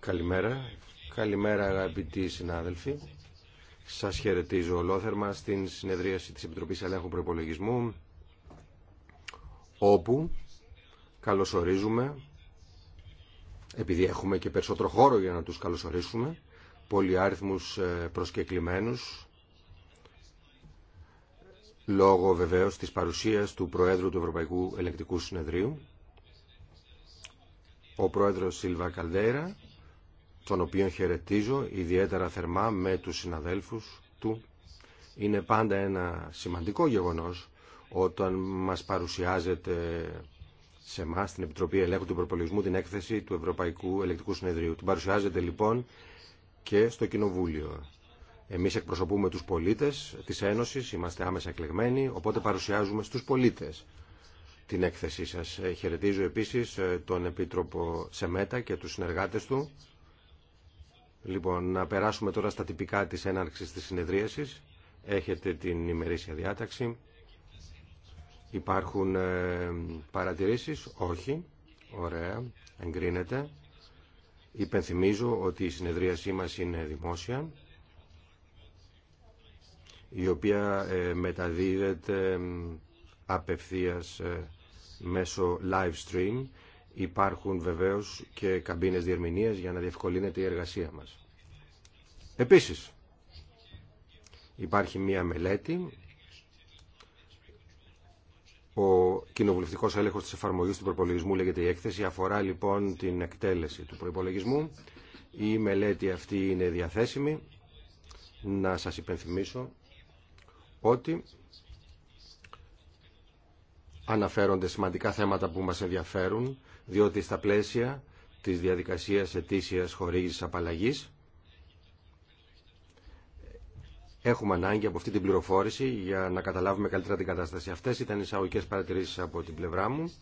Καλημέρα. Καλημέρα αγαπητοί συνάδελφοι. Σας χαιρετίζω ολόθερμα στην συνεδρίαση της Επιτροπής Ελέγχου Προπολογισμού όπου καλωσορίζουμε επειδή έχουμε και περισσότερο χώρο για να τους καλωσορίσουμε πολυάριθμους ε, προσκεκλημένους λόγω βεβαίως της παρουσίας του Προέδρου του Ευρωπαϊκού Ελεκτικού Συνεδρίου, ο Πρόεδρος Σίλβα Καλδέρα, τον οποίον χαιρετίζω ιδιαίτερα θερμά με τους συναδέλφους του. Είναι πάντα ένα σημαντικό γεγονός όταν μας παρουσιάζεται σε εμά, την Επιτροπή Ελέγχου του Προπολογισμού, την έκθεση του Ευρωπαϊκού Ελεκτικού Συνεδρίου. Την παρουσιάζεται λοιπόν και στο Κοινοβούλιο. Εμείς εκπροσωπούμε τους πολίτες της Ένωσης, είμαστε άμεσα εκλεγμένοι, οπότε παρουσιάζουμε στους πολίτες την έκθεσή σας. Ε, χαιρετίζω επίσης ε, τον Επίτροπο Σεμέτα και τους συνεργάτες του. Λοιπόν, να περάσουμε τώρα στα τυπικά της έναρξης της συνεδρίασης. Έχετε την ημερήσια διάταξη. Υπάρχουν ε, παρατηρήσεις. Όχι. Ωραία. Εγκρίνεται. Υπενθυμίζω ότι η συνεδρίασή μας είναι δημόσια η οποία ε, μεταδίδεται απευθείας ε, μέσω live stream. Υπάρχουν βεβαίως και καμπίνες διερμηνίας για να διευκολύνεται η εργασία μας. Επίσης, υπάρχει μία μελέτη ο κοινοβουλευτικό έλεγχο της εφαρμογή του προπολογισμού λέγεται η έκθεση. Αφορά λοιπόν την εκτέλεση του προπολογισμού. Η μελέτη αυτή είναι διαθέσιμη. Να σα υπενθυμίσω ότι αναφέρονται σημαντικά θέματα που μας ενδιαφέρουν, διότι στα πλαίσια της διαδικασίας ετήσιας χορήγησης απαλλαγής έχουμε ανάγκη από αυτή την πληροφόρηση για να καταλάβουμε καλύτερα την κατάσταση. Αυτές ήταν οι εισαγωγικέ παρατηρήσεις από την πλευρά μου.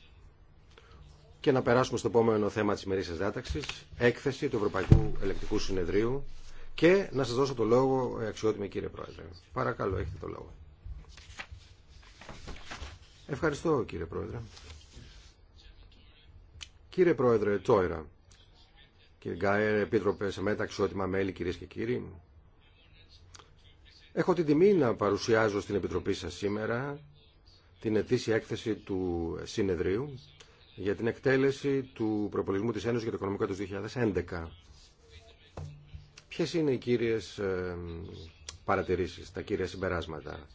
Και να περάσουμε στο επόμενο θέμα της ημερής διάταξης, έκθεση του Ευρωπαϊκού Ελεκτικού Συνεδρίου και να σας δώσω το λόγο, ε, αξιότιμη κύριε Πρόεδρε. Παρακαλώ, έχετε το λόγο. Ευχαριστώ κύριε Πρόεδρε. Κύριε Πρόεδρε Τσόιρα, κύριε Γκάερ, Επίτροπε μέτα αξιότιμα μέλη κυρίες και κύριοι, έχω την τιμή να παρουσιάζω στην Επιτροπή σας σήμερα την ετήσια έκθεση του συνεδρίου για την εκτέλεση του προπολισμού της Ένωσης για το οικονομικό του 2011. Ποιε είναι οι κύριε ε, παρατηρήσεις, τα κύρια συμπεράσματα.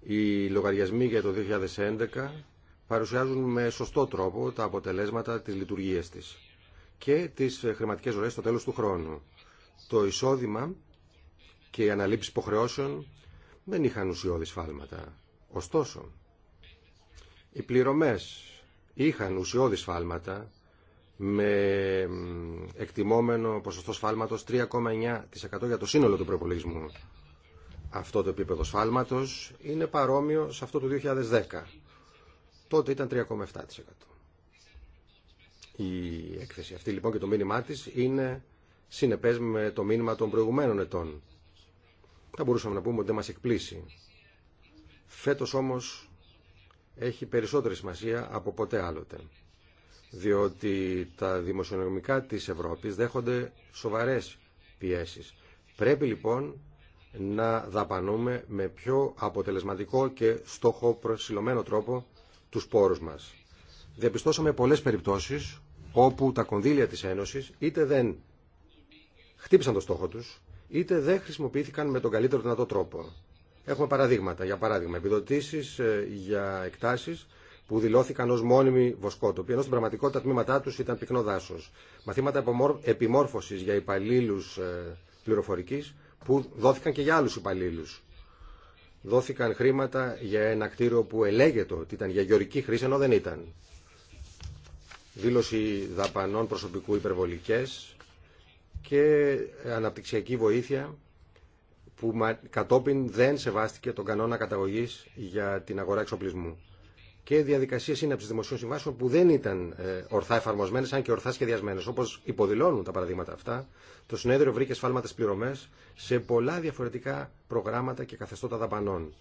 Οι λογαριασμοί για το 2011 παρουσιάζουν με σωστό τρόπο τα αποτελέσματα της λειτουργίας της και τι χρηματικέ ροέ στο τέλος του χρόνου. Το εισόδημα και η αναλήψη υποχρεώσεων δεν είχαν ουσιώδη σφάλματα. Ωστόσο, οι πληρωμές είχαν ουσιώδη σφάλματα με εκτιμόμενο ποσοστό σφάλματος 3,9% για το σύνολο του προπολογισμού. Αυτό το επίπεδο σφάλματος είναι παρόμοιο σε αυτό του 2010. Τότε ήταν 3,7%. Η έκθεση αυτή λοιπόν και το μήνυμά της είναι συνεπές με το μήνυμα των προηγουμένων ετών. Θα μπορούσαμε να πούμε ότι δεν μας εκπλήσει. Φέτος όμως έχει περισσότερη σημασία από ποτέ άλλοτε διότι τα δημοσιονομικά της Ευρώπης δέχονται σοβαρές πιέσεις. Πρέπει λοιπόν να δαπανούμε με πιο αποτελεσματικό και στόχο προσιλωμένο τρόπο τους πόρους μας. Διαπιστώσαμε πολλές περιπτώσεις όπου τα κονδύλια της Ένωσης είτε δεν χτύπησαν το στόχο τους, είτε δεν χρησιμοποιήθηκαν με τον καλύτερο δυνατό τρόπο. Έχουμε παραδείγματα, για παράδειγμα, επιδοτήσεις ε, για εκτάσεις που δηλώθηκαν ω μόνιμοι βοσκότοποι, ενώ στην πραγματικότητα τμήματά του ήταν πυκνό δάσο. Μαθήματα επιμόρφωση για υπαλλήλου ε, πληροφορική που δόθηκαν και για άλλου υπαλλήλου. Δόθηκαν χρήματα για ένα κτίριο που ελέγεται ότι ήταν για γεωρική χρήση, ενώ δεν ήταν. Δήλωση δαπανών προσωπικού υπερβολικέ και αναπτυξιακή βοήθεια που κατόπιν δεν σεβάστηκε τον κανόνα καταγωγής για την αγορά εξοπλισμού και διαδικασίε σύναψη δημοσίων συμβάσεων που δεν ήταν ε, ορθά εφαρμοσμένε, αν και ορθά σχεδιασμένε. Όπω υποδηλώνουν τα παραδείγματα αυτά, το συνέδριο βρήκε σφάλματα πληρωμέ σε πολλά διαφορετικά προγράμματα και καθεστώτα δαπανών.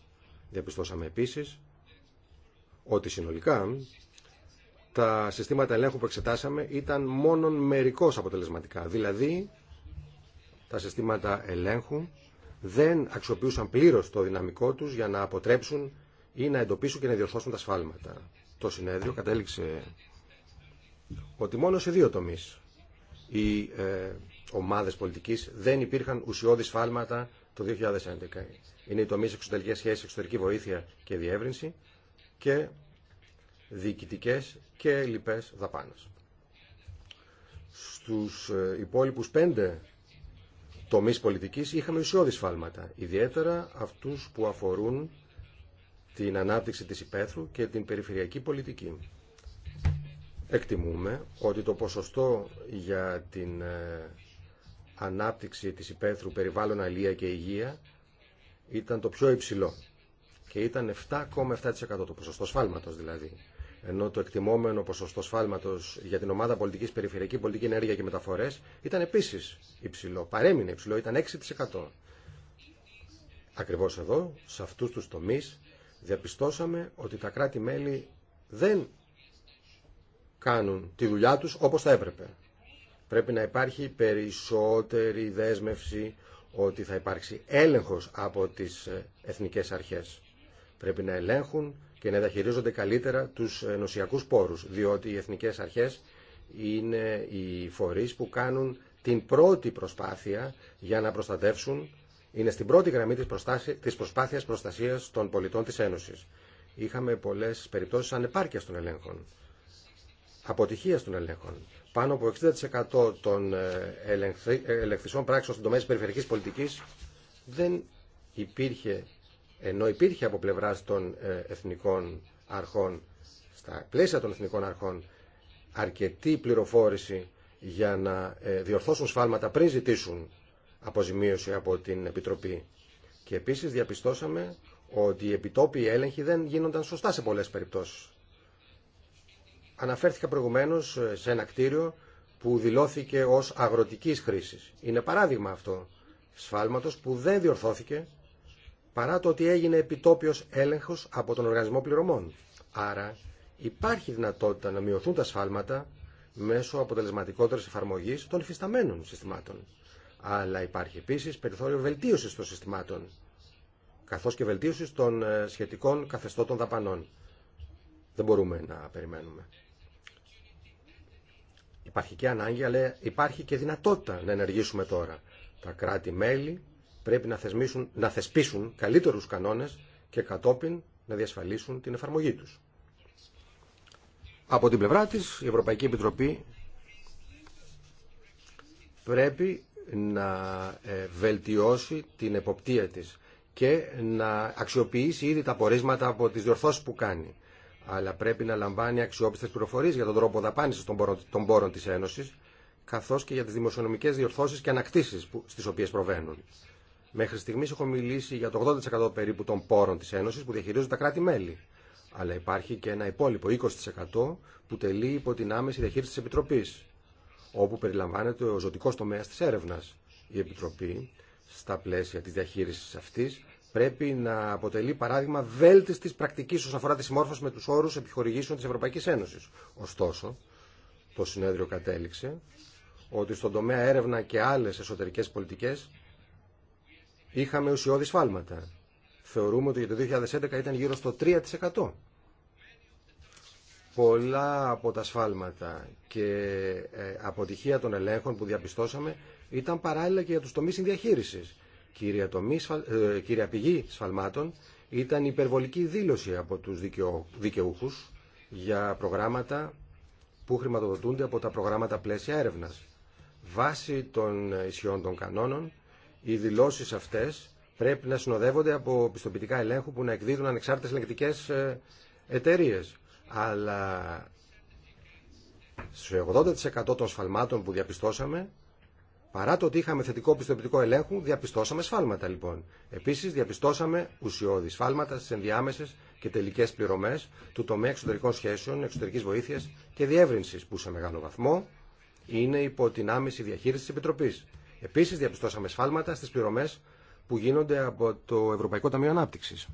Διαπιστώσαμε επίση ότι συνολικά τα συστήματα ελέγχου που εξετάσαμε ήταν μόνο μερικώ αποτελεσματικά. Δηλαδή, τα συστήματα ελέγχου δεν αξιοποιούσαν πλήρω το δυναμικό του για να αποτρέψουν ή να εντοπίσουν και να διορθώσουν τα σφάλματα. Το συνέδριο κατέληξε ότι μόνο σε δύο τομεί, οι ε, ομάδες πολιτικής δεν υπήρχαν ουσιώδη σφάλματα το 2011. Είναι οι τομεί εξωτερικέ σχέσει, εξωτερική βοήθεια και διεύρυνση και διοικητικέ και λοιπέ δαπάνε. Στου ε, υπόλοιπου πέντε τομεί πολιτική είχαμε ουσιώδη σφάλματα, ιδιαίτερα αυτού που αφορούν την ανάπτυξη της υπαίθρου και την περιφερειακή πολιτική. Εκτιμούμε ότι το ποσοστό για την ε, ανάπτυξη της υπαίθρου περιβάλλον αλία και υγεία ήταν το πιο υψηλό και ήταν 7,7% το ποσοστό σφάλματος δηλαδή. Ενώ το εκτιμόμενο ποσοστό σφάλματος για την ομάδα πολιτικής περιφερειακή πολιτική ενέργεια και μεταφορές ήταν επίσης υψηλό, παρέμεινε υψηλό, ήταν 6%. Ακριβώς εδώ, σε αυτούς τους τομείς, διαπιστώσαμε ότι τα κράτη-μέλη δεν κάνουν τη δουλειά τους όπως θα έπρεπε. Πρέπει να υπάρχει περισσότερη δέσμευση ότι θα υπάρξει έλεγχος από τις ε, εθνικές αρχές. Πρέπει να ελέγχουν και να διαχειρίζονται καλύτερα τους ε, νοσιακούς πόρους, διότι οι εθνικές αρχές είναι οι φορείς που κάνουν την πρώτη προσπάθεια για να προστατεύσουν είναι στην πρώτη γραμμή της, προσπάθεια προσπάθειας προστασίας των πολιτών της Ένωσης. Είχαμε πολλές περιπτώσεις ανεπάρκειας των ελέγχων, αποτυχίας των ελέγχων. Πάνω από 60% των ε, ε, ελεγχθησών πράξεων στον τομέα της περιφερειακής πολιτικής δεν υπήρχε, ενώ υπήρχε από πλευρά των ε, εθνικών αρχών, στα πλαίσια των εθνικών αρχών, αρκετή πληροφόρηση για να διορθώσουν σφάλματα πριν ζητήσουν αποζημίωση από την Επιτροπή. Και επίσης διαπιστώσαμε ότι οι επιτόπιοι έλεγχοι δεν γίνονταν σωστά σε πολλές περιπτώσεις. Αναφέρθηκα προηγουμένως σε ένα κτίριο που δηλώθηκε ως αγροτικής χρήσης. Είναι παράδειγμα αυτό σφάλματος που δεν διορθώθηκε παρά το ότι έγινε επιτόπιος έλεγχος από τον οργανισμό πληρωμών. Άρα υπάρχει δυνατότητα να μειωθούν τα σφάλματα μέσω αποτελεσματικότερης εφαρμογής των υφισταμένων συστημάτων αλλά υπάρχει επίσης περιθώριο βελτίωσης των συστημάτων, καθώς και βελτίωσης των ε, σχετικών καθεστώτων δαπανών. Δεν μπορούμε να περιμένουμε. Υπάρχει και ανάγκη, αλλά υπάρχει και δυνατότητα να ενεργήσουμε τώρα. Τα κράτη-μέλη πρέπει να, θεσμίσουν, να θεσπίσουν καλύτερους κανόνες και κατόπιν να διασφαλίσουν την εφαρμογή τους. Από την πλευρά της, η Ευρωπαϊκή Επιτροπή πρέπει να ε, βελτιώσει την εποπτεία της και να αξιοποιήσει ήδη τα πορίσματα από τις διορθώσεις που κάνει. Αλλά πρέπει να λαμβάνει αξιόπιστες πληροφορίες για τον τρόπο δαπάνησης των πόρων, των πόρων της Ένωσης, καθώς και για τις δημοσιονομικές διορθώσεις και ανακτήσεις που, στις οποίες προβαίνουν. Μέχρι στιγμής έχω μιλήσει για το 80% περίπου των πόρων της Ένωσης που διαχειρίζουν τα κράτη-μέλη. Αλλά υπάρχει και ένα υπόλοιπο 20% που τελεί υπό την άμεση διαχείριση της Επιτροπής όπου περιλαμβάνεται ο ζωτικό τομέα τη έρευνα. Η Επιτροπή, στα πλαίσια τη διαχείριση αυτή, πρέπει να αποτελεί παράδειγμα βέλτιστη πρακτική όσον αφορά τη συμμόρφωση με του όρου επιχορηγήσεων τη Ευρωπαϊκή Ένωση. Ωστόσο, το συνέδριο κατέληξε ότι στον τομέα έρευνα και άλλε εσωτερικέ πολιτικέ είχαμε ουσιώδη σφάλματα. Θεωρούμε ότι για το 2011 ήταν γύρω στο 3% πολλά από τα σφάλματα και ε, αποτυχία των ελέγχων που διαπιστώσαμε ήταν παράλληλα και για τους τομείς συνδιαχείρισης. Κύρια, τομή, ε, κύρια πηγή σφαλμάτων ήταν υπερβολική δήλωση από τους δικαιούχους για προγράμματα που χρηματοδοτούνται από τα προγράμματα πλαίσια έρευνας. Βάσει των ισιών των κανόνων, οι δηλώσεις αυτές πρέπει να συνοδεύονται από πιστοποιητικά ελέγχου που να εκδίδουν ανεξάρτητες ελεγκτικές ε, εταιρείες αλλά στο 80% των σφαλμάτων που διαπιστώσαμε, παρά το ότι είχαμε θετικό πιστοποιητικό ελέγχου, διαπιστώσαμε σφάλματα λοιπόν. Επίσης διαπιστώσαμε ουσιώδη σφάλματα στις ενδιάμεσες και τελικές πληρωμές του τομέα εξωτερικών σχέσεων, εξωτερικής βοήθειας και διεύρυνσης, που σε μεγάλο βαθμό είναι υπό την άμεση διαχείριση της Επιτροπής. Επίσης διαπιστώσαμε σφάλματα στις πληρωμές που γίνονται από το Ευρωπαϊκό Ταμείο Ανάπτυξης.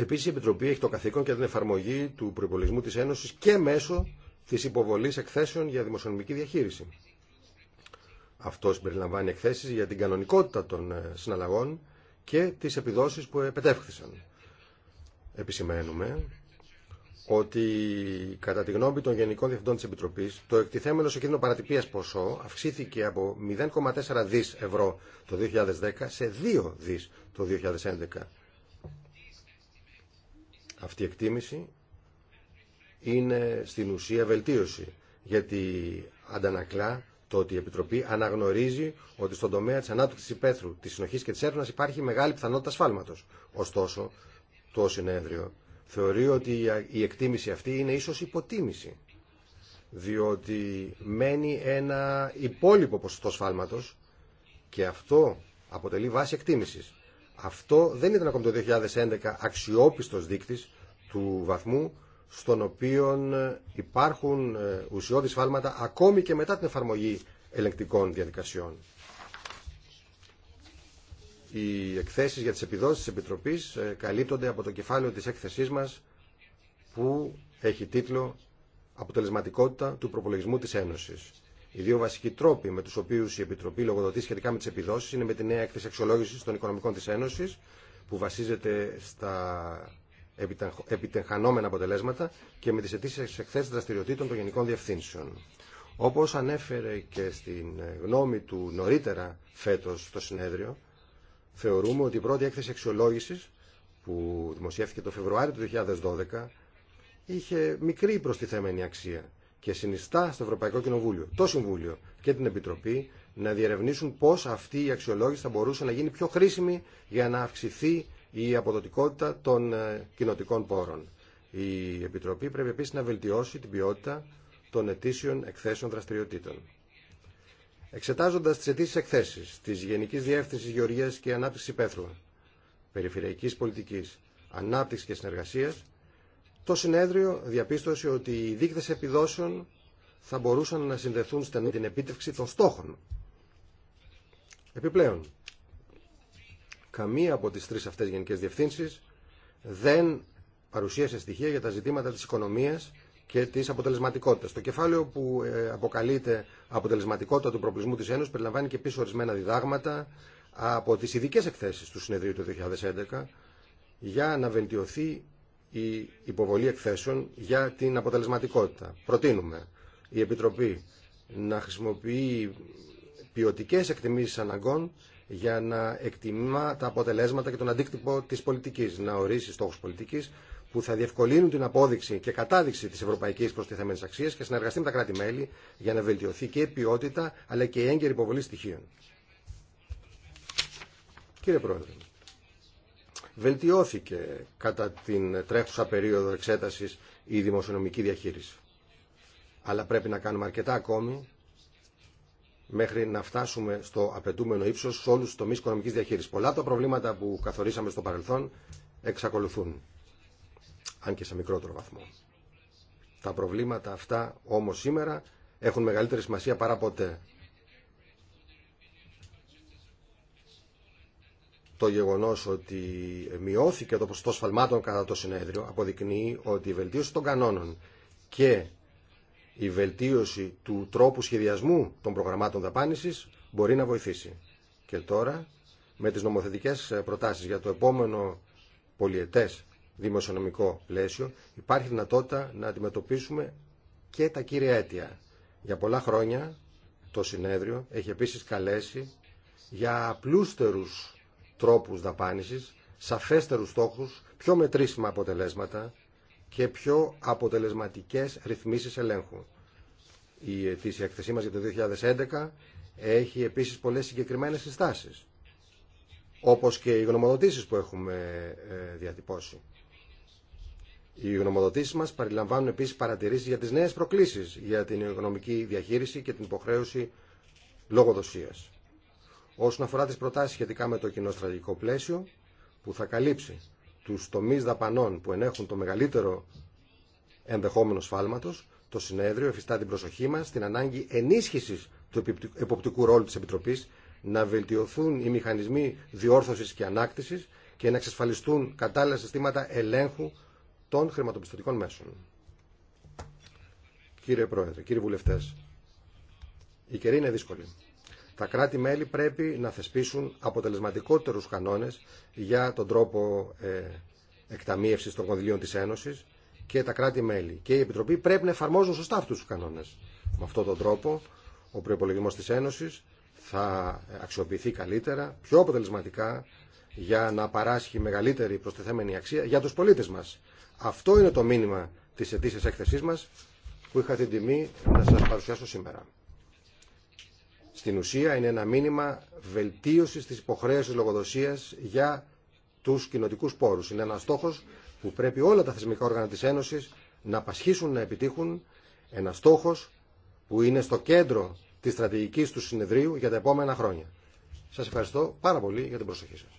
Επίση, η Επιτροπή έχει το καθήκον και την εφαρμογή του προπολογισμού τη Ένωση και μέσω τη υποβολή εκθέσεων για δημοσιονομική διαχείριση. Αυτό συμπεριλαμβάνει εκθέσει για την κανονικότητα των ε, συναλλαγών και τι επιδόσει που επετεύχθησαν. Επισημαίνουμε ότι κατά τη γνώμη των Γενικών Διευθυντών τη Επιτροπή, το εκτιθέμενο σε κίνδυνο παρατυπία ποσό αυξήθηκε από 0,4 δι ευρώ το 2010 σε 2 δι το 2011 αυτή η εκτίμηση είναι στην ουσία βελτίωση, γιατί αντανακλά το ότι η Επιτροπή αναγνωρίζει ότι στον τομέα της ανάπτυξης υπαίθρου, της συνοχής και της έρευνας υπάρχει μεγάλη πιθανότητα σφάλματος. Ωστόσο, το συνέδριο θεωρεί ότι η εκτίμηση αυτή είναι ίσως υποτίμηση, διότι μένει ένα υπόλοιπο ποσοστό σφάλματος και αυτό αποτελεί βάση εκτίμησης. Αυτό δεν ήταν ακόμη το 2011 αξιόπιστος δείκτης του βαθμού στον οποίο ε, υπάρχουν ε, ουσιώδη φάλματα ακόμη και μετά την εφαρμογή ελεγκτικών διαδικασιών. Οι εκθέσεις για τις επιδόσεις της Επιτροπής ε, καλύπτονται από το κεφάλαιο της έκθεσής μας που έχει τίτλο «Αποτελεσματικότητα του προπολογισμού της Ένωσης». Οι δύο βασικοί τρόποι με του οποίου η Επιτροπή λογοδοτεί σχετικά με τι επιδόσει είναι με τη νέα έκθεση αξιολόγηση των οικονομικών τη Ένωση, που βασίζεται στα επιτεχανόμενα αποτελέσματα και με τι αιτήσει εκθέσει δραστηριοτήτων των Γενικών Διευθύνσεων. Όπω ανέφερε και στην γνώμη του νωρίτερα φέτο στο συνέδριο, θεωρούμε ότι η πρώτη έκθεση αξιολόγηση που δημοσιεύθηκε το Φεβρουάριο του 2012 είχε μικρή προστιθέμενη αξία και συνιστά στο Ευρωπαϊκό Κοινοβούλιο, το Συμβούλιο και την Επιτροπή να διερευνήσουν πώ αυτή η αξιολόγηση θα μπορούσε να γίνει πιο χρήσιμη για να αυξηθεί η αποδοτικότητα των ε, κοινοτικών πόρων. Η Επιτροπή πρέπει επίση να βελτιώσει την ποιότητα των ετήσιων εκθέσεων δραστηριοτήτων. Εξετάζοντα τι αιτήσει εκθέσει τη Γενική Διεύθυνση Γεωργία και Ανάπτυξη Πέθρου, Περιφερειακή Πολιτική, Ανάπτυξη και Συνεργασία, το συνέδριο διαπίστωσε ότι οι δείκτες επιδόσεων θα μπορούσαν να συνδεθούν στην την επίτευξη των στόχων. Επιπλέον, καμία από τις τρεις αυτές γενικές διευθύνσεις δεν παρουσίασε στοιχεία για τα ζητήματα της οικονομίας και τη αποτελεσματικότητα. Το κεφάλαιο που ε, αποκαλείται αποτελεσματικότητα του προπλισμού τη Ένωση περιλαμβάνει και πίσω ορισμένα διδάγματα από τι ειδικέ εκθέσει του συνεδρίου του 2011 για να βελτιωθεί η υποβολή εκθέσεων για την αποτελεσματικότητα. Προτείνουμε η Επιτροπή να χρησιμοποιεί ποιοτικέ εκτιμήσει αναγκών για να εκτιμά τα αποτελέσματα και τον αντίκτυπο τη πολιτική, να ορίσει στόχου πολιτική που θα διευκολύνουν την απόδειξη και κατάδειξη τη ευρωπαϊκή προστιθέμενη αξία και συνεργαστεί με τα κράτη-μέλη για να βελτιωθεί και η ποιότητα αλλά και η έγκαιρη υποβολή στοιχείων. Κύριε Πρόεδρε, βελτιώθηκε κατά την τρέχουσα περίοδο εξέτασης η δημοσιονομική διαχείριση. Αλλά πρέπει να κάνουμε αρκετά ακόμη μέχρι να φτάσουμε στο απαιτούμενο ύψος σε όλους τους τομείς οικονομικής διαχείρισης. Πολλά τα προβλήματα που καθορίσαμε στο παρελθόν εξακολουθούν, αν και σε μικρότερο βαθμό. Τα προβλήματα αυτά όμως σήμερα έχουν μεγαλύτερη σημασία παρά ποτέ. το γεγονό ότι μειώθηκε το ποσοστό σφαλμάτων κατά το συνέδριο αποδεικνύει ότι η βελτίωση των κανόνων και η βελτίωση του τρόπου σχεδιασμού των προγραμμάτων δαπάνηση μπορεί να βοηθήσει. Και τώρα με τις νομοθετικές προτάσεις για το επόμενο πολιετέ δημοσιονομικό πλαίσιο υπάρχει δυνατότητα να αντιμετωπίσουμε και τα κύρια αίτια. Για πολλά χρόνια το συνέδριο έχει επίσης καλέσει για απλούστερους τρόπους δαπάνησης, σαφέστερους στόχους, πιο μετρήσιμα αποτελέσματα και πιο αποτελεσματικές ρυθμίσεις ελέγχου. Η ετήσια εκθεσή μας για το 2011 έχει επίσης πολλές συγκεκριμένες συστάσεις, όπως και οι γνωμοδοτήσεις που έχουμε ε, διατυπώσει. Οι γνωμοδοτήσεις μας περιλαμβάνουν επίσης παρατηρήσεις για τις νέες προκλήσεις για την οικονομική διαχείριση και την υποχρέωση λογοδοσίας. Όσον αφορά τις προτάσεις σχετικά με το κοινό στρατηγικό πλαίσιο, που θα καλύψει τους τομείς δαπανών που ενέχουν το μεγαλύτερο ενδεχόμενο σφάλματος, το συνέδριο εφιστά την προσοχή μας στην ανάγκη ενίσχυσης του εποπτικού ρόλου της Επιτροπής, να βελτιωθούν οι μηχανισμοί διόρθωσης και ανάκτησης και να εξασφαλιστούν κατάλληλα συστήματα ελέγχου των χρηματοπιστωτικών μέσων. Κύριε Πρόεδρε, κύριοι βουλευτές, η καιρή είναι δύσκολη. Τα κράτη-μέλη πρέπει να θεσπίσουν αποτελεσματικότερους κανόνες για τον τρόπο ε, εκταμίευσης των κονδυλίων της Ένωσης και τα κράτη-μέλη και η Επιτροπή πρέπει να εφαρμόζουν σωστά αυτούς τους κανόνες. Με αυτόν τον τρόπο ο προϋπολογισμός της Ένωσης θα αξιοποιηθεί καλύτερα, πιο αποτελεσματικά για να παράσχει μεγαλύτερη προστιθέμενη αξία για τους πολίτες μας. Αυτό είναι το μήνυμα της ετήσιας έκθεσής μας που είχα την τιμή να σας παρουσιάσω σήμερα στην ουσία είναι ένα μήνυμα βελτίωσης της υποχρέωσης λογοδοσίας για τους κοινοτικούς πόρους. Είναι ένας στόχος που πρέπει όλα τα θεσμικά όργανα της Ένωσης να πασχίσουν να επιτύχουν ένα στόχος που είναι στο κέντρο της στρατηγικής του συνεδρίου για τα επόμενα χρόνια. Σας ευχαριστώ πάρα πολύ για την προσοχή σας.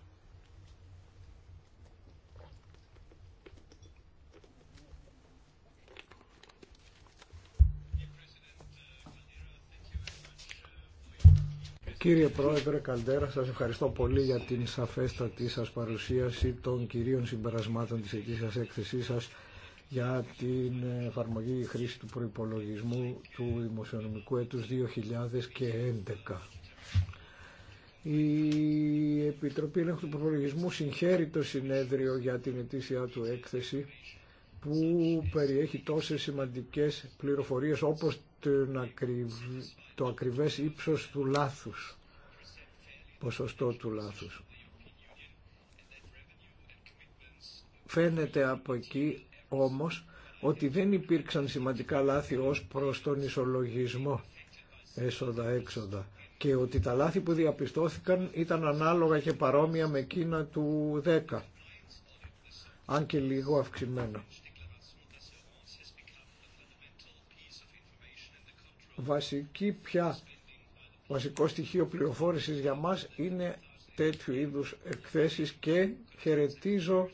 Κύριε Πρόεδρε Καλτέρα, σας ευχαριστώ πολύ για την σαφέστατη σας παρουσίαση των κυρίων συμπερασμάτων της εκεί σας έκθεσής σας για την εφαρμογή χρήση του προϋπολογισμού του δημοσιονομικού έτους 2011. Η Επιτροπή Ελέγχου του Προπολογισμού συγχαίρει το συνέδριο για την ετήσια του έκθεση που περιέχει τόσες σημαντικές πληροφορίες όπως το ακριβές ύψος του λάθους, ποσοστό του λάθους. Φαίνεται από εκεί όμως ότι δεν υπήρξαν σημαντικά λάθη ως προς τον ισολογισμό έσοδα-έξοδα και ότι τα λάθη που διαπιστώθηκαν ήταν ανάλογα και παρόμοια με εκείνα του 10 αν και λίγο αυξημένα. βασική πια, βασικό στοιχείο πληροφόρησης για μας είναι τέτοιου είδους εκθέσεις και χαιρετίζω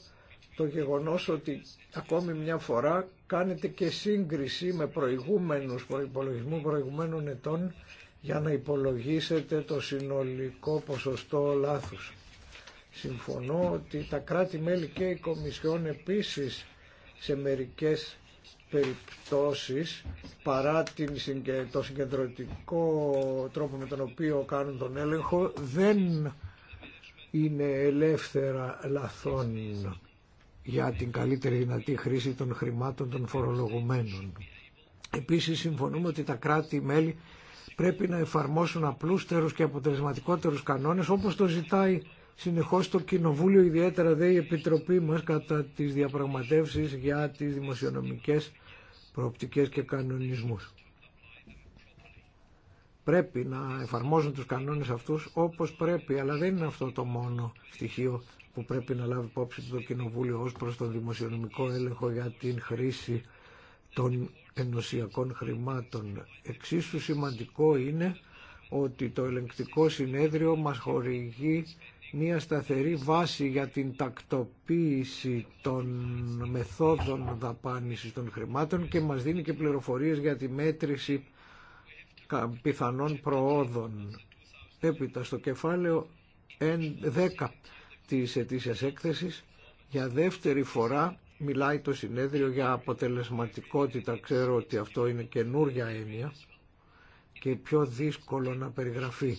το γεγονός ότι ακόμη μια φορά κάνετε και σύγκριση με προηγούμενους προϋπολογισμού προηγουμένων ετών για να υπολογίσετε το συνολικό ποσοστό λάθους. Συμφωνώ ότι τα κράτη-μέλη και οι Κομισιόν επίσης σε μερικές περιπτώσεις παρά την, το συγκεντρωτικό τρόπο με τον οποίο κάνουν τον έλεγχο δεν είναι ελεύθερα λαθών για την καλύτερη δυνατή χρήση των χρημάτων των φορολογουμένων. Επίσης συμφωνούμε ότι τα κράτη-μέλη πρέπει να εφαρμόσουν απλούστερους και αποτελεσματικότερους κανόνες όπως το ζητάει συνεχώς το Κοινοβούλιο, ιδιαίτερα δε η Επιτροπή μας κατά τις διαπραγματεύσεις για τις δημοσιονομικές προοπτικές και κανονισμούς. Πρέπει να εφαρμόζουν τους κανόνες αυτούς όπως πρέπει, αλλά δεν είναι αυτό το μόνο στοιχείο που πρέπει να λάβει υπόψη το Κοινοβούλιο ως προς τον δημοσιονομικό έλεγχο για την χρήση των ενωσιακών χρημάτων. Εξίσου σημαντικό είναι ότι το ελεγκτικό συνέδριο μας χορηγεί μια σταθερή βάση για την τακτοποίηση των μεθόδων δαπάνησης των χρημάτων και μας δίνει και πληροφορίες για τη μέτρηση πιθανών προόδων. Έπειτα στο κεφάλαιο 10 της ετήσιας έκθεσης για δεύτερη φορά μιλάει το συνέδριο για αποτελεσματικότητα. Ξέρω ότι αυτό είναι καινούργια έννοια και πιο δύσκολο να περιγραφεί.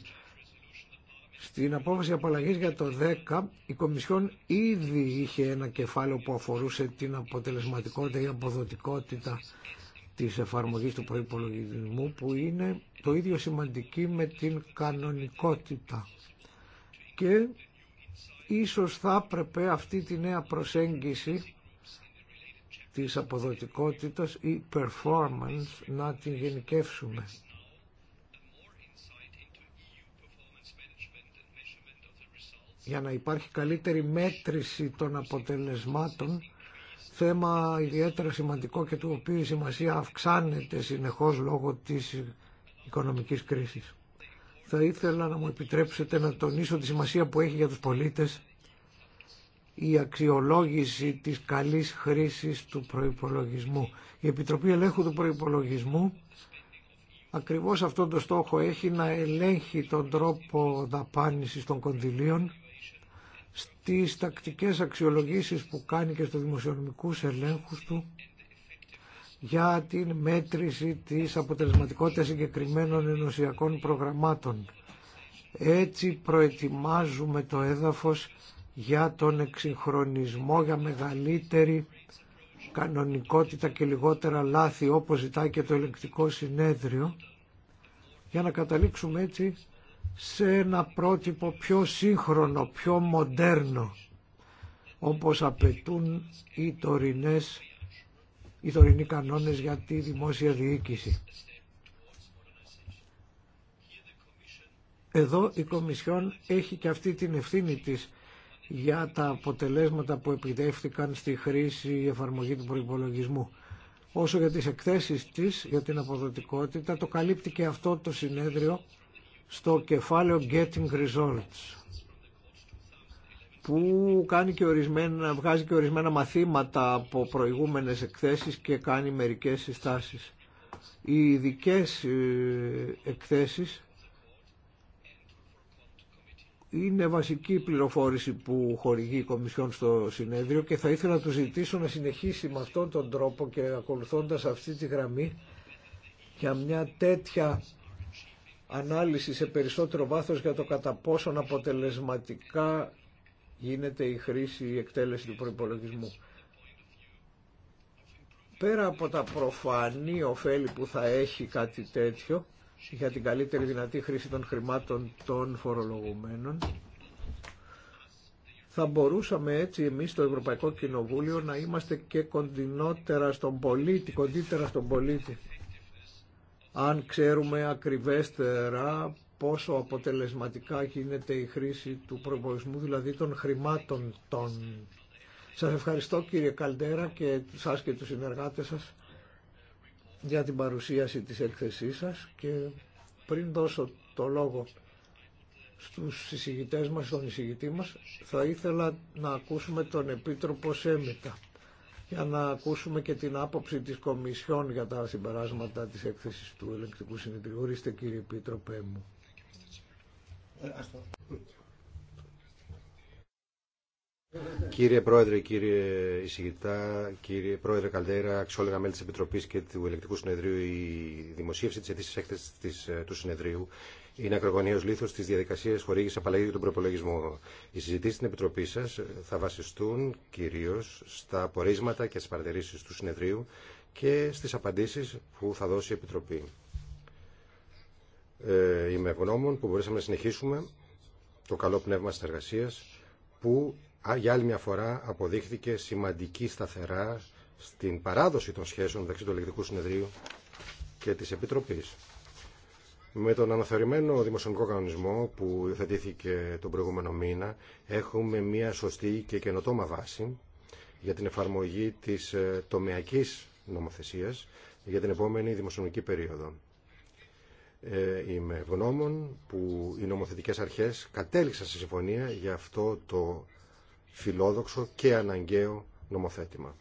Στην απόφαση απαλλαγή για το 10, η Κομισιόν ήδη είχε ένα κεφάλαιο που αφορούσε την αποτελεσματικότητα ή αποδοτικότητα της εφαρμογής του προϋπολογισμού που είναι το ίδιο σημαντική με την κανονικότητα. Και ίσως θα έπρεπε αυτή τη νέα προσέγγιση της αποδοτικότητας ή performance να την γενικεύσουμε για να υπάρχει καλύτερη μέτρηση των αποτελεσμάτων, θέμα ιδιαίτερα σημαντικό και του οποίου η σημασία αυξάνεται συνεχώς λόγω της οικονομικής κρίσης. Θα ήθελα να μου επιτρέψετε να τονίσω τη σημασία που έχει για τους πολίτες η αξιολόγηση της καλής χρήσης του προϋπολογισμού. Η Επιτροπή Ελέγχου του Προϋπολογισμού ακριβώς αυτόν τον στόχο έχει να ελέγχει τον τρόπο δαπάνησης των κονδυλίων στις τακτικές αξιολογήσεις που κάνει και στους δημοσιονομικούς ελέγχους του για την μέτρηση της αποτελεσματικότητας συγκεκριμένων ενωσιακών προγραμμάτων. Έτσι προετοιμάζουμε το έδαφος για τον εξυγχρονισμό, για μεγαλύτερη κανονικότητα και λιγότερα λάθη όπως ζητάει και το ελεγκτικό συνέδριο για να καταλήξουμε έτσι σε ένα πρότυπο πιο σύγχρονο, πιο μοντέρνο όπως απαιτούν οι, τωρινές, οι τωρινοί κανόνες για τη δημόσια διοίκηση. Εδώ η Κομισιόν έχει και αυτή την ευθύνη της για τα αποτελέσματα που επιδεύτηκαν στη χρήση η εφαρμογή του προϋπολογισμού. Όσο για τις εκθέσεις της, για την αποδοτικότητα, το καλύπτει και αυτό το συνέδριο στο κεφάλαιο Getting Results που κάνει και ορισμένα, βγάζει και ορισμένα μαθήματα από προηγούμενες εκθέσεις και κάνει μερικές συστάσεις. Οι ειδικέ ε, εκθέσεις είναι βασική πληροφόρηση που χορηγεί η Κομισιόν στο συνέδριο και θα ήθελα να του ζητήσω να συνεχίσει με αυτόν τον τρόπο και ακολουθώντας αυτή τη γραμμή για μια τέτοια ανάλυση σε περισσότερο βάθος για το κατά πόσον αποτελεσματικά γίνεται η χρήση, η εκτέλεση του προϋπολογισμού. Πέρα από τα προφανή ωφέλη που θα έχει κάτι τέτοιο για την καλύτερη δυνατή χρήση των χρημάτων των φορολογουμένων, θα μπορούσαμε έτσι εμείς στο Ευρωπαϊκό Κοινοβούλιο να είμαστε και κοντινότερα στον πολίτη, κοντύτερα στον πολίτη αν ξέρουμε ακριβέστερα πόσο αποτελεσματικά γίνεται η χρήση του προβολισμού, δηλαδή των χρημάτων των. Σας ευχαριστώ κύριε Καλτέρα και σας και τους συνεργάτες σας για την παρουσίαση της έκθεσής σας και πριν δώσω το λόγο στους συζητητές μας, στον εισηγητή μας, θα ήθελα να ακούσουμε τον Επίτροπο Σέμετα για να ακούσουμε και την άποψη της Κομισιόν για τα συμπεράσματα της έκθεσης του Ελεκτικού Συνεδρίου. Ορίστε κύριε Επίτροπέ μου. Κύριε Πρόεδρε, κύριε Ισηγητά, κύριε Πρόεδρε Καλδέρα, αξιόλογα μέλη τη Επιτροπή και του Ελεκτικού Συνεδρίου, η δημοσίευση της έκθεσης έκθεσης ε, του Συνεδρίου είναι ακρογωνίω λήθο τη διαδικασία χορήγηση απαλλαγή για τον προπολογισμό. Οι συζητήσει στην Επιτροπή σα θα βασιστούν κυρίω στα απορίσματα και στι παρατηρήσει του συνεδρίου και στι απαντήσει που θα δώσει η Επιτροπή. Ε, είμαι ευγνώμων που μπορέσαμε να συνεχίσουμε το καλό πνεύμα συνεργασία που για άλλη μια φορά αποδείχθηκε σημαντική σταθερά στην παράδοση των σχέσεων μεταξύ του Ελεκτικού Συνεδρίου και της Επιτροπής. Με τον αναθεωρημένο δημοσιονομικό κανονισμό που υιοθετήθηκε τον προηγούμενο μήνα έχουμε μια σωστή και καινοτόμα βάση για την εφαρμογή της ε, τομεακής νομοθεσίας για την επόμενη δημοσιονομική περίοδο. Ε, είμαι ευγνώμων που οι νομοθετικές αρχές κατέληξαν σε συμφωνία για αυτό το φιλόδοξο και αναγκαίο νομοθέτημα.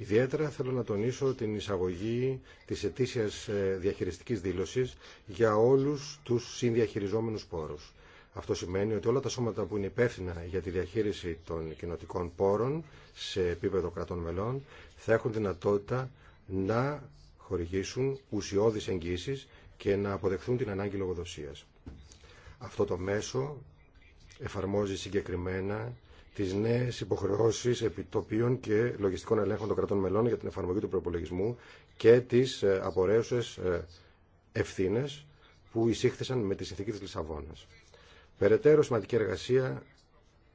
Ιδιαίτερα θέλω να τονίσω την εισαγωγή της ετήσιας ε, διαχειριστικής δήλωσης για όλους τους συνδιαχειριζόμενους πόρους. Αυτό σημαίνει ότι όλα τα σώματα που είναι υπεύθυνα για τη διαχείριση των κοινοτικών πόρων σε επίπεδο κρατών μελών θα έχουν δυνατότητα να χορηγήσουν ουσιώδεις εγγύσεις και να αποδεχθούν την ανάγκη λογοδοσίας. Αυτό το μέσο εφαρμόζει συγκεκριμένα τι νέε υποχρεώσει επιτοπίων και λογιστικών ελέγχων των κρατών μελών για την εφαρμογή του προπολογισμού και τι ε, απορρέωσε ευθύνε που εισήχθησαν με τη συνθήκη τη Λισαβόνα. Περαιτέρω σημαντική εργασία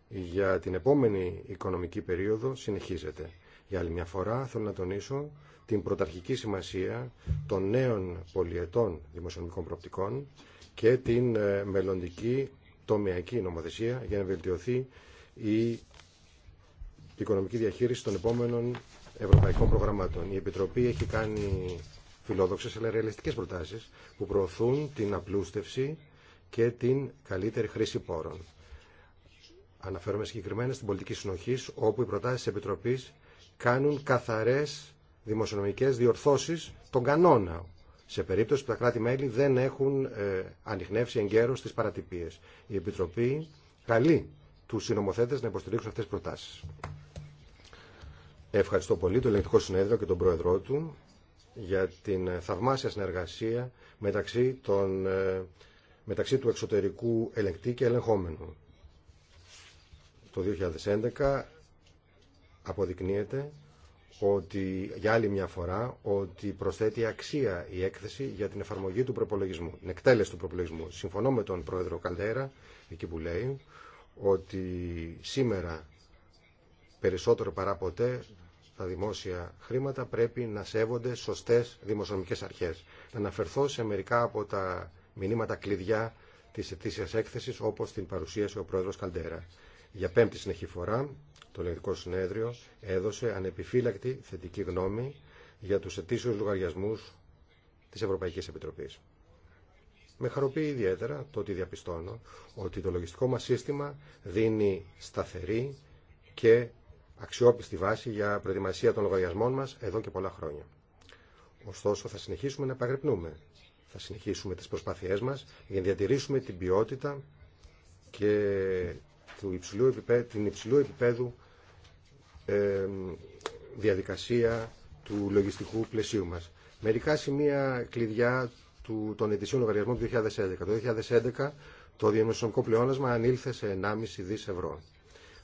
για την επόμενη οικονομική περίοδο συνεχίζεται. Για άλλη μια φορά θέλω να τονίσω την πρωταρχική σημασία των νέων πολιετών δημοσιονομικών προοπτικών και την ε, μελλοντική τομιακή νομοθεσία για να βελτιωθεί η οικονομική διαχείριση των επόμενων ευρωπαϊκών προγραμμάτων. Η Επιτροπή έχει κάνει φιλόδοξες αλλά ρεαλιστικές προτάσεις που προωθούν την απλούστευση και την καλύτερη χρήση πόρων. Αναφέρομαι συγκεκριμένα στην πολιτική συνοχή, όπου οι προτάσει τη Επιτροπή κάνουν καθαρέ δημοσιονομικέ διορθώσει των κανόνα, σε περίπτωση που τα κράτη-μέλη δεν έχουν ε, ανοιχνεύσει εγκαίρω τι παρατυπίε. Η Επιτροπή καλεί του συνομοθέτε να υποστηρίξουν αυτές τις προτάσεις. Ευχαριστώ πολύ το Ελεγκτικό Συνέδριο και τον Πρόεδρό του για την ε, θαυμάσια συνεργασία μεταξύ, των, ε, μεταξύ του εξωτερικού ελεγκτή και ελεγχόμενου. Το 2011 αποδεικνύεται ότι για άλλη μια φορά ότι προσθέτει αξία η έκθεση για την εφαρμογή του προπολογισμού, την εκτέλεση του προπολογισμού. Συμφωνώ με τον πρόεδρο Καλτέρα, εκεί που λέει ότι σήμερα περισσότερο παρά ποτέ τα δημόσια χρήματα πρέπει να σέβονται σωστές δημοσιονομικές αρχές. Να αναφερθώ σε μερικά από τα μηνύματα κλειδιά της ετήσιας έκθεσης όπως την παρουσίασε ο πρόεδρος Καλτέρα. Για πέμπτη συνεχή φορά το Ελληνικό Συνέδριο έδωσε ανεπιφύλακτη θετική γνώμη για τους ετήσιους λογαριασμούς της Ευρωπαϊκής Επιτροπής. Με χαροποιεί ιδιαίτερα το ότι διαπιστώνω ότι το λογιστικό μας σύστημα δίνει σταθερή και αξιόπιστη βάση για προετοιμασία των λογαριασμών μας εδώ και πολλά χρόνια. Ωστόσο, θα συνεχίσουμε να επαγρυπνούμε. Θα συνεχίσουμε τις προσπάθειές μας για να διατηρήσουμε την ποιότητα και του υψηλού την υψηλού επίπεδου διαδικασία του λογιστικού πλαισίου μας. Μερικά σημεία κλειδιά του, των ετησίων λογαριασμών του 2011. Το 2011 το διαμεσονικό πλεόνασμα ανήλθε σε 1,5 δις ευρώ.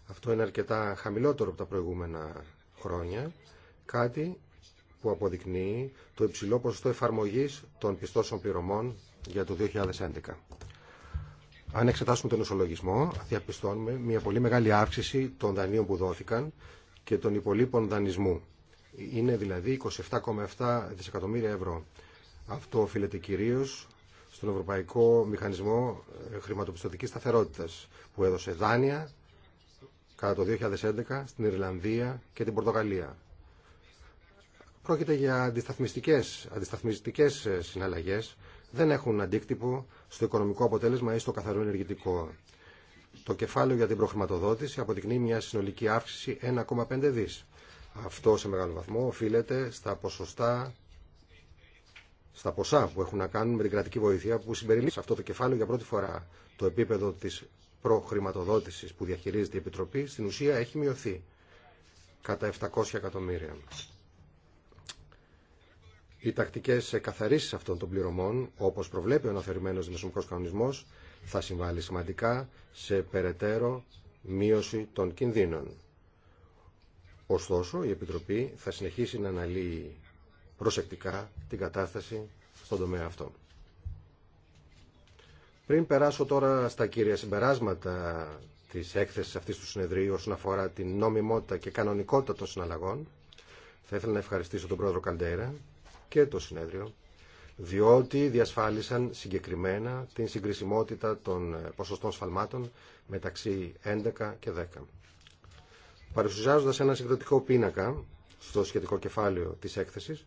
Αυτό είναι αρκετά χαμηλότερο από τα προηγούμενα χρόνια, κάτι που αποδεικνύει το υψηλό ποσοστό εφαρμογής των πιστώσεων πληρωμών για το 2011. Αν εξετάσουμε τον ισολογισμό, διαπιστώνουμε μια πολύ μεγάλη αύξηση των δανείων που δόθηκαν και των υπολείπων δανεισμού. Είναι δηλαδή 27,7 δισεκατομμύρια ευρώ. Αυτό οφείλεται κυρίω στον Ευρωπαϊκό Μηχανισμό ε, Χρηματοπιστωτικής Σταθερότητας που έδωσε δάνεια κατά το 2011 στην Ιρλανδία και την Πορτογαλία. Πρόκειται για αντισταθμιστικές, αντισταθμιστικές ε, συναλλαγές, δεν έχουν αντίκτυπο στο οικονομικό αποτέλεσμα ή στο καθαρό ενεργητικό. Το κεφάλαιο για την προχρηματοδότηση αποδεικνύει μια συνολική αύξηση 1,5 δις. Αυτό σε μεγάλο βαθμό οφείλεται στα ποσοστά στα ποσά που έχουν να κάνουν με την κρατική βοήθεια που συμπεριλήφθη σε αυτό το κεφάλαιο για πρώτη φορά. Το επίπεδο της προχρηματοδότησης που διαχειρίζεται η Επιτροπή στην ουσία έχει μειωθεί κατά 700 εκατομμύρια. Οι τακτικέ καθαρίσει αυτών των πληρωμών, όπως προβλέπει ο αναθεωρημένος δημοσιονομικός κανονισμό, θα συμβάλλει σημαντικά σε περαιτέρω μείωση των κινδύνων. Ωστόσο, η Επιτροπή θα συνεχίσει να αναλύει προσεκτικά την κατάσταση στον τομέα αυτό. Πριν περάσω τώρα στα κύρια συμπεράσματα της έκθεσης αυτής του συνεδρίου όσον αφορά την νομιμότητα και κανονικότητα των συναλλαγών, θα ήθελα να ευχαριστήσω τον πρόεδρο Καντέρα και το συνέδριο, διότι διασφάλισαν συγκεκριμένα την συγκρισιμότητα των ποσοστών σφαλμάτων μεταξύ 11 και 10. Παρουσιάζοντας ένα συγκριτικό πίνακα στο σχετικό κεφάλαιο της έκθεσης,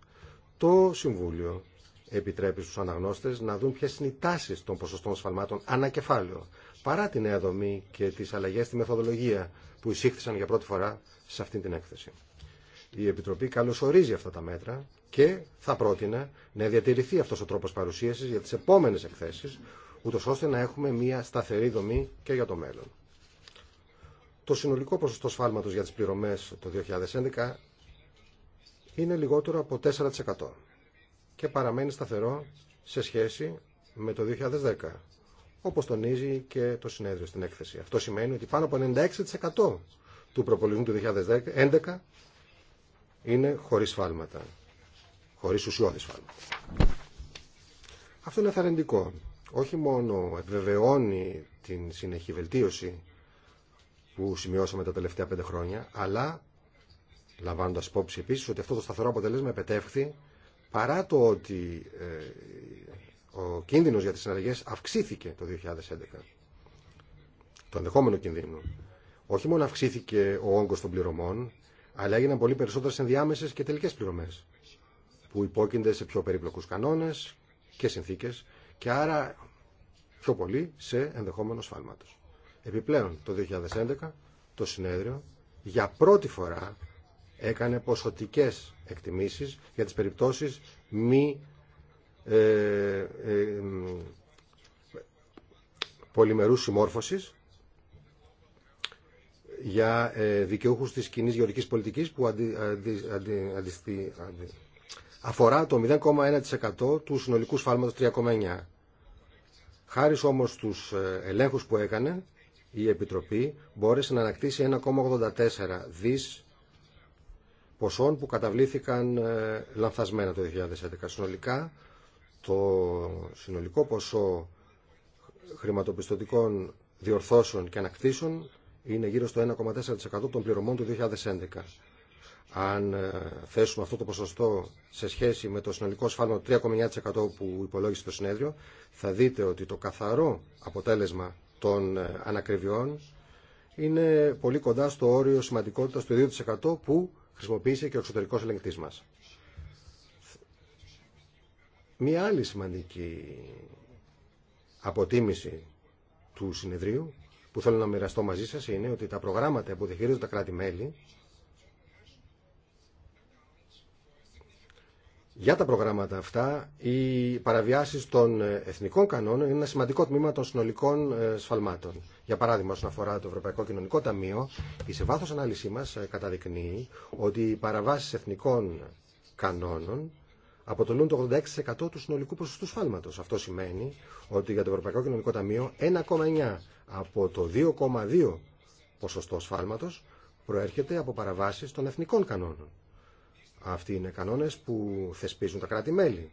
το Συμβούλιο επιτρέπει στους αναγνώστες να δουν ποιες είναι οι τάσεις των ποσοστών σφαλμάτων ανακεφάλαιο. Παρά την νέα δομή και τις αλλαγές στη μεθοδολογία που εισήχθησαν για πρώτη φορά σε αυτή την έκθεση. Η Επιτροπή καλωσορίζει αυτά τα μέτρα και θα πρότεινε να διατηρηθεί αυτός ο τρόπος παρουσίασης για τις επόμενες εκθέσεις, ούτω ώστε να έχουμε μια σταθερή δομή και για το μέλλον. Το συνολικό ποσοστό σφάλματος για τις πληρωμές το 2011 είναι λιγότερο από 4% και παραμένει σταθερό σε σχέση με το 2010, όπως τονίζει και το συνέδριο στην έκθεση. Αυτό σημαίνει ότι πάνω από 96% του προπολογισμού του 2011 είναι χωρίς φάλματα, χωρίς ουσιώδη φάλματα. Αυτό είναι θαρρυντικό. Όχι μόνο επιβεβαιώνει την συνεχή βελτίωση που σημειώσαμε τα τελευταία πέντε χρόνια, αλλά Λαμβάνοντα υπόψη επίση ότι αυτό το σταθερό αποτελέσμα επετεύχθη παρά το ότι ε, ο κίνδυνο για τι συναλλαγέ αυξήθηκε το 2011. Το ενδεχόμενο κίνδυνο. Όχι μόνο αυξήθηκε ο όγκο των πληρωμών, αλλά έγιναν πολύ περισσότερε ενδιάμεσε και τελικέ πληρωμέ που υπόκεινται σε πιο περίπλοκου κανόνε και συνθήκε και άρα πιο πολύ σε ενδεχόμενο σφάλματο. Επιπλέον, το 2011 το συνέδριο για πρώτη φορά έκανε ποσοτικές εκτιμήσεις για τις περιπτώσεις μη ε, ε, πολυμερούς συμμόρφωσης για ε, δικαιούχους της κοινή γεωργικής πολιτικής που αντι, αντι, αντι, αφορά το 0,1% του συνολικού σφάλματος 3,9%. Χάρη όμως στους ε, ελέγχους που έκανε η Επιτροπή μπόρεσε να ανακτήσει 1,84 δις ποσών που καταβλήθηκαν ε, λανθασμένα το 2011. Συνολικά, το συνολικό ποσό χρηματοπιστωτικών διορθώσεων και ανακτήσεων είναι γύρω στο 1,4% των πληρωμών του 2011. Αν ε, θέσουμε αυτό το ποσοστό σε σχέση με το συνολικό σφάλμα 3,9% που υπολόγισε το συνέδριο, θα δείτε ότι το καθαρό αποτέλεσμα των ε, ανακριβιών είναι πολύ κοντά στο όριο σημαντικότητας του 2% που χρησιμοποίησε και ο εξωτερικός ελεγκτής μας. Μία άλλη σημαντική αποτίμηση του συνεδρίου που θέλω να μοιραστώ μαζί σας είναι ότι τα προγράμματα που διαχειρίζονται τα κράτη-μέλη για τα προγράμματα αυτά οι παραβιάσει των εθνικών κανόνων είναι ένα σημαντικό τμήμα των συνολικών ε, σφαλμάτων. Για παράδειγμα, όσον αφορά το Ευρωπαϊκό Κοινωνικό Ταμείο, η σε βάθος ανάλυση μα ε, καταδεικνύει ότι οι παραβάσει εθνικών κανόνων αποτελούν το 86% του συνολικού ποσοστού σφάλματο. Αυτό σημαίνει ότι για το Ευρωπαϊκό Κοινωνικό Ταμείο 1,9 από το 2,2 ποσοστό σφάλματος προέρχεται από παραβάσεις των εθνικών κανόνων. Αυτοί είναι κανόνες που θεσπίζουν τα κράτη-μέλη.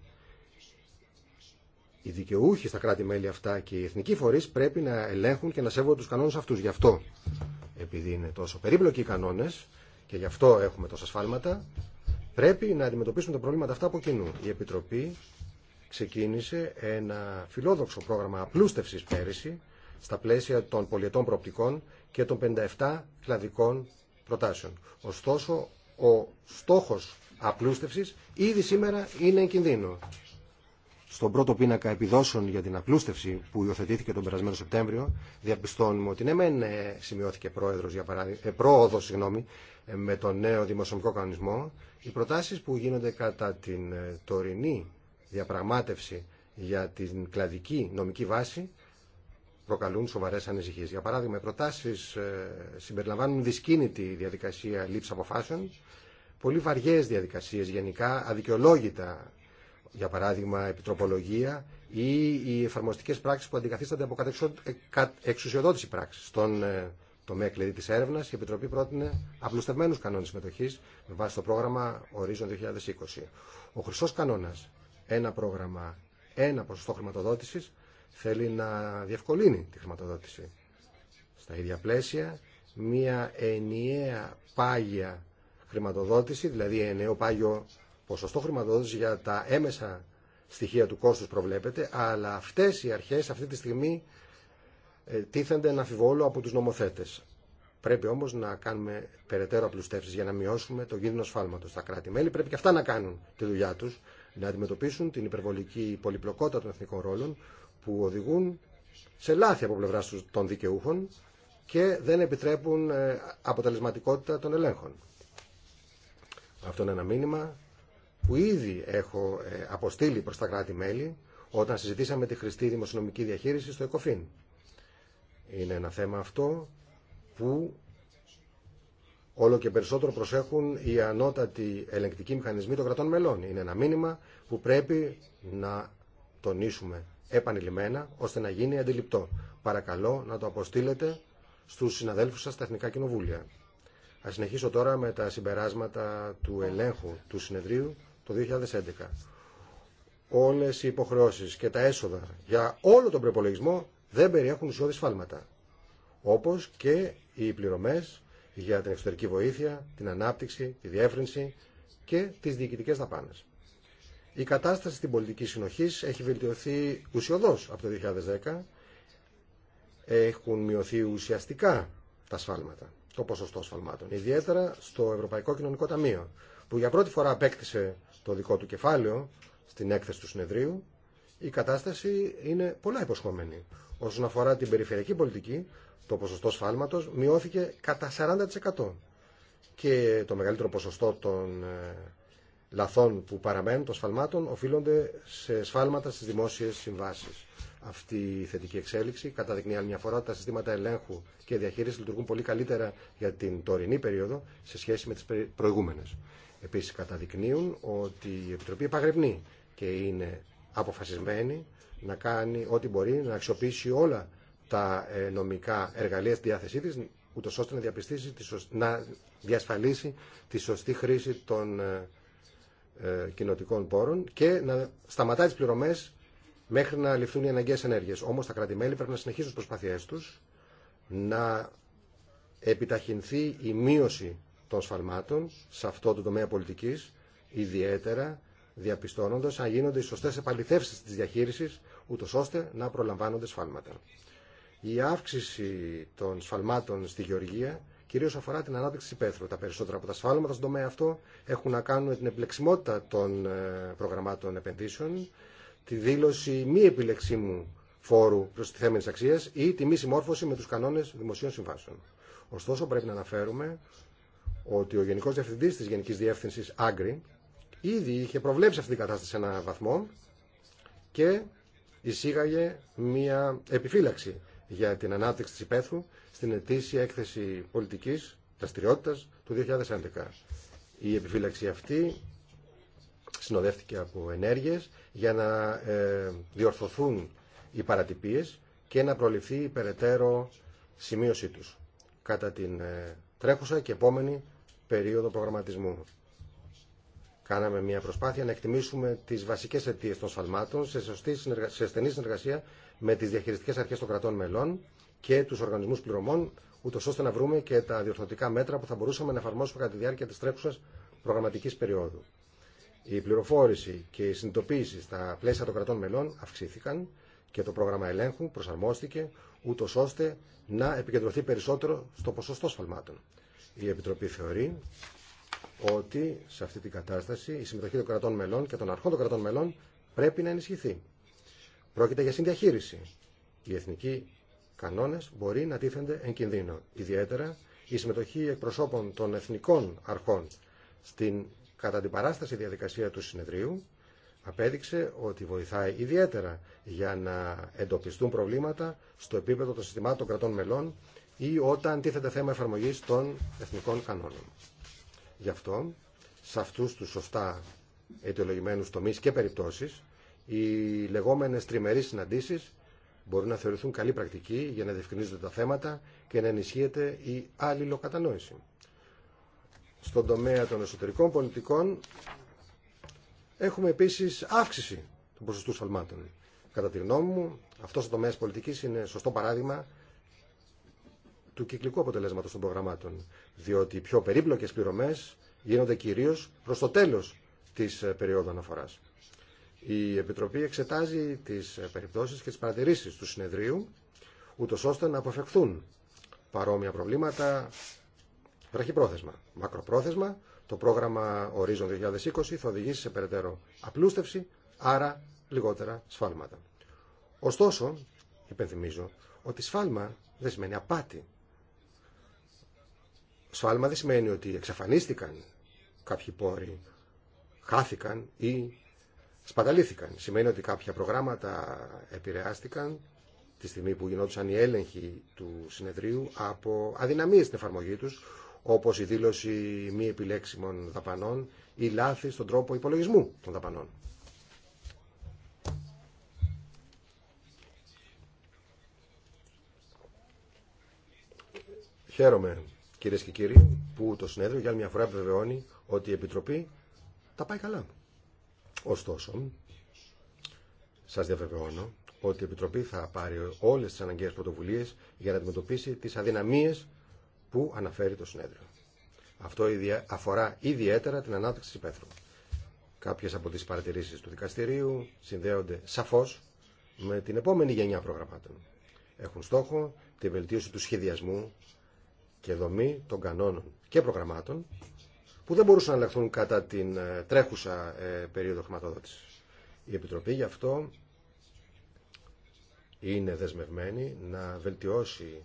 Οι δικαιούχοι στα κράτη-μέλη αυτά και οι εθνικοί φορείς πρέπει να ελέγχουν και να σέβονται τους κανόνες αυτούς. Γι' αυτό, επειδή είναι τόσο περίπλοκοι οι κανόνες και γι' αυτό έχουμε τόσα σφάλματα, πρέπει να αντιμετωπίσουμε τα προβλήματα αυτά από κοινού. Η Επιτροπή ξεκίνησε ένα φιλόδοξο πρόγραμμα απλούστευσης πέρυσι στα πλαίσια των πολιετών προοπτικών και των 57 κλαδικών προτάσεων. Ωστόσο, ο στόχος απλούστευσης ήδη σήμερα είναι κινδύνο. Στον πρώτο πίνακα επιδόσεων για την απλούστευση που υιοθετήθηκε τον περασμένο Σεπτέμβριο, διαπιστώνουμε ότι ναι, μεν ε, σημειώθηκε πρόεδρος, για ε, πρόοδο συγγνώμη, ε, με τον νέο δημοσιονομικό κανονισμό. Οι προτάσεις που γίνονται κατά την τωρινή διαπραγμάτευση για την κλαδική νομική βάση προκαλούν σοβαρέ ανησυχίε. Για παράδειγμα, οι προτάσει ε, συμπεριλαμβάνουν δυσκίνητη διαδικασία λήψη αποφάσεων, πολύ βαριέ διαδικασίε γενικά, αδικαιολόγητα, για παράδειγμα, επιτροπολογία ή οι εφαρμοστικέ πράξει που αντικαθίστανται από ε, εξουσιοδότηση πράξη. Στον ε, τομέα κλειδί τη έρευνα, η Επιτροπή πρότεινε απλουστευμένου κανόνε συμμετοχή με βάση το πρόγραμμα Ορίζον 2020. Ο χρυσό κανόνα, ένα πρόγραμμα, ένα ποσοστό χρηματοδότηση, θέλει να διευκολύνει τη χρηματοδότηση. Στα ίδια πλαίσια, μία ενιαία πάγια χρηματοδότηση, δηλαδή ενιαίο πάγιο ποσοστό χρηματοδότηση για τα έμεσα στοιχεία του κόστους προβλέπεται, αλλά αυτές οι αρχές αυτή τη στιγμή ε, τίθενται ένα αμφιβόλο από τους νομοθέτες. Πρέπει όμω να κάνουμε περαιτέρω απλουστεύσει για να μειώσουμε το κίνδυνο σφάλματο. Τα κράτη-μέλη πρέπει και αυτά να κάνουν τη δουλειά του, να αντιμετωπίσουν την υπερβολική πολυπλοκότητα των εθνικών ρόλων, που οδηγούν σε λάθη από πλευρά των δικαιούχων και δεν επιτρέπουν ε, αποτελεσματικότητα των ελέγχων. Αυτό είναι ένα μήνυμα που ήδη έχω ε, αποστείλει προς τα κράτη-μέλη όταν συζητήσαμε τη χρηστή δημοσιονομική διαχείριση στο ΕΚΟΦΗΝ. Είναι ένα θέμα αυτό που όλο και περισσότερο προσέχουν οι ανώτατοι ελεγκτικοί μηχανισμοί των κρατών μελών. Είναι ένα μήνυμα που πρέπει να τονίσουμε επανειλημμένα ώστε να γίνει αντιληπτό. Παρακαλώ να το αποστείλετε στους συναδέλφους σας στα Εθνικά Κοινοβούλια. Ας συνεχίσω τώρα με τα συμπεράσματα του ελέγχου του συνεδρίου το 2011. Όλες οι υποχρεώσεις και τα έσοδα για όλο τον προπολογισμό δεν περιέχουν ουσιώδη σφάλματα. Όπως και οι πληρωμές για την εξωτερική βοήθεια, την ανάπτυξη, τη διεύρυνση και τις διοικητικές δαπάνες. Η κατάσταση στην πολιτική συνοχή έχει βελτιωθεί ουσιοδό από το 2010. Έχουν μειωθεί ουσιαστικά τα σφάλματα, το ποσοστό σφαλμάτων. Ιδιαίτερα στο Ευρωπαϊκό Κοινωνικό Ταμείο, που για πρώτη φορά απέκτησε το δικό του κεφάλαιο στην έκθεση του συνεδρίου, η κατάσταση είναι πολλά υποσχόμενη. Όσον αφορά την περιφερειακή πολιτική, το ποσοστό σφάλματο μειώθηκε κατά 40% και το μεγαλύτερο ποσοστό των ε, λαθών που παραμένουν των σφαλμάτων οφείλονται σε σφάλματα στι δημόσιε συμβάσει. Αυτή η θετική εξέλιξη καταδεικνύει άλλη μια φορά ότι τα συστήματα ελέγχου και διαχείριση λειτουργούν πολύ καλύτερα για την τωρινή περίοδο σε σχέση με τι προηγούμενε. Επίση, καταδεικνύουν ότι η Επιτροπή επαγρυπνεί και είναι αποφασισμένη να κάνει ό,τι μπορεί να αξιοποιήσει όλα τα ε, νομικά εργαλεία στη διάθεσή τη, ούτω ώστε να, να διασφαλίσει τη σωστή χρήση των ε, ε, κοινοτικών πόρων και να σταματάει τι πληρωμέ μέχρι να ληφθούν οι αναγκαίε ενέργειε. Όμω τα κράτη-μέλη πρέπει να συνεχίσουν τι προσπάθειέ του να επιταχυνθεί η μείωση των σφαλμάτων σε αυτό το τομέα πολιτική, ιδιαίτερα διαπιστώνοντα αν γίνονται οι σωστέ επαληθεύσει τη διαχείριση, ούτω ώστε να προλαμβάνονται σφάλματα. Η αύξηση των σφαλμάτων στη Γεωργία Κυρίως αφορά την ανάπτυξη της Τα περισσότερα από τα σφάλματα στον τομέα αυτό έχουν να κάνουν με την επιλεξιμότητα των ε, προγραμμάτων επενδύσεων, τη δήλωση μη επιλεξίμου φόρου προς τη θέμενη αξία ή τη μη συμμόρφωση με τους κανόνες δημοσίων συμβάσεων. Ωστόσο, πρέπει να αναφέρουμε ότι ο Γενικός Διευθυντή της Γενικής Διεύθυνσης, Άγκρι, ήδη είχε προβλέψει αυτή την κατάσταση σε έναν βαθμό και εισήγαγε μια επιφύλαξη για την ανάπτυξη της υπαίθρου στην ετήσια έκθεση πολιτικής δραστηριότητα του 2011. Η επιφύλαξη αυτή συνοδεύτηκε από ενέργειες για να ε, διορθωθούν οι παρατυπίες και να προληφθεί η περαιτέρω σημείωσή τους κατά την ε, τρέχουσα και επόμενη περίοδο προγραμματισμού. Κάναμε μια προσπάθεια να εκτιμήσουμε τις βασικές αιτίες των σφαλμάτων σε, σωστή σε στενή συνεργασία με τις διαχειριστικές αρχές των κρατών μελών και τους οργανισμούς πληρωμών, ούτω ώστε να βρούμε και τα διορθωτικά μέτρα που θα μπορούσαμε να εφαρμόσουμε κατά τη διάρκεια της τρέχουσας προγραμματικής περίοδου. Η πληροφόρηση και η συνειδητοποίηση στα πλαίσια των κρατών μελών αυξήθηκαν και το πρόγραμμα ελέγχου προσαρμόστηκε ούτω ώστε να επικεντρωθεί περισσότερο στο ποσοστό σφαλμάτων. Η Επιτροπή θεωρεί ότι σε αυτή την κατάσταση η συμμετοχή των κρατών μελών και των αρχών των κρατών μελών πρέπει να ενισχυθεί. Πρόκειται για συνδιαχείριση. Οι εθνικοί κανόνε μπορεί να τίθενται εν κινδύνο. Ιδιαίτερα η συμμετοχή εκπροσώπων των εθνικών αρχών στην κατά την παράσταση διαδικασία του συνεδρίου απέδειξε ότι βοηθάει ιδιαίτερα για να εντοπιστούν προβλήματα στο επίπεδο των συστημάτων κρατών μελών ή όταν τίθεται θέμα εφαρμογή των εθνικών κανόνων. Γι' αυτό, σε αυτού του σωστά αιτιολογημένου τομεί και περιπτώσει, οι λεγόμενες τριμερείς συναντήσεις μπορούν να θεωρηθούν καλή πρακτική για να διευκρινίζονται τα θέματα και να ενισχύεται η αλληλοκατανόηση. Στον τομέα των εσωτερικών πολιτικών έχουμε επίσης αύξηση του ποσοστού σφαλμάτων. Κατά τη γνώμη μου, αυτός ο τομέας πολιτικής είναι σωστό παράδειγμα του κυκλικού αποτελέσματος των προγραμμάτων, διότι οι πιο περίπλοκες πληρωμές γίνονται κυρίως προς το τέλος της ε, περίοδου αναφοράς. Η Επιτροπή εξετάζει τις περιπτώσεις και τις παρατηρήσεις του συνεδρίου, ούτω ώστε να αποφευχθούν παρόμοια προβλήματα βραχυπρόθεσμα. Μακροπρόθεσμα, το πρόγραμμα Horizon 2020 θα οδηγήσει σε περαιτέρω απλούστευση, άρα λιγότερα σφάλματα. Ωστόσο, υπενθυμίζω ότι σφάλμα δεν σημαίνει απάτη. Σφάλμα δεν σημαίνει ότι εξαφανίστηκαν κάποιοι πόροι, χάθηκαν ή σπαταλήθηκαν. Σημαίνει ότι κάποια προγράμματα επηρεάστηκαν τη στιγμή που γινόντουσαν οι έλεγχοι του συνεδρίου από αδυναμίες στην εφαρμογή τους, όπως η δήλωση μη επιλέξιμων δαπανών ή λάθη στον τρόπο υπολογισμού των δαπανών. Χαίρομαι, κυρίες και κύριοι, που το συνέδριο για άλλη μια φορά επιβεβαιώνει ότι η Επιτροπή τα πάει καλά. Ωστόσο, σας διαβεβαιώνω ότι η Επιτροπή θα πάρει όλες τις αναγκαίες πρωτοβουλίες για να αντιμετωπίσει τις αδυναμίες που αναφέρει το συνέδριο. Αυτό αφορά ιδιαίτερα την ανάπτυξη της υπαίθρου. Κάποιες από τις παρατηρήσεις του δικαστηρίου συνδέονται σαφώς με την επόμενη γενιά προγραμμάτων. Έχουν στόχο τη βελτίωση του σχεδιασμού και δομή των κανόνων και προγραμμάτων που δεν μπορούσαν να ελεγχθούν κατά την ε, τρέχουσα ε, περίοδο χρηματοδότηση. Η Επιτροπή γι' αυτό είναι δεσμευμένη να βελτιώσει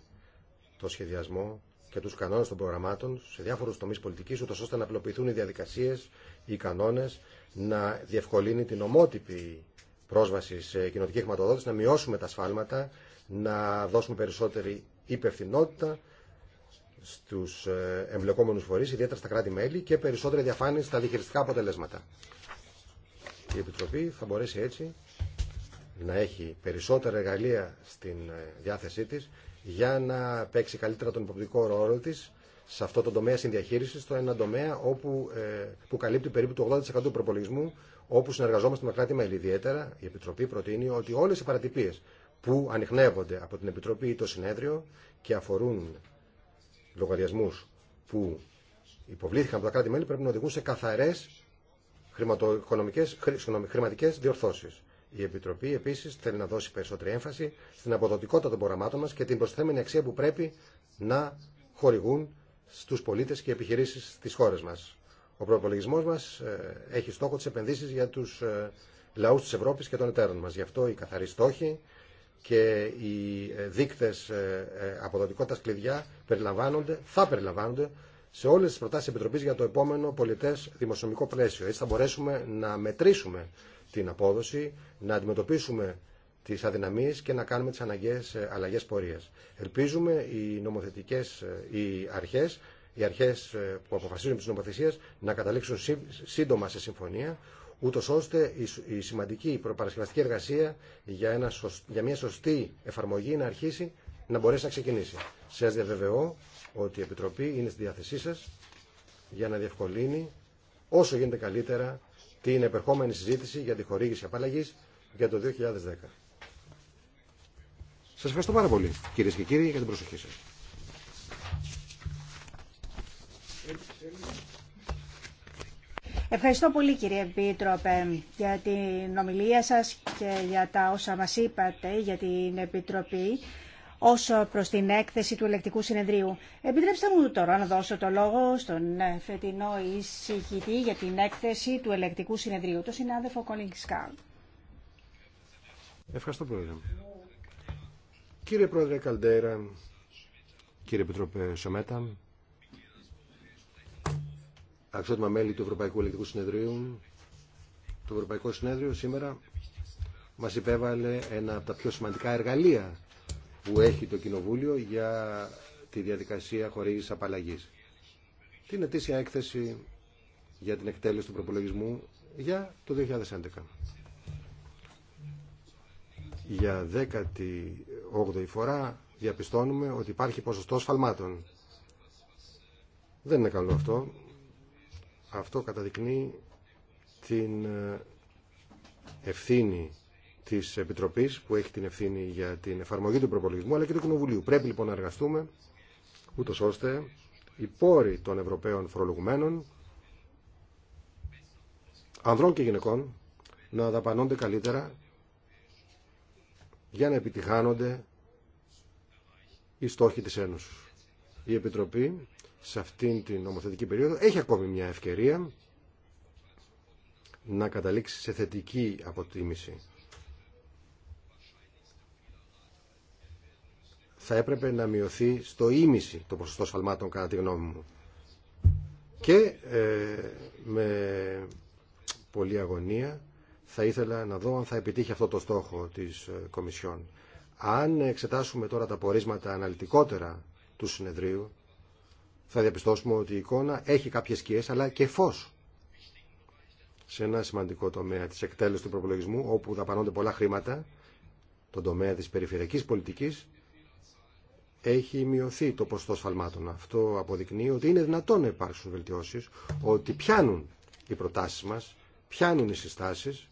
το σχεδιασμό και τους κανόνες των προγραμμάτων σε διάφορους τομείς πολιτικής, ούτως ώστε να απλοποιηθούν οι διαδικασίες, οι κανόνες, να διευκολύνει την ομότυπη πρόσβαση σε κοινοτική χρηματοδότηση, να μειώσουμε τα σφάλματα, να δώσουμε περισσότερη υπευθυνότητα Στου ε, εμπλεκόμενου φορεί, ιδιαίτερα στα κράτη-μέλη και περισσότερη διαφάνεια στα διχειριστικά αποτελέσματα. Η Επιτροπή θα μπορέσει έτσι να έχει περισσότερα εργαλεία στην ε, διάθεσή τη για να παίξει καλύτερα τον υποπτικό ρόλο τη σε αυτό το τομέα συνδιαχείριση, στο ένα τομέα όπου, ε, που καλύπτει περίπου το 80% του προπολογισμού, όπου συνεργαζόμαστε με κράτη-μέλη. Ιδιαίτερα, η Επιτροπή προτείνει ότι όλε οι παρατυπίε που ανοιχνεύονται από την Επιτροπή ή το Συνέδριο και αφορούν Λογαριασμού που υποβλήθηκαν από τα κράτη-μέλη πρέπει να οδηγούν σε καθαρέ χρηματικέ διορθώσει. Η Επιτροπή επίση θέλει να δώσει περισσότερη έμφαση στην αποδοτικότητα των προγραμμάτων μα και την προσθέμενη αξία που πρέπει να χορηγούν στου πολίτε και επιχειρήσει της χώρας μα. Ο προπολογισμό μα ε, έχει στόχο τις επενδύσει για του ε, λαού τη Ευρώπη και των εταίρων μα. Γι' αυτό οι καθαροί στόχοι και οι ε, δείκτες ε, ε, αποδοτικότητας κλειδιά περιλαμβάνονται, θα περιλαμβάνονται σε όλες τις προτάσεις της Επιτροπής για το επόμενο πολιτές δημοσιονομικό πλαίσιο. Έτσι θα μπορέσουμε να μετρήσουμε την απόδοση, να αντιμετωπίσουμε τις αδυναμίες και να κάνουμε τις αναγκαίες αλλαγές πορείας. Ελπίζουμε οι νομοθετικές οι αρχές, οι αρχές που αποφασίζουν τις νομοθεσίες να καταλήξουν σύντομα σε συμφωνία ούτω ώστε η σημαντική προπαρασκευαστική εργασία για, ένα, για μια σωστή εφαρμογή να αρχίσει να μπορέσει να ξεκινήσει. Σας διαβεβαιώ ότι η Επιτροπή είναι στη διάθεσή σας για να διευκολύνει όσο γίνεται καλύτερα την επερχόμενη συζήτηση για τη χορήγηση απαλλαγή για το 2010. Σας ευχαριστώ πάρα πολύ κυρίες και κύριοι για την προσοχή σας. Ευχαριστώ πολύ κύριε Επίτροπε για την ομιλία σας και για τα όσα μας είπατε για την Επιτροπή όσο προς την έκθεση του ελεκτικού συνεδρίου. Επιτρέψτε μου τώρα να δώσω το λόγο στον φετινό εισηγητή για την έκθεση του ελεκτικού συνεδρίου, τον συνάδελφο Κόλινγκ Σκάλ. Ευχαριστώ πρόεδρε. Κύριε Πρόεδρε Καλντέρα, κύριε Επιτροπέ Σομέτα, αξιότιμα μέλη του Ευρωπαϊκού Ελεκτικού Συνεδρίου. Το Ευρωπαϊκό Συνέδριο σήμερα μας υπέβαλε ένα από τα πιο σημαντικά εργαλεία που έχει το Κοινοβούλιο για τη διαδικασία χορήγησης απαλλαγής. Την ετήσια έκθεση για την εκτέλεση του προπολογισμού για το 2011. Για 18η φορά διαπιστώνουμε ότι υπάρχει ποσοστό σφαλμάτων. Δεν είναι καλό αυτό. Αυτό καταδεικνύει την ε, ευθύνη της Επιτροπής που έχει την ευθύνη για την εφαρμογή του προπολογισμού αλλά και του Κοινοβουλίου. Πρέπει λοιπόν να εργαστούμε ούτω ώστε οι πόροι των Ευρωπαίων φορολογουμένων ανδρών και γυναικών να δαπανώνται καλύτερα για να επιτυχάνονται οι στόχοι της Ένωσης. Η Επιτροπή σε αυτήν την νομοθετική περίοδο έχει ακόμη μια ευκαιρία να καταλήξει σε θετική αποτίμηση. Θα έπρεπε να μειωθεί στο ίμιση το ποσοστό σφαλμάτων κατά τη γνώμη μου. Και ε, με πολλή αγωνία θα ήθελα να δω αν θα επιτύχει αυτό το στόχο της ε, Κομισιόν. Αν εξετάσουμε τώρα τα πορίσματα αναλυτικότερα του συνεδρίου, θα διαπιστώσουμε ότι η εικόνα έχει κάποιες σκιές αλλά και φως σε ένα σημαντικό τομέα της εκτέλεσης του προπολογισμού όπου δαπανώνται πολλά χρήματα τον τομέα της περιφερειακής πολιτικής έχει μειωθεί το ποστό σφαλμάτων. Αυτό αποδεικνύει ότι είναι δυνατόν να υπάρξουν βελτιώσεις, ότι πιάνουν οι προτάσει μας, πιάνουν οι συστάσεις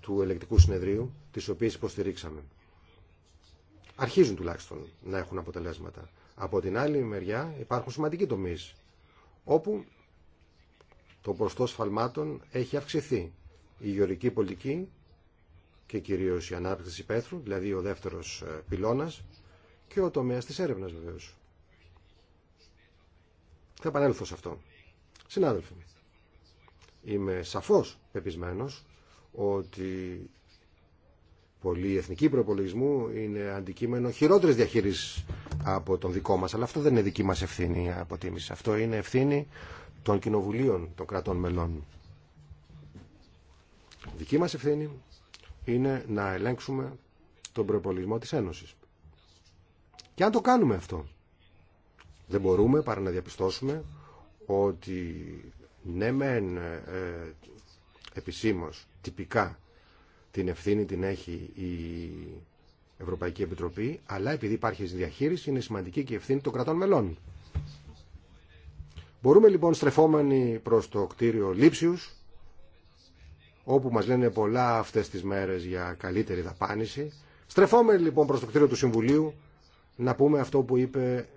του ελεκτικού συνεδρίου, τις οποίες υποστηρίξαμε. Αρχίζουν τουλάχιστον να έχουν αποτελέσματα. Από την άλλη μεριά υπάρχουν σημαντικοί τομείς όπου το ποστό σφαλμάτων έχει αυξηθεί. Η γεωρική πολιτική και κυρίως η ανάπτυξη πέθρου, δηλαδή ο δεύτερος ε, πυλώνας και ο τομέας της έρευνα βεβαίω. Θα επανέλθω σε αυτό. Συνάδελφοι, είμαι σαφώς πεπισμένος ότι Πολύ εθνικοί προπολογισμού είναι αντικείμενο χειρότερη διαχείριση από τον δικό μα. Αλλά αυτό δεν είναι δική μα ευθύνη αποτίμηση. Αυτό είναι ευθύνη των κοινοβουλίων των κρατών μελών. Δική μα ευθύνη είναι να ελέγξουμε τον προπολογισμό της Ένωσης. Και αν το κάνουμε αυτό, δεν μπορούμε παρά να διαπιστώσουμε ότι ναι μεν ε, ε επισήμως, τυπικά, την ευθύνη την έχει η Ευρωπαϊκή Επιτροπή, αλλά επειδή υπάρχει διαχείριση είναι σημαντική και η ευθύνη των κρατών μελών. Μπορούμε λοιπόν στρεφόμενοι προς το κτίριο Λήψιους, όπου μας λένε πολλά αυτές τις μέρες για καλύτερη δαπάνηση, στρεφόμενοι λοιπόν προς το κτίριο του Συμβουλίου, να πούμε αυτό που είπε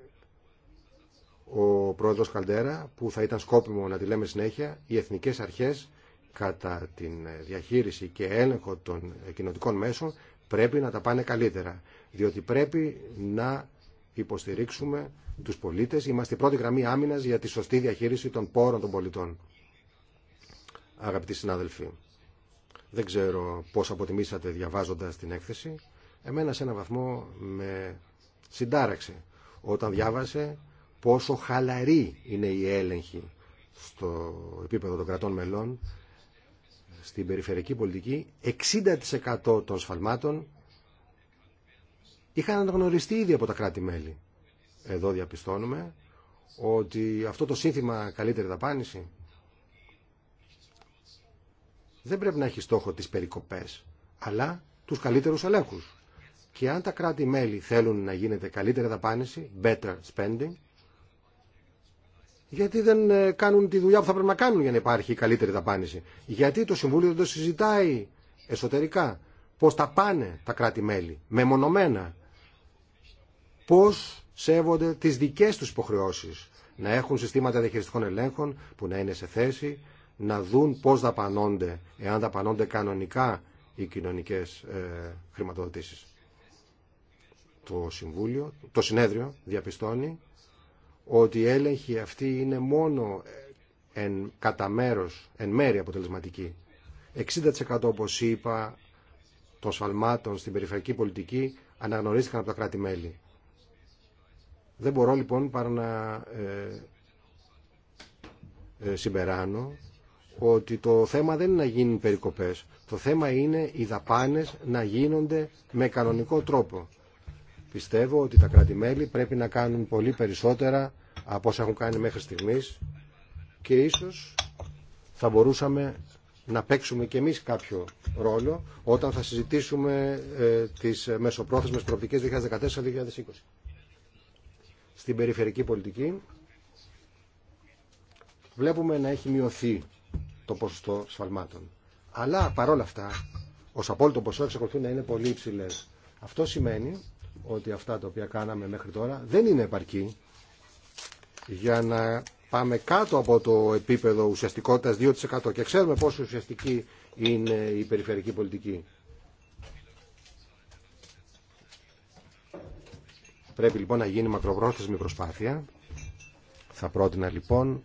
ο πρόεδρος Καλτέρα, που θα ήταν σκόπιμο να τη λέμε συνέχεια, οι εθνικές αρχές κατά την διαχείριση και έλεγχο των κοινωτικών μέσων πρέπει να τα πάνε καλύτερα. Διότι πρέπει να υποστηρίξουμε τους πολίτες. Είμαστε η πρώτη γραμμή άμυνας για τη σωστή διαχείριση των πόρων των πολιτών. Αγαπητοί συνάδελφοι, δεν ξέρω πώς αποτιμήσατε διαβάζοντας την έκθεση. Εμένα σε ένα βαθμό με συντάραξε όταν διάβασε πόσο χαλαρή είναι η έλεγχη στο επίπεδο των κρατών μελών στην περιφερειακή πολιτική 60% των σφαλμάτων είχαν αναγνωριστεί ήδη από τα κράτη-μέλη. Εδώ διαπιστώνουμε ότι αυτό το σύνθημα καλύτερη δαπάνηση δεν πρέπει να έχει στόχο τις περικοπές, αλλά τους καλύτερους ελέγχους. Και αν τα κράτη-μέλη θέλουν να γίνεται καλύτερη δαπάνηση, better spending, γιατί δεν ε, κάνουν τη δουλειά που θα πρέπει να κάνουν για να υπάρχει καλύτερη δαπάνηση. Γιατί το Συμβούλιο δεν το συζητάει εσωτερικά. Πώ τα πάνε τα κράτη-μέλη, μεμονωμένα. Πώ σέβονται τι δικέ του υποχρεώσει. Να έχουν συστήματα διαχειριστικών ελέγχων που να είναι σε θέση να δουν πώ δαπανώνται, εάν δαπανώνται κανονικά οι κοινωνικέ ε, χρηματοδοτήσει. Το Συμβούλιο, το Συνέδριο διαπιστώνει ότι η έλεγχη αυτή είναι μόνο εν, κατά μέρο, εν μέρη αποτελεσματική. 60% όπως είπα των σφαλμάτων στην περιφερειακή πολιτική αναγνωρίστηκαν από τα κράτη-μέλη. Δεν μπορώ λοιπόν παρά να ε, ε, συμπεράνω ότι το θέμα δεν είναι να γίνουν περικοπές. Το θέμα είναι οι δαπάνες να γίνονται με κανονικό τρόπο. Πιστεύω ότι τα κράτη-μέλη πρέπει να κάνουν πολύ περισσότερα από όσα έχουν κάνει μέχρι στιγμής και ίσως θα μπορούσαμε να παίξουμε και εμείς κάποιο ρόλο όταν θα συζητήσουμε ε, τις μεσοπρόθεσμες προοπτικές 2014-2020. Στην περιφερική πολιτική βλέπουμε να έχει μειωθεί το ποσοστό σφαλμάτων. Αλλά παρόλα αυτά, ως απόλυτο ποσό εξακολουθούν να είναι πολύ υψηλέ. Αυτό σημαίνει ότι αυτά τα οποία κάναμε μέχρι τώρα δεν είναι επαρκή για να πάμε κάτω από το επίπεδο ουσιαστικότητας 2% και ξέρουμε πόσο ουσιαστική είναι η περιφερειακή πολιτική. Πρέπει λοιπόν να γίνει μακροπρόθεσμη προσπάθεια. Θα πρότεινα λοιπόν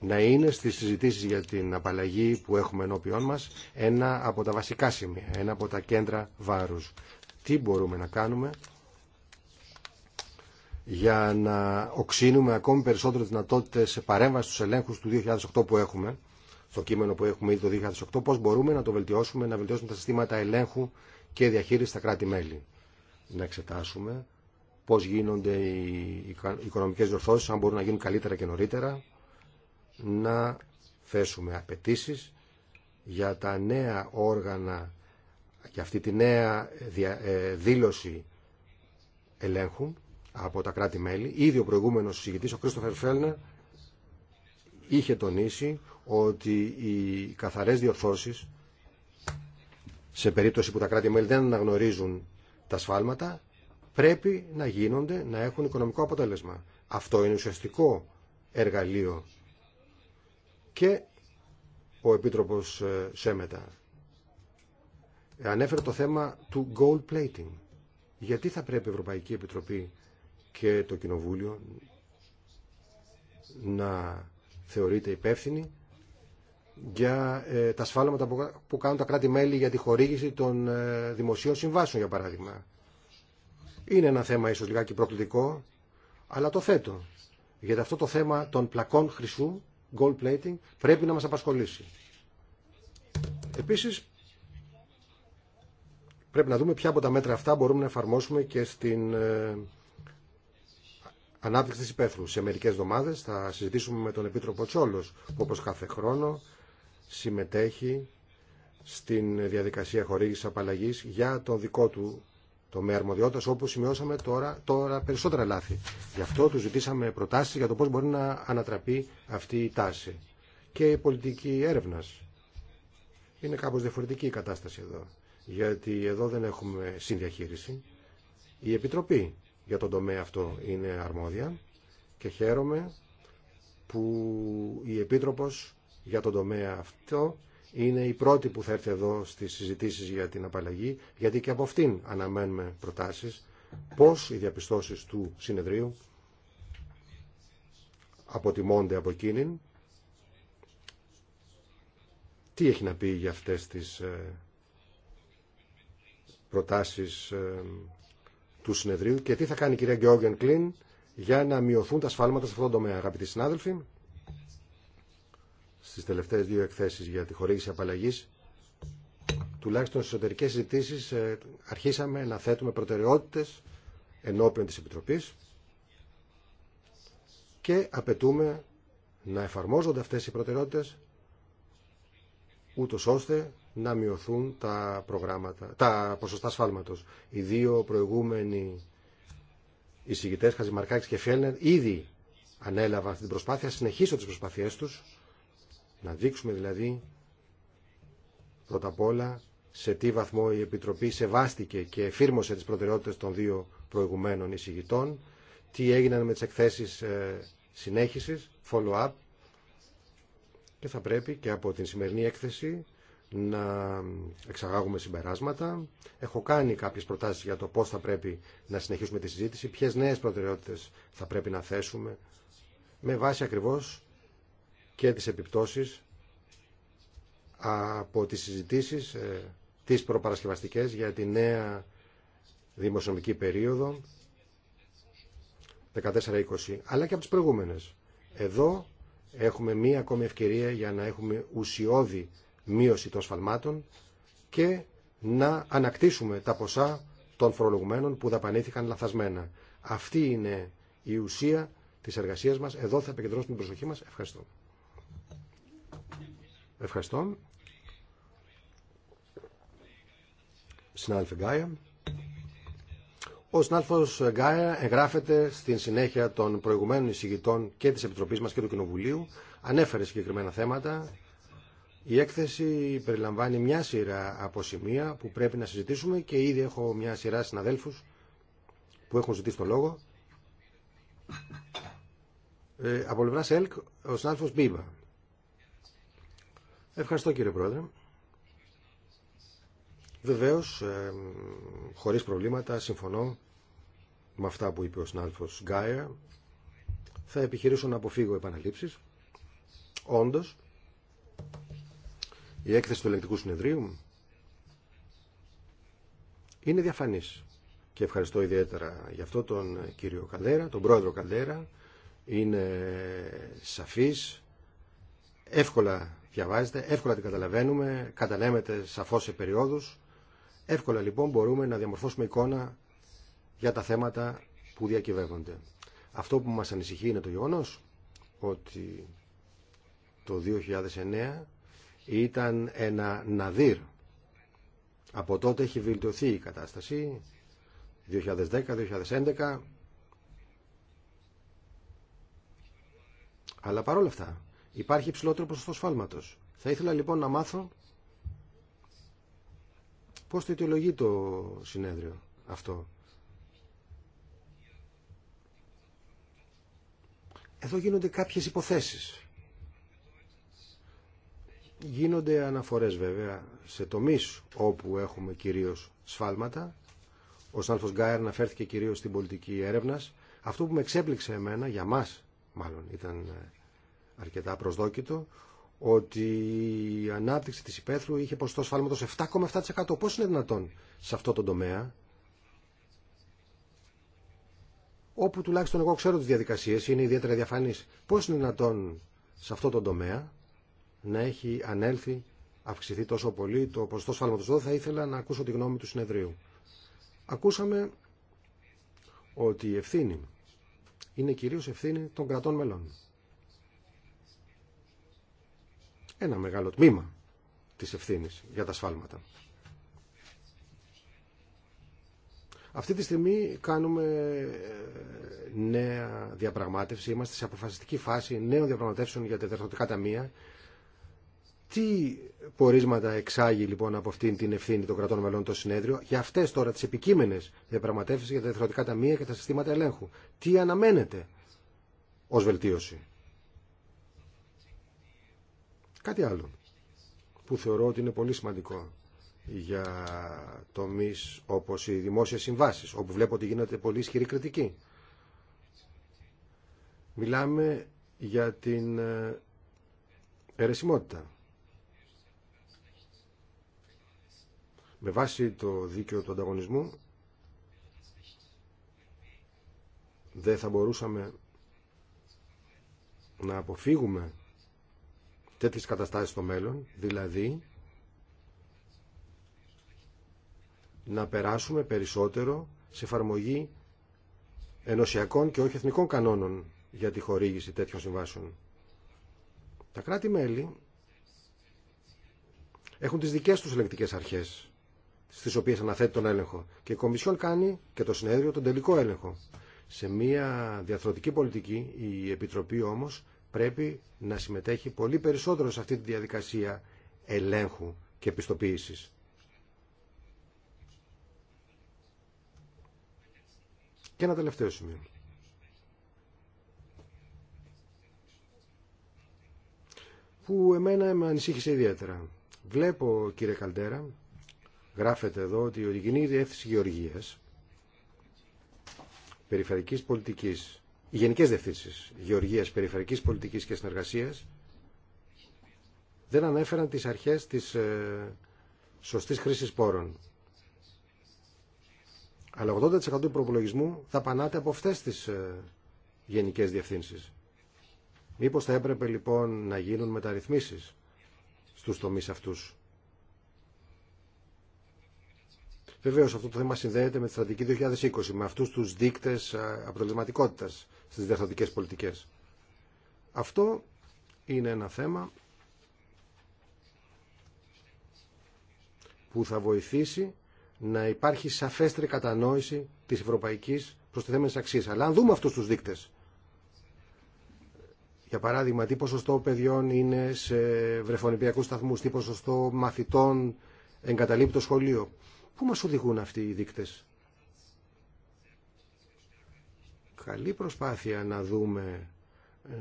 να είναι στις συζητήσεις για την απαλλαγή που έχουμε ενώπιόν μας ένα από τα βασικά σημεία, ένα από τα κέντρα βάρους τι μπορούμε να κάνουμε για να οξύνουμε ακόμη περισσότερο σε παρέμβαση στους ελέγχους του 2008 που έχουμε, στο κείμενο που έχουμε ήδη το 2008, πώς μπορούμε να το βελτιώσουμε, να βελτιώσουμε τα συστήματα ελέγχου και διαχείριση στα κράτη-μέλη. Να εξετάσουμε πώς γίνονται οι οικονομικές διορθώσεις αν μπορούν να γίνουν καλύτερα και νωρίτερα. Να θέσουμε απαιτήσει για τα νέα όργανα και αυτή τη νέα ε, ε, δήλωση ελέγχου από τα κράτη-μέλη. Ήδη ο προηγούμενος συζητητής, ο Κρίστοφερ Φέλνερ, είχε τονίσει ότι οι καθαρές διορθώσεις σε περίπτωση που τα κράτη-μέλη δεν αναγνωρίζουν τα σφάλματα πρέπει να γίνονται να έχουν οικονομικό αποτέλεσμα. Αυτό είναι ουσιαστικό εργαλείο και ο Επίτροπος ε, Σέμετα ανέφερε το θέμα του gold plating. Γιατί θα πρέπει η Ευρωπαϊκή Επιτροπή και το Κοινοβούλιο να θεωρείται υπεύθυνη για ε, τα σφάλματα που, κάνουν τα κράτη-μέλη για τη χορήγηση των ε, δημοσίων συμβάσεων, για παράδειγμα. Είναι ένα θέμα ίσως λιγάκι προκλητικό, αλλά το θέτω. Γιατί αυτό το θέμα των πλακών χρυσού, gold plating, πρέπει να μας απασχολήσει. Επίσης, πρέπει να δούμε ποια από τα μέτρα αυτά μπορούμε να εφαρμόσουμε και στην ε, ανάπτυξη της υπαίθρου. Σε μερικές εβδομάδες θα συζητήσουμε με τον Επίτροπο Τσόλος, που όπως κάθε χρόνο συμμετέχει στην διαδικασία χορήγηση απαλλαγής για το δικό του τομέα αρμοδιότητας, όπως σημειώσαμε τώρα, τώρα περισσότερα λάθη. Γι' αυτό του ζητήσαμε προτάσεις για το πώς μπορεί να ανατραπεί αυτή η τάση. Και η πολιτική έρευνας. Είναι κάπως διαφορετική η κατάσταση εδώ γιατί εδώ δεν έχουμε συνδιαχείριση. Η Επιτροπή για τον τομέα αυτό είναι αρμόδια και χαίρομαι που η Επίτροπος για τον τομέα αυτό είναι η πρώτη που θα έρθει εδώ στις συζητήσεις για την απαλλαγή, γιατί και από αυτήν αναμένουμε προτάσεις πώς οι διαπιστώσεις του συνεδρίου αποτιμώνται από εκείνην, τι έχει να πει για αυτές τις ε, προτάσεις ε, του συνεδρίου και τι θα κάνει η κυρία Γκεώργεν Κλίν για να μειωθούν τα σφάλματα σε αυτό το τομέα. Αγαπητοί συνάδελφοι, στις τελευταίες δύο εκθέσεις για τη χορήγηση απαλλαγής, τουλάχιστον στις εσωτερικές συζητήσεις ε, αρχίσαμε να θέτουμε προτεραιότητες ενώπιον της Επιτροπής και απαιτούμε να εφαρμόζονται αυτές οι προτεραιότητες ούτως ώστε να μειωθούν τα, προγράμματα, τα ποσοστά σφάλματος. Οι δύο προηγούμενοι εισηγητέ, Χαζημαρκάκης και Φιέλνερ, ήδη ανέλαβαν αυτή την προσπάθεια, συνεχίσουν τις προσπάθειές τους, να δείξουμε δηλαδή πρώτα απ' όλα σε τι βαθμό η Επιτροπή σεβάστηκε και εφήρμοσε τις προτεραιότητες των δύο προηγουμένων εισηγητών, τι έγιναν με τις εκθέσεις ε, συνέχισης, follow-up, και θα πρέπει και από την σημερινή έκθεση να εξαγάγουμε συμπεράσματα. Έχω κάνει κάποιες προτάσεις για το πώς θα πρέπει να συνεχίσουμε τη συζήτηση, ποιες νέες προτεραιότητες θα πρέπει να θέσουμε, με βάση ακριβώς και τις επιπτώσεις από τις συζητήσεις ε, τις προπαρασκευαστικές για τη νέα δημοσιονομική περίοδο 14-20, αλλά και από τις προηγούμενες. Εδώ έχουμε μία ακόμη ευκαιρία για να έχουμε ουσιώδη μείωση των σφαλμάτων και να ανακτήσουμε τα ποσά των φορολογουμένων που δαπανήθηκαν λαθασμένα. Αυτή είναι η ουσία της εργασίας μας. Εδώ θα επικεντρώσουμε την προσοχή μας. Ευχαριστώ. Ευχαριστώ. Συνάδελφε Γκάια. Ο συνάδελφο Γκάια εγγράφεται στην συνέχεια των προηγουμένων εισηγητών και της Επιτροπής μας και του Κοινοβουλίου. Ανέφερε συγκεκριμένα θέματα η έκθεση περιλαμβάνει μια σειρά από σημεία που πρέπει να συζητήσουμε και ήδη έχω μια σειρά συναδέλφους που έχουν ζητήσει το λόγο. Ε, από πλευρά ΕΛΚ, ο συνάδελφος Μπίμπα. Ευχαριστώ κύριε Πρόεδρε. Βεβαίως, ε, χωρίς προβλήματα, συμφωνώ με αυτά που είπε ο συνάδελφος Γκάια. Θα επιχειρήσω να αποφύγω επαναλήψεις. Όντως, η έκθεση του ελεγκτικού συνεδρίου είναι διαφανής. Και ευχαριστώ ιδιαίτερα γι' αυτό τον κύριο Καλδέρα, τον πρόεδρο Καλδέρα. Είναι σαφής, εύκολα διαβάζεται, εύκολα την καταλαβαίνουμε, κατανέμεται σαφώς σε περιόδους. Εύκολα λοιπόν μπορούμε να διαμορφώσουμε εικόνα για τα θέματα που διακυβεύονται. Αυτό που μας ανησυχεί είναι το γεγονός ότι το 2009 ήταν ένα ναδύρ. Από τότε έχει βελτιωθεί η κατάσταση. 2010-2011. Αλλά παρόλα αυτά υπάρχει υψηλότερο ποσοστό σφάλματος. Θα ήθελα λοιπόν να μάθω πώς το το συνέδριο αυτό. Εδώ γίνονται κάποιες υποθέσεις. Γίνονται αναφορές βέβαια σε τομείς όπου έχουμε κυρίως σφάλματα. Ο Σάλφος Γκάερ αναφέρθηκε κυρίως στην πολιτική έρευνα Αυτό που με εξέπληξε εμένα, για μας μάλλον ήταν ε, αρκετά προσδόκητο, ότι η ανάπτυξη της υπαίθρου είχε ποσοστό σφάλματος 7,7%. Πώς είναι δυνατόν σε αυτό το τομέα, όπου τουλάχιστον εγώ ξέρω τις διαδικασίες, είναι ιδιαίτερα διαφανής πώς είναι δυνατόν σε αυτό το τομέα να έχει ανέλθει, αυξηθεί τόσο πολύ το ποσοστό σφάλματος εδώ, θα ήθελα να ακούσω τη γνώμη του συνεδρίου. Ακούσαμε ότι η ευθύνη είναι κυρίως ευθύνη των κρατών μελών. Ένα μεγάλο τμήμα της ευθύνης για τα σφάλματα. Αυτή τη στιγμή κάνουμε ε, νέα διαπραγμάτευση. Είμαστε σε αποφασιστική φάση νέων διαπραγματεύσεων για τα διευθυντικά ταμεία τι πορίσματα εξάγει λοιπόν από αυτήν την ευθύνη των κρατών μελών το συνέδριο για αυτέ τώρα τι επικείμενε διαπραγματεύσει για τα τα ταμεία και τα συστήματα ελέγχου. Τι αναμένεται ω βελτίωση. Κάτι άλλο που θεωρώ ότι είναι πολύ σημαντικό για τομεί, όπως οι δημόσιε συμβάσει, όπου βλέπω ότι γίνεται πολύ ισχυρή κριτική. Μιλάμε για την ε, αιρεσιμότητα. με βάση το δίκαιο του ανταγωνισμού δεν θα μπορούσαμε να αποφύγουμε τέτοιες καταστάσεις στο μέλλον, δηλαδή να περάσουμε περισσότερο σε εφαρμογή ενωσιακών και όχι εθνικών κανόνων για τη χορήγηση τέτοιων συμβάσεων. Τα κράτη-μέλη έχουν τις δικές τους ελεγκτικές αρχές στις οποίες αναθέτει τον έλεγχο. Και η Κομισιόν κάνει και το συνέδριο τον τελικό έλεγχο. Σε μια διαθροτική πολιτική η Επιτροπή όμως πρέπει να συμμετέχει πολύ περισσότερο σε αυτή τη διαδικασία ελέγχου και επιστοποίηση. Και ένα τελευταίο σημείο. Που εμένα με ανησύχησε ιδιαίτερα. Βλέπω κύριε Καλτέρα γράφεται εδώ ότι η Γενική Διεύθυνση Γεωργίας Περιφερικής Πολιτικής οι Γενικές Διευθύνσεις Γεωργίας Περιφερικής Πολιτικής και Συνεργασίας δεν ανέφεραν τις αρχές της ε, σωστής χρήσης πόρων. Αλλά 80% του προπολογισμού θα πανάται από αυτές τις ε, γενικές διευθύνσεις. Μήπως θα έπρεπε λοιπόν να γίνουν μεταρρυθμίσεις στους τομείς αυτούς. Βεβαίω αυτό το θέμα συνδέεται με τη στρατηγική 2020, με αυτού του δείκτε αποτελεσματικότητα στι διαστατικέ πολιτικέ. Αυτό είναι ένα θέμα που θα βοηθήσει να υπάρχει σαφέστερη κατανόηση της ευρωπαϊκής προστιθέμενης αξίας. Αλλά αν δούμε αυτούς τους δείκτες, για παράδειγμα, τι ποσοστό παιδιών είναι σε βρεφονιπιακούς σταθμούς, τι ποσοστό μαθητών εγκαταλείπει το σχολείο, Πού μας οδηγούν αυτοί οι δείκτες. Καλή προσπάθεια να δούμε ε,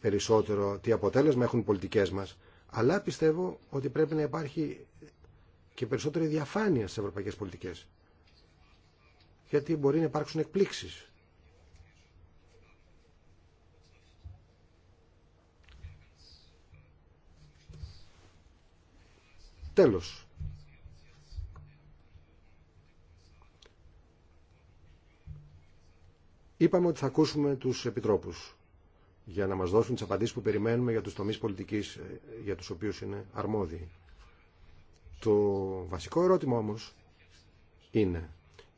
περισσότερο τι αποτέλεσμα έχουν οι πολιτικές μας, αλλά πιστεύω ότι πρέπει να υπάρχει και περισσότερη διαφάνεια στις ευρωπαϊκές πολιτικές. Γιατί μπορεί να υπάρξουν εκπλήξεις. Τέλος. Είπαμε ότι θα ακούσουμε τους επιτρόπους για να μας δώσουν τι απαντήσει που περιμένουμε για τους τομείς πολιτικής ε, για τους οποίους είναι αρμόδιοι. Το βασικό ερώτημα όμω είναι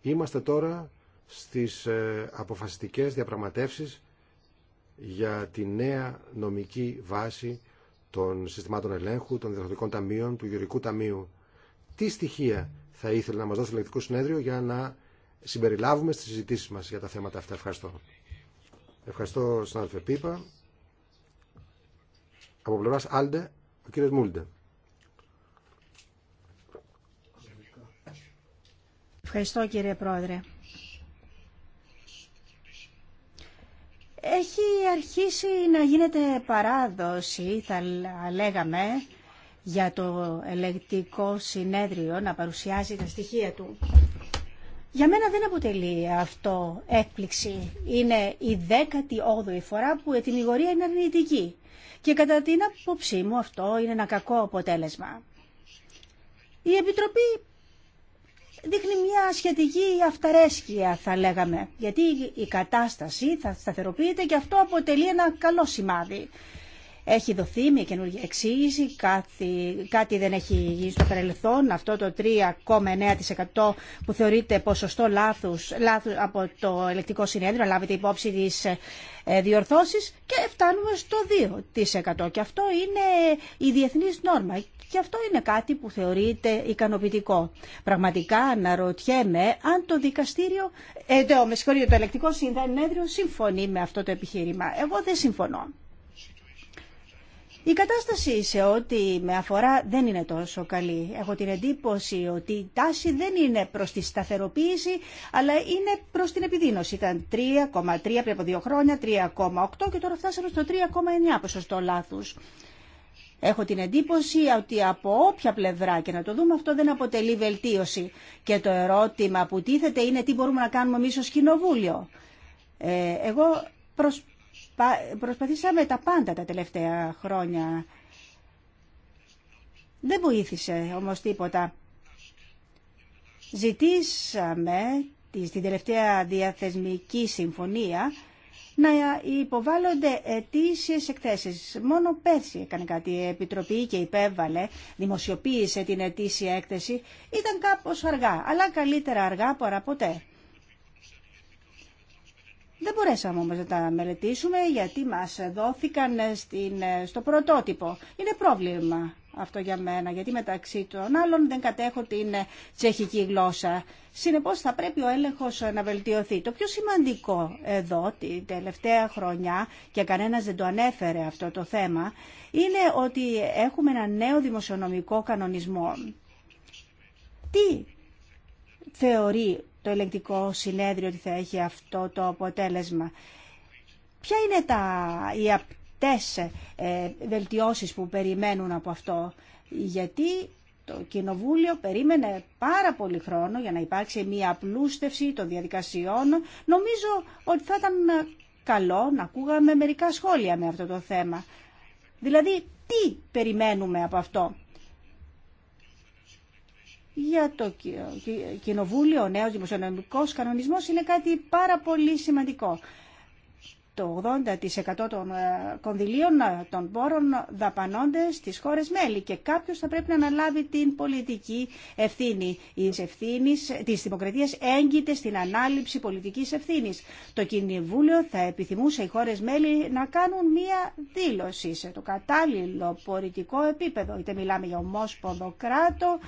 είμαστε τώρα στις ε, αποφασιστικές διαπραγματεύσεις για τη νέα νομική βάση των συστημάτων ελέγχου, των διευθυντικών ταμείων, του γεωργικού ταμείου. Τι στοιχεία θα ήθελε να μας δώσει το ελεκτικό συνέδριο για να συμπεριλάβουμε στις συζητήσεις μας για τα θέματα αυτά. Ευχαριστώ. Ευχαριστώ στον Αλφε Πίπα. Από πλευράς Άλντε, ο κύριος Μούλντε. Ευχαριστώ κύριε Πρόεδρε. Έχει αρχίσει να γίνεται παράδοση, θα λέγαμε, για το ελεγκτικό συνέδριο να παρουσιάζει τα στοιχεία του. Για μένα δεν αποτελεί αυτό έκπληξη. Είναι η 18η φορά που η ετοιμιγορία είναι αρνητική. Και κατά την άποψή μου αυτό είναι ένα κακό αποτέλεσμα. Η Επιτροπή δείχνει μια σχετική αυταρέσκεια θα λέγαμε, γιατί η κατάσταση θα σταθεροποιείται και αυτό αποτελεί ένα καλό σημάδι. Έχει δοθεί μια καινούργια εξήγηση, κάτι, κάτι δεν έχει γίνει στο παρελθόν. Αυτό το 3,9% που θεωρείται ποσοστό λάθους, λάθους από το ελεκτικό συνέδριο, λάβετε υπόψη τις ε, διορθώσεις και φτάνουμε στο 2%. Και αυτό είναι η διεθνής νόρμα και αυτό είναι κάτι που θεωρείται ικανοποιητικό. Πραγματικά αναρωτιέμαι αν το δικαστήριο, ε, το, με συγχωρείτε, το ελεκτικό συνέδριο συμφωνεί με αυτό το επιχείρημα. Εγώ δεν συμφωνώ. Η κατάσταση σε ό,τι με αφορά δεν είναι τόσο καλή. Έχω την εντύπωση ότι η τάση δεν είναι προς τη σταθεροποίηση, αλλά είναι προς την επιδείνωση. Ήταν 3,3 πριν από δύο χρόνια, 3,8 και τώρα φτάσαμε στο 3,9 ποσοστό λάθους. Έχω την εντύπωση ότι από όποια πλευρά και να το δούμε αυτό δεν αποτελεί βελτίωση. Και το ερώτημα που τίθεται είναι τι μπορούμε να κάνουμε εμείς ως κοινοβούλιο. Ε, εγώ προσπαθώ Προσπαθήσαμε τα πάντα τα τελευταία χρόνια. Δεν βοήθησε όμως τίποτα. Ζητήσαμε στην τελευταία διαθεσμική συμφωνία να υποβάλλονται αιτήσιες εκθέσεις. Μόνο πέρσι έκανε κάτι η Επιτροπή και υπέβαλε, δημοσιοποίησε την αιτήσια έκθεση. Ήταν κάπως αργά, αλλά καλύτερα αργά παρά ποτέ. Δεν μπορέσαμε όμως να τα μελετήσουμε γιατί μας δόθηκαν στο πρωτότυπο. Είναι πρόβλημα αυτό για μένα, γιατί μεταξύ των άλλων δεν κατέχω την τσεχική γλώσσα. Συνεπώς θα πρέπει ο έλεγχος να βελτιωθεί. Το πιο σημαντικό εδώ, την τελευταία χρονιά, και κανένας δεν το ανέφερε αυτό το θέμα, είναι ότι έχουμε ένα νέο δημοσιονομικό κανονισμό. Τι θεωρεί το ελεγκτικό συνέδριο ότι θα έχει αυτό το αποτέλεσμα. Ποια είναι τα, οι απτές ε, βελτιώσεις που περιμένουν από αυτό, γιατί το Κοινοβούλιο περίμενε πάρα πολύ χρόνο για να υπάρξει μια απλούστευση των διαδικασιών. Νομίζω ότι θα ήταν καλό να ακούγαμε μερικά σχόλια με αυτό το θέμα. Δηλαδή, τι περιμένουμε από αυτό για το Κοινοβούλιο, ο νέος δημοσιονομικός κανονισμός είναι κάτι πάρα πολύ σημαντικό. Το 80% των ε, κονδυλίων ε, των πόρων δαπανώνται στις χώρες μέλη και κάποιος θα πρέπει να αναλάβει την πολιτική ευθύνη. Η ευθύνη της δημοκρατίας έγκυται στην ανάληψη πολιτικής ευθύνης. Το Κοινοβούλιο θα επιθυμούσε οι χώρες μέλη να κάνουν μία δήλωση σε το κατάλληλο πολιτικό επίπεδο. Είτε μιλάμε για ομόσπονδο κράτο,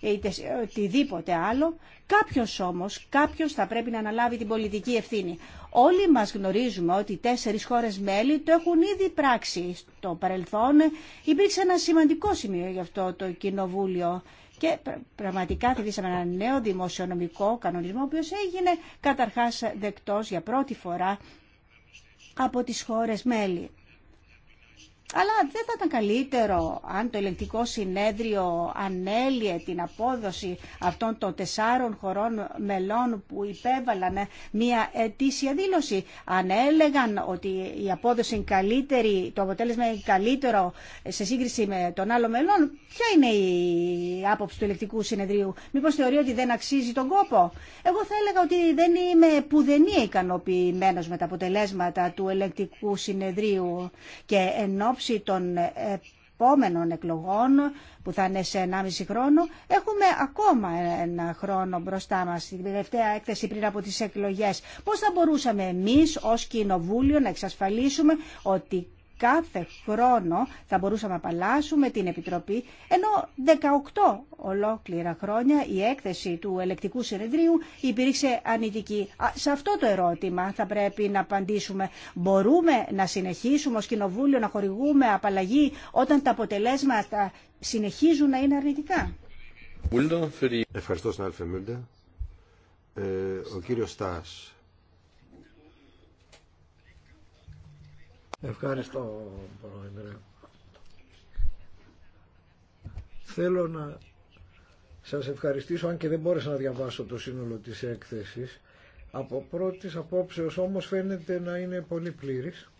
ε, είτε ε, οτιδήποτε άλλο. Κάποιος όμως, κάποιος θα πρέπει να αναλάβει την πολιτική ευθύνη. Όλοι μας γνωρίζουμε ότι τέσσερις χώρες μέλη το έχουν ήδη πράξει στο παρελθόν. Υπήρξε ένα σημαντικό σημείο γι' αυτό το Κοινοβούλιο. Και πραγματικά θελήσαμε ένα νέο δημοσιονομικό κανονισμό, ο οποίος έγινε καταρχάς δεκτός για πρώτη φορά από τις χώρες μέλη. Αλλά δεν θα ήταν καλύτερο αν το ελεγκτικό συνέδριο ανέλυε την απόδοση αυτών των τεσσάρων χωρών μελών που υπέβαλαν μια ετήσια δήλωση. Αν έλεγαν ότι η απόδοση είναι καλύτερη, το αποτέλεσμα είναι καλύτερο σε σύγκριση με τον άλλο μελών, ποια είναι η άποψη του ελεγκτικού συνεδρίου. Μήπως θεωρεί ότι δεν αξίζει τον κόπο. Εγώ θα έλεγα ότι δεν είμαι πουδενή ικανοποιημένο με τα αποτελέσματα του ελεγκτικού συνεδρίου και ενώ ώψη των επόμενων εκλογών που θα είναι σε 1,5 χρόνο, έχουμε ακόμα ένα χρόνο μπροστά μας, την τελευταία έκθεση πριν από τις εκλογές. Πώς θα μπορούσαμε εμείς ως Κοινοβούλιο να εξασφαλίσουμε ότι κάθε χρόνο θα μπορούσαμε να απαλλάσσουμε την Επιτροπή, ενώ 18 ολόκληρα χρόνια η έκθεση του ελεκτικού συνεδρίου υπήρξε ανητική. Σε αυτό το ερώτημα θα πρέπει να απαντήσουμε. Μπορούμε να συνεχίσουμε ως Κοινοβούλιο να χορηγούμε απαλλαγή όταν τα αποτελέσματα συνεχίζουν να είναι αρνητικά. Ευχαριστώ, ε, ο κύριος Στάς. Ευχαριστώ, Πρόεδρε. Θέλω να σας ευχαριστήσω, αν και δεν μπόρεσα να διαβάσω το σύνολο της έκθεσης. Από πρώτης απόψεως όμως φαίνεται να είναι πολύ πλήρης.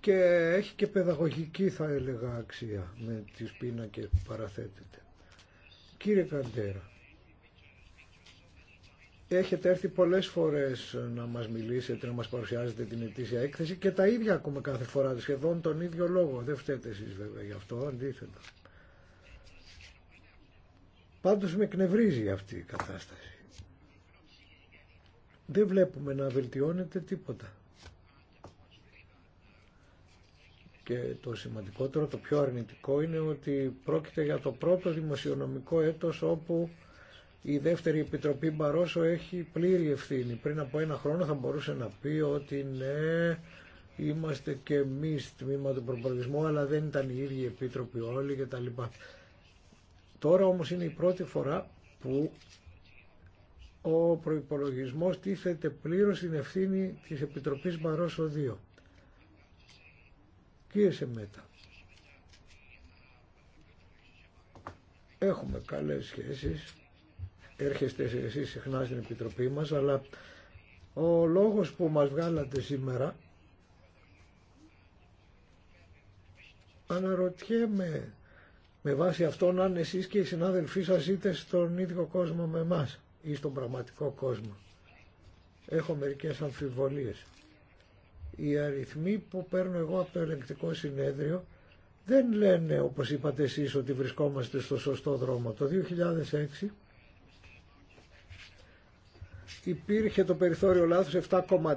Και έχει και παιδαγωγική θα έλεγα αξία με τις πίνακες που παραθέτεται. Κύριε Καντέρα, έχετε έρθει πολλές φορές να μας μιλήσετε, να μας παρουσιάζετε την ετήσια έκθεση και τα ίδια ακούμε κάθε φορά, σχεδόν τον ίδιο λόγο. Δεν φταίτε εσείς βέβαια γι' αυτό, αντίθετα. Πάντως με εκνευρίζει αυτή η κατάσταση. Δεν βλέπουμε να βελτιώνεται τίποτα. Και το σημαντικότερο, το πιο αρνητικό είναι ότι πρόκειται για το πρώτο δημοσιονομικό έτος όπου η δεύτερη επιτροπή Μπαρόσο έχει πλήρη ευθύνη. Πριν από ένα χρόνο θα μπορούσε να πει ότι ναι, είμαστε και εμεί τμήμα του προπολογισμού, αλλά δεν ήταν οι ίδιοι επίτροποι όλοι κτλ. Τώρα όμως είναι η πρώτη φορά που ο προϋπολογισμός τίθεται πλήρως στην ευθύνη της Επιτροπής Μπαρόσο 2. Κύριε Σεμέτα, έχουμε καλές σχέσεις έρχεστε εσείς συχνά στην Επιτροπή μας, αλλά ο λόγος που μας βγάλατε σήμερα αναρωτιέμαι με βάση αυτόν αν εσείς και οι συνάδελφοί σας είτε στον ίδιο κόσμο με μας ή στον πραγματικό κόσμο. Έχω μερικές αμφιβολίες. Οι αριθμοί που παίρνω εγώ από το ελεγκτικό συνέδριο δεν λένε, όπως είπατε εσείς, ότι βρισκόμαστε στο σωστό δρόμο. Το 2006 υπήρχε το περιθώριο λάθους 7,3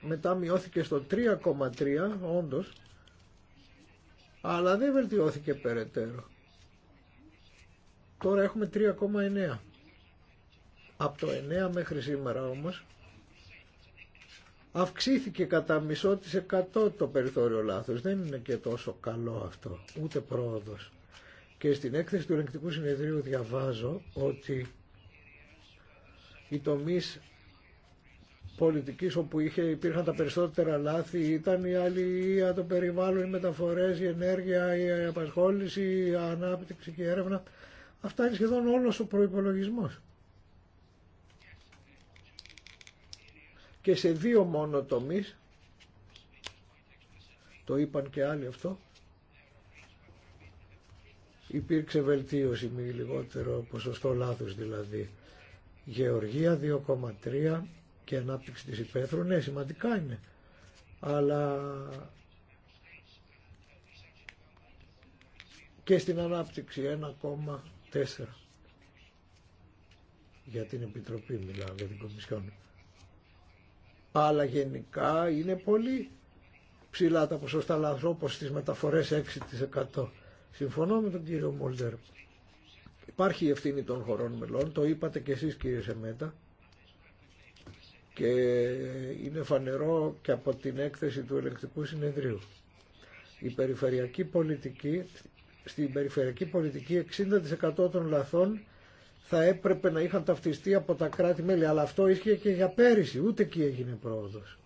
μετά μειώθηκε στο 3,3 όντως αλλά δεν βελτιώθηκε περαιτέρω τώρα έχουμε 3,9 από το 9 μέχρι σήμερα όμως αυξήθηκε κατά μισό της εκατό το περιθώριο λάθος δεν είναι και τόσο καλό αυτό ούτε πρόοδος και στην έκθεση του ελεγκτικού συνεδρίου διαβάζω ότι οι τομεί πολιτικής όπου είχε, υπήρχαν τα περισσότερα λάθη ήταν η αλληλεία, το περιβάλλον, οι μεταφορές, η ενέργεια, η απασχόληση, η ανάπτυξη και η έρευνα. Αυτά είναι σχεδόν όλος ο προϋπολογισμός. Και σε δύο μόνο τομείς, το είπαν και άλλοι αυτό, υπήρξε βελτίωση με λιγότερο ποσοστό λάθους δηλαδή γεωργία 2,3 και ανάπτυξη της υπαίθρου, ναι σημαντικά είναι, αλλά και στην ανάπτυξη 1,4 για την Επιτροπή μιλάω, για την Κομισιόν. Αλλά γενικά είναι πολύ ψηλά τα ποσοστά λαθρό, όπως στις μεταφορές 6%. Συμφωνώ με τον κύριο Μολτέρ Υπάρχει η ευθύνη των χωρών μελών, το είπατε και εσείς κύριε Σεμέτα και είναι φανερό και από την έκθεση του ελεκτικού συνεδρίου. Η περιφερειακή πολιτική, στην περιφερειακή πολιτική 60% των λαθών θα έπρεπε να είχαν ταυτιστεί από τα κράτη-μέλη, αλλά αυτό ίσχυε και για πέρυσι, ούτε εκεί έγινε πρόοδος.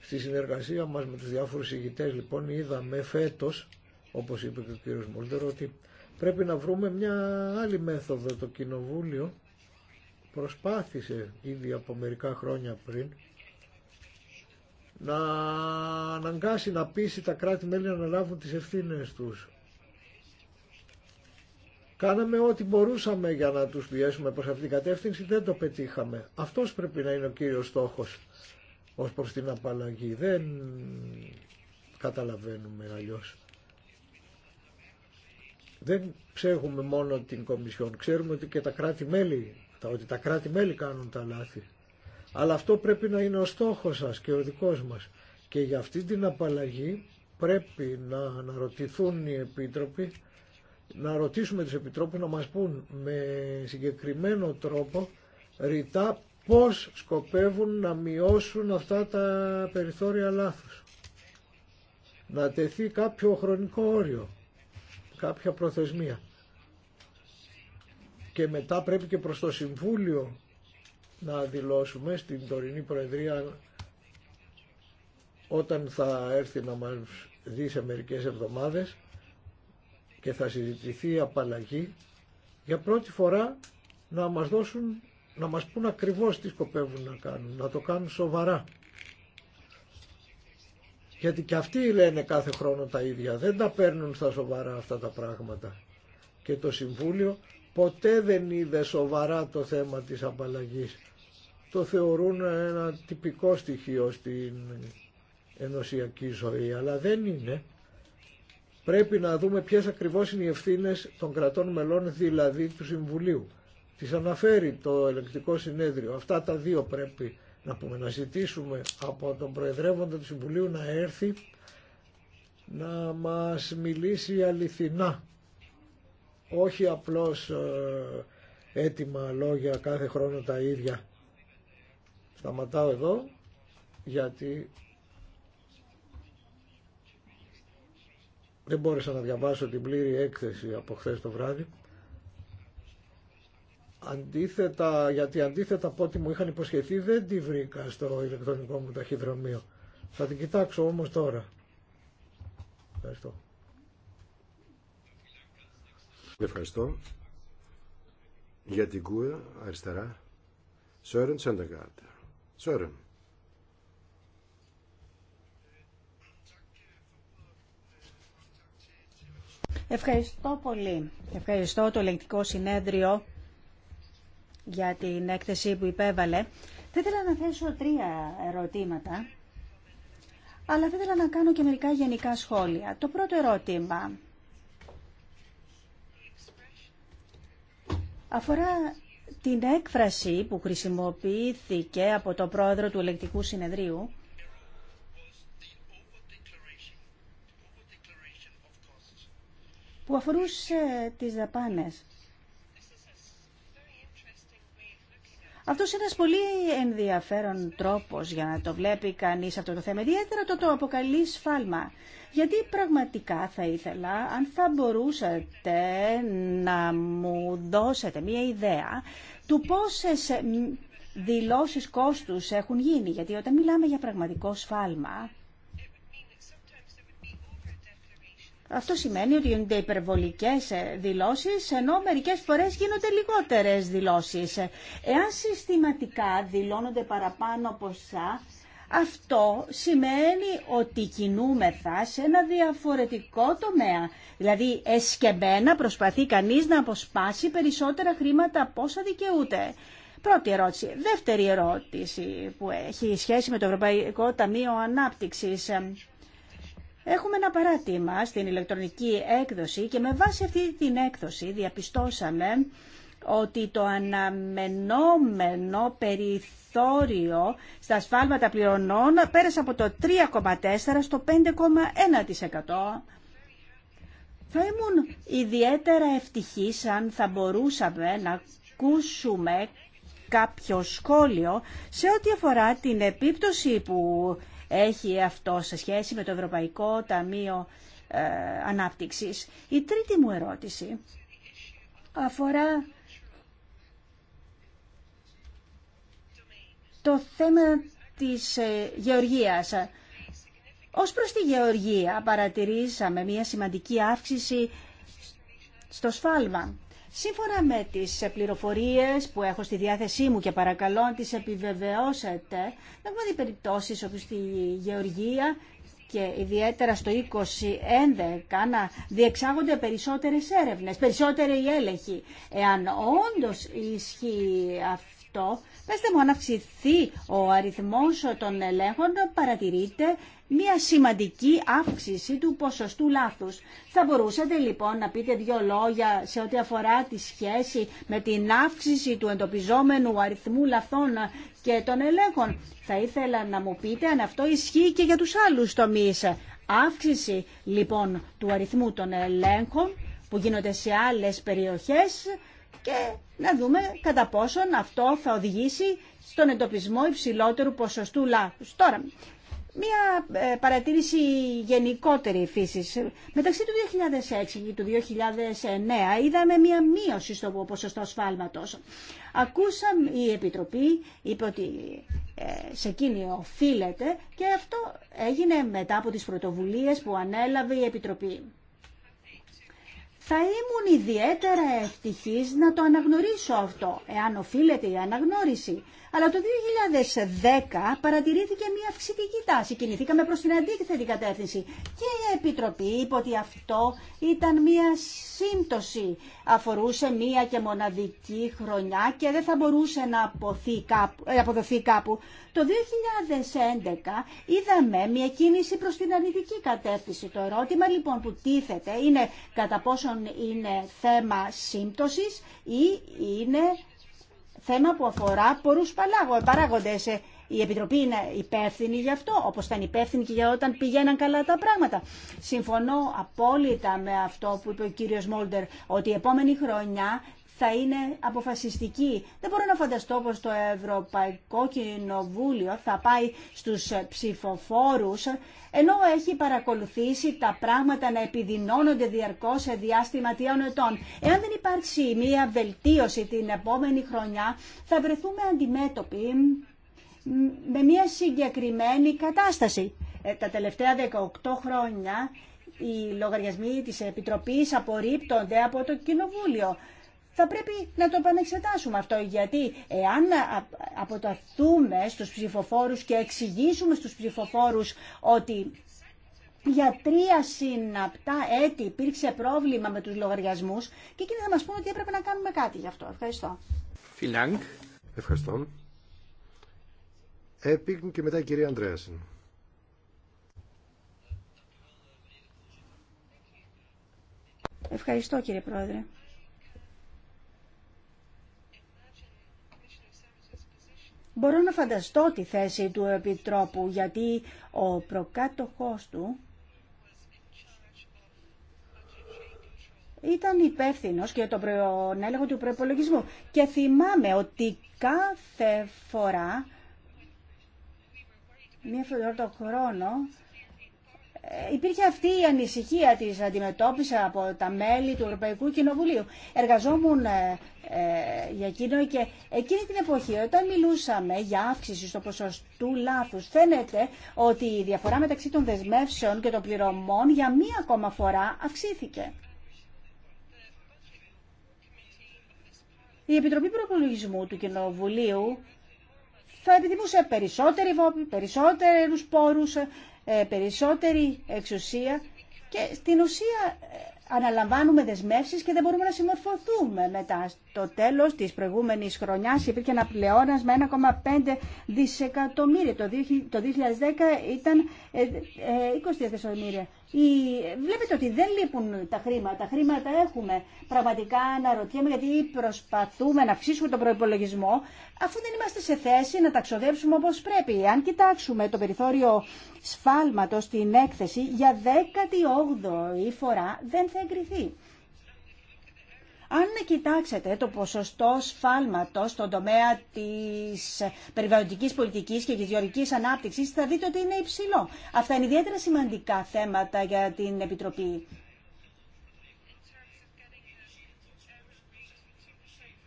Στη συνεργασία μας με τους διάφορους ηγητές λοιπόν είδαμε φέτος όπως είπε και ο κύριος Μολτερ, ότι πρέπει να βρούμε μια άλλη μέθοδο. Το Κοινοβούλιο προσπάθησε ήδη από μερικά χρόνια πριν να αναγκάσει να πείσει τα κράτη-μέλη να αναλάβουν τις ευθύνες τους. Κάναμε ό,τι μπορούσαμε για να τους πιέσουμε προς αυτήν την κατεύθυνση, δεν το πετύχαμε. Αυτός πρέπει να είναι ο κύριος στόχος ως προς την απαλλαγή. Δεν καταλαβαίνουμε αλλιώς δεν ψέχουμε μόνο την Κομισιόν, ξέρουμε ότι και τα κράτη-μέλη, ότι τα κράτη-μέλη κάνουν τα λάθη. Αλλά αυτό πρέπει να είναι ο στόχος σας και ο δικός μας. Και για αυτή την απαλλαγή πρέπει να αναρωτηθούν οι επίτροποι, να ρωτήσουμε τους επιτρόπους να μας πούν με συγκεκριμένο τρόπο ρητά πώς σκοπεύουν να μειώσουν αυτά τα περιθώρια λάθους. Να τεθεί κάποιο χρονικό όριο κάποια προθεσμία. Και μετά πρέπει και προς το Συμβούλιο να δηλώσουμε στην τωρινή Προεδρία όταν θα έρθει να μας δει σε μερικές εβδομάδες και θα συζητηθεί η απαλλαγή για πρώτη φορά να μας δώσουν να μας πούν ακριβώς τι σκοπεύουν να κάνουν, να το κάνουν σοβαρά. Γιατί και αυτοί λένε κάθε χρόνο τα ίδια. Δεν τα παίρνουν στα σοβαρά αυτά τα πράγματα. Και το Συμβούλιο ποτέ δεν είδε σοβαρά το θέμα της απαλλαγής. Το θεωρούν ένα τυπικό στοιχείο στην ενωσιακή ζωή, αλλά δεν είναι. Πρέπει να δούμε ποιες ακριβώς είναι οι ευθύνε των κρατών μελών, δηλαδή του Συμβουλίου. Τις αναφέρει το ελεκτικό συνέδριο. Αυτά τα δύο πρέπει να πούμε, να ζητήσουμε από τον Προεδρεύοντα του Συμβουλίου να έρθει να μας μιλήσει αληθινά. Όχι απλώς ε, έτοιμα λόγια κάθε χρόνο τα ίδια. Σταματάω εδώ γιατί δεν μπόρεσα να διαβάσω την πλήρη έκθεση από χθες το βράδυ. Αντίθετα, γιατί αντίθετα από ό,τι μου είχαν υποσχεθεί δεν τη βρήκα στο ηλεκτρονικό μου ταχυδρομείο. Θα την κοιτάξω όμως τώρα. Ευχαριστώ. Ευχαριστώ. Για την ΚΟΕ, αριστερά. Σόρεν Σαντεγκάρτ. Σόρεν. Ευχαριστώ πολύ. Ευχαριστώ το ελεγκτικό συνέδριο για την έκθεση που υπέβαλε. Θα ήθελα να θέσω τρία ερωτήματα, αλλά θα ήθελα να κάνω και μερικά γενικά σχόλια. Το πρώτο ερώτημα αφορά την έκφραση που χρησιμοποιήθηκε από το πρόεδρο του Ελεκτικού Συνεδρίου που αφορούσε τις δαπάνες. Αυτό είναι ένα πολύ ενδιαφέρον τρόπο για να το βλέπει κανεί αυτό το θέμα. Ιδιαίτερα το το αποκαλεί σφάλμα. Γιατί πραγματικά θα ήθελα, αν θα μπορούσατε να μου δώσετε μία ιδέα του πόσε δηλώσει κόστους έχουν γίνει. Γιατί όταν μιλάμε για πραγματικό σφάλμα, Αυτό σημαίνει ότι γίνονται υπερβολικές ε, δηλώσεις, ενώ μερικές φορές γίνονται λιγότερες δηλώσεις. Εάν συστηματικά δηλώνονται παραπάνω ποσά, αυτό σημαίνει ότι κινούμεθα σε ένα διαφορετικό τομέα. Δηλαδή, εσκεμμένα προσπαθεί κανείς να αποσπάσει περισσότερα χρήματα από όσα δικαιούται. Πρώτη ερώτηση. Δεύτερη ερώτηση που έχει σχέση με το Ευρωπαϊκό Ταμείο Ανάπτυξης. Έχουμε ένα παράτημα στην ηλεκτρονική έκδοση και με βάση αυτή την έκδοση διαπιστώσαμε ότι το αναμενόμενο περιθώριο στα σφάλματα πληρωνών πέρασε από το 3,4% στο 5,1%. Θα ήμουν ιδιαίτερα ευτυχής αν θα μπορούσαμε να ακούσουμε κάποιο σχόλιο σε ό,τι αφορά την επίπτωση που έχει αυτό σε σχέση με το Ευρωπαϊκό Ταμείο ε, Ανάπτυξης. Η τρίτη μου ερώτηση αφορά το θέμα της ε, γεωργίας. Ως προς τη γεωργία παρατηρήσαμε μια σημαντική αύξηση στο σφάλμα. Σύμφωνα με τις πληροφορίες που έχω στη διάθεσή μου και παρακαλώ να τις επιβεβαιώσετε, έχουμε δει περιπτώσεις όπως στη Γεωργία και ιδιαίτερα στο 2011 να διεξάγονται περισσότερες έρευνες, περισσότεροι έλεγχοι. Εάν όντως ισχύει αυτό, αυτό, πέστε μου αν αυξηθεί ο αριθμός των ελέγχων, παρατηρείται μια σημαντική αύξηση του ποσοστού λάθους. Θα μπορούσατε λοιπόν να πείτε δύο λόγια σε ό,τι αφορά τη σχέση με την αύξηση του εντοπιζόμενου αριθμού λαθών και των ελέγχων. Θα ήθελα να μου πείτε αν αυτό ισχύει και για τους άλλους τομείς. Αύξηση λοιπόν του αριθμού των ελέγχων που γίνονται σε άλλες περιοχές και να δούμε κατά πόσον αυτό θα οδηγήσει στον εντοπισμό υψηλότερου ποσοστού λάθους. Τώρα, μία ε, παρατήρηση γενικότερη φύσης. Μεταξύ του 2006 και του 2009 είδαμε μία μείωση στο ποσοστό σφάλματος. Ακούσαμε, η Επιτροπή είπε ότι ε, σε εκείνη οφείλεται και αυτό έγινε μετά από τις πρωτοβουλίες που ανέλαβε η Επιτροπή. Θα ήμουν ιδιαίτερα ευτυχής να το αναγνωρίσω αυτό, εάν οφείλεται η αναγνώριση αλλά το 2010 παρατηρήθηκε μια αυξητική τάση. Κινηθήκαμε προς την αντίθετη κατεύθυνση και η Επιτροπή είπε ότι αυτό ήταν μια σύμπτωση. Αφορούσε μια και μοναδική χρονιά και δεν θα μπορούσε να ε, αποδοθεί κάπου. Το 2011 είδαμε μια κίνηση προς την αρνητική κατεύθυνση. Το ερώτημα λοιπόν που τίθεται είναι κατά πόσον είναι θέμα σύμπτωσης ή είναι θέμα που αφορά πολλού παράγοντε ε, Η Επιτροπή είναι υπεύθυνη γι' αυτό, όπως ήταν υπεύθυνη και για όταν πηγαίναν καλά τα πράγματα. Συμφωνώ απόλυτα με αυτό που είπε ο κύριος Μόλτερ, ότι η επόμενη χρονιά θα είναι αποφασιστική. Δεν μπορώ να φανταστώ πως το Ευρωπαϊκό Κοινοβούλιο θα πάει στους ψηφοφόρους ενώ έχει παρακολουθήσει τα πράγματα να επιδεινώνονται διαρκώς σε διάστημα τριών ετών. Εάν δεν υπάρξει μία βελτίωση την επόμενη χρονιά θα βρεθούμε αντιμέτωποι με μία συγκεκριμένη κατάσταση. Ε, τα τελευταία 18 χρόνια οι λογαριασμοί της Επιτροπής απορρίπτονται από το Κοινοβούλιο θα πρέπει να το επανεξετάσουμε αυτό, γιατί εάν αποταθούμε στους ψηφοφόρους και εξηγήσουμε στους ψηφοφόρους ότι για τρία συναπτά έτη υπήρξε πρόβλημα με τους λογαριασμούς και εκείνοι θα μας πούνε ότι έπρεπε να κάνουμε κάτι γι' αυτό. Ευχαριστώ. Ευχαριστώ. και μετά η κυρία Ανδρέασεν. Ευχαριστώ κύριε Πρόεδρε. Μπορώ να φανταστώ τη θέση του Επιτρόπου γιατί ο προκάτοχός του ήταν υπεύθυνο και τον έλεγχο του προπολογισμού. Και θυμάμαι ότι κάθε φορά, μία φορά το χρόνο, ε, υπήρχε αυτή η ανησυχία της αντιμετώπισης από τα μέλη του Ευρωπαϊκού Κοινοβουλίου. Εργαζόμουν ε, ε, για εκείνο και εκείνη την εποχή όταν μιλούσαμε για αύξηση στο ποσοστού λάθους φαίνεται ότι η διαφορά μεταξύ των δεσμεύσεων και των πληρωμών για μία ακόμα φορά αυξήθηκε. Η Επιτροπή Προπολογισμού του Κοινοβουλίου θα επιθυμούσε περισσότερη περισσότερους πόρους ε, περισσότερη εξουσία και στην ουσία ε, αναλαμβάνουμε δεσμεύσεις και δεν μπορούμε να συμμορφωθούμε μετά. Στο τέλος της προηγούμενης χρονιάς υπήρχε ένα πλεόνας με 1,5 δισεκατομμύρια. Το 2010 ήταν 20 ε, δισεκατομμύρια. Βλέπετε ότι δεν λείπουν τα χρήματα. Τα χρήματα έχουμε. Πραγματικά αναρωτιέμαι γιατί προσπαθούμε να αυξήσουμε τον προπολογισμό αφού δεν είμαστε σε θέση να τα ξοδέψουμε όπω πρέπει. Αν κοιτάξουμε το περιθώριο σφάλματο στην έκθεση για 18η φορά δεν θα εγκριθεί. Αν κοιτάξετε το ποσοστό σφάλματος στον τομέα της περιβαλλοντικής πολιτικής και της γεωργικής ανάπτυξης, θα δείτε ότι είναι υψηλό. Αυτά είναι ιδιαίτερα σημαντικά θέματα για την Επιτροπή.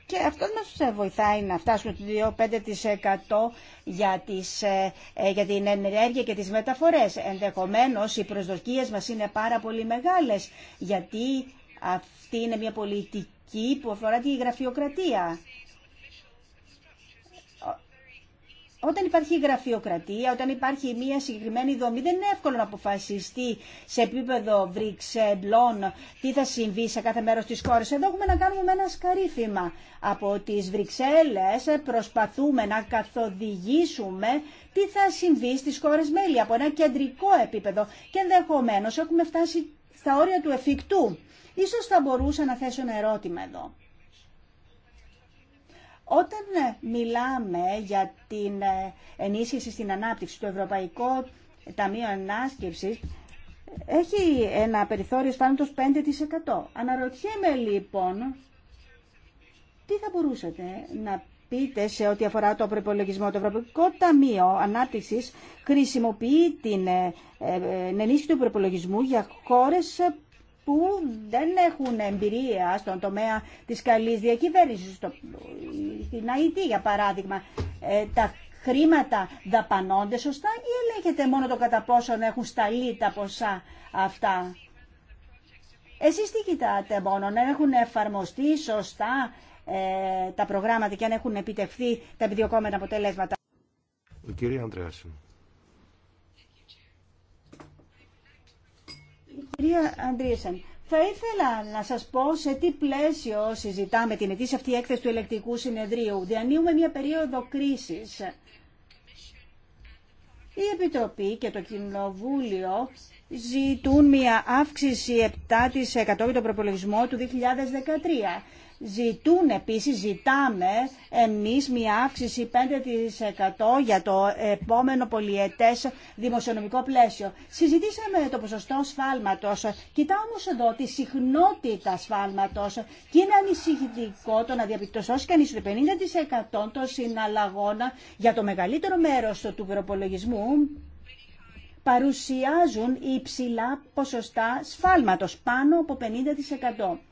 και αυτό μας βοηθάει να φτάσουμε το 2-5% για, τις, ε, ε, για την ενέργεια και τις μεταφορές. Ενδεχομένως οι προσδοκίες μας είναι πάρα πολύ μεγάλες γιατί αυτή είναι μια πολιτική που αφορά τη γραφειοκρατία. Όταν υπάρχει γραφειοκρατία, όταν υπάρχει μια συγκεκριμένη δομή, δεν είναι εύκολο να αποφασιστεί σε επίπεδο βρυξέλλων τι θα συμβεί σε κάθε μέρος της χώρας. Εδώ έχουμε να κάνουμε ένα σκαρίφημα. Από τις Βρυξέλλες προσπαθούμε να καθοδηγήσουμε τι θα συμβεί στις χώρες μέλη από ένα κεντρικό επίπεδο και ενδεχομένω έχουμε φτάσει στα όρια του εφικτού. Ίσως θα μπορούσα να θέσω ένα ερώτημα εδώ. Όταν ε, μιλάμε για την ε, ενίσχυση στην ανάπτυξη, το Ευρωπαϊκό Ταμείο Ανάσκεψης έχει ένα περιθώριο σπάνιτος 5%. Αναρωτιέμαι λοιπόν τι θα μπορούσατε να πείτε σε ό,τι αφορά το προπολογισμό. Το Ευρωπαϊκό Ταμείο Ανάπτυξη χρησιμοποιεί ε, την ενίσχυση του προπολογισμού για χώρε που δεν έχουν εμπειρία στον τομέα της καλής διακυβέρνησης. Στην ΑΕΤ, για παράδειγμα, ε, τα χρήματα δαπανώνται σωστά ή ελέγχεται μόνο το κατά πόσον έχουν σταλεί τα ποσά αυτά. Εσείς τι κοιτάτε μόνο, να έχουν εφαρμοστεί σωστά ε, τα προγράμματα και αν έχουν επιτευχθεί τα επιδιωκόμενα αποτελέσματα. κύριε Κυρία Αντρίεσεν, θα ήθελα να σας πω σε τι πλαίσιο συζητάμε την ετήσια αυτή έκθεση του ελεκτικού συνεδρίου. Διανύουμε μια περίοδο κρίσης. Η Επιτροπή και το Κοινοβούλιο ζητούν μια αύξηση 7% για τον προπολογισμό του 2013. Ζητούν επίσης, ζητάμε εμείς μια αύξηση 5% για το επόμενο πολιετές δημοσιονομικό πλαίσιο. Συζητήσαμε το ποσοστό σφάλματος. Κοιτά όμως εδώ τη συχνότητα σφάλματος και είναι ανησυχητικό το να διαπιπτωσώσει κανείς το 50% των συναλλαγών για το μεγαλύτερο μέρος του προπολογισμού παρουσιάζουν υψηλά ποσοστά σφάλματος, πάνω από 50%.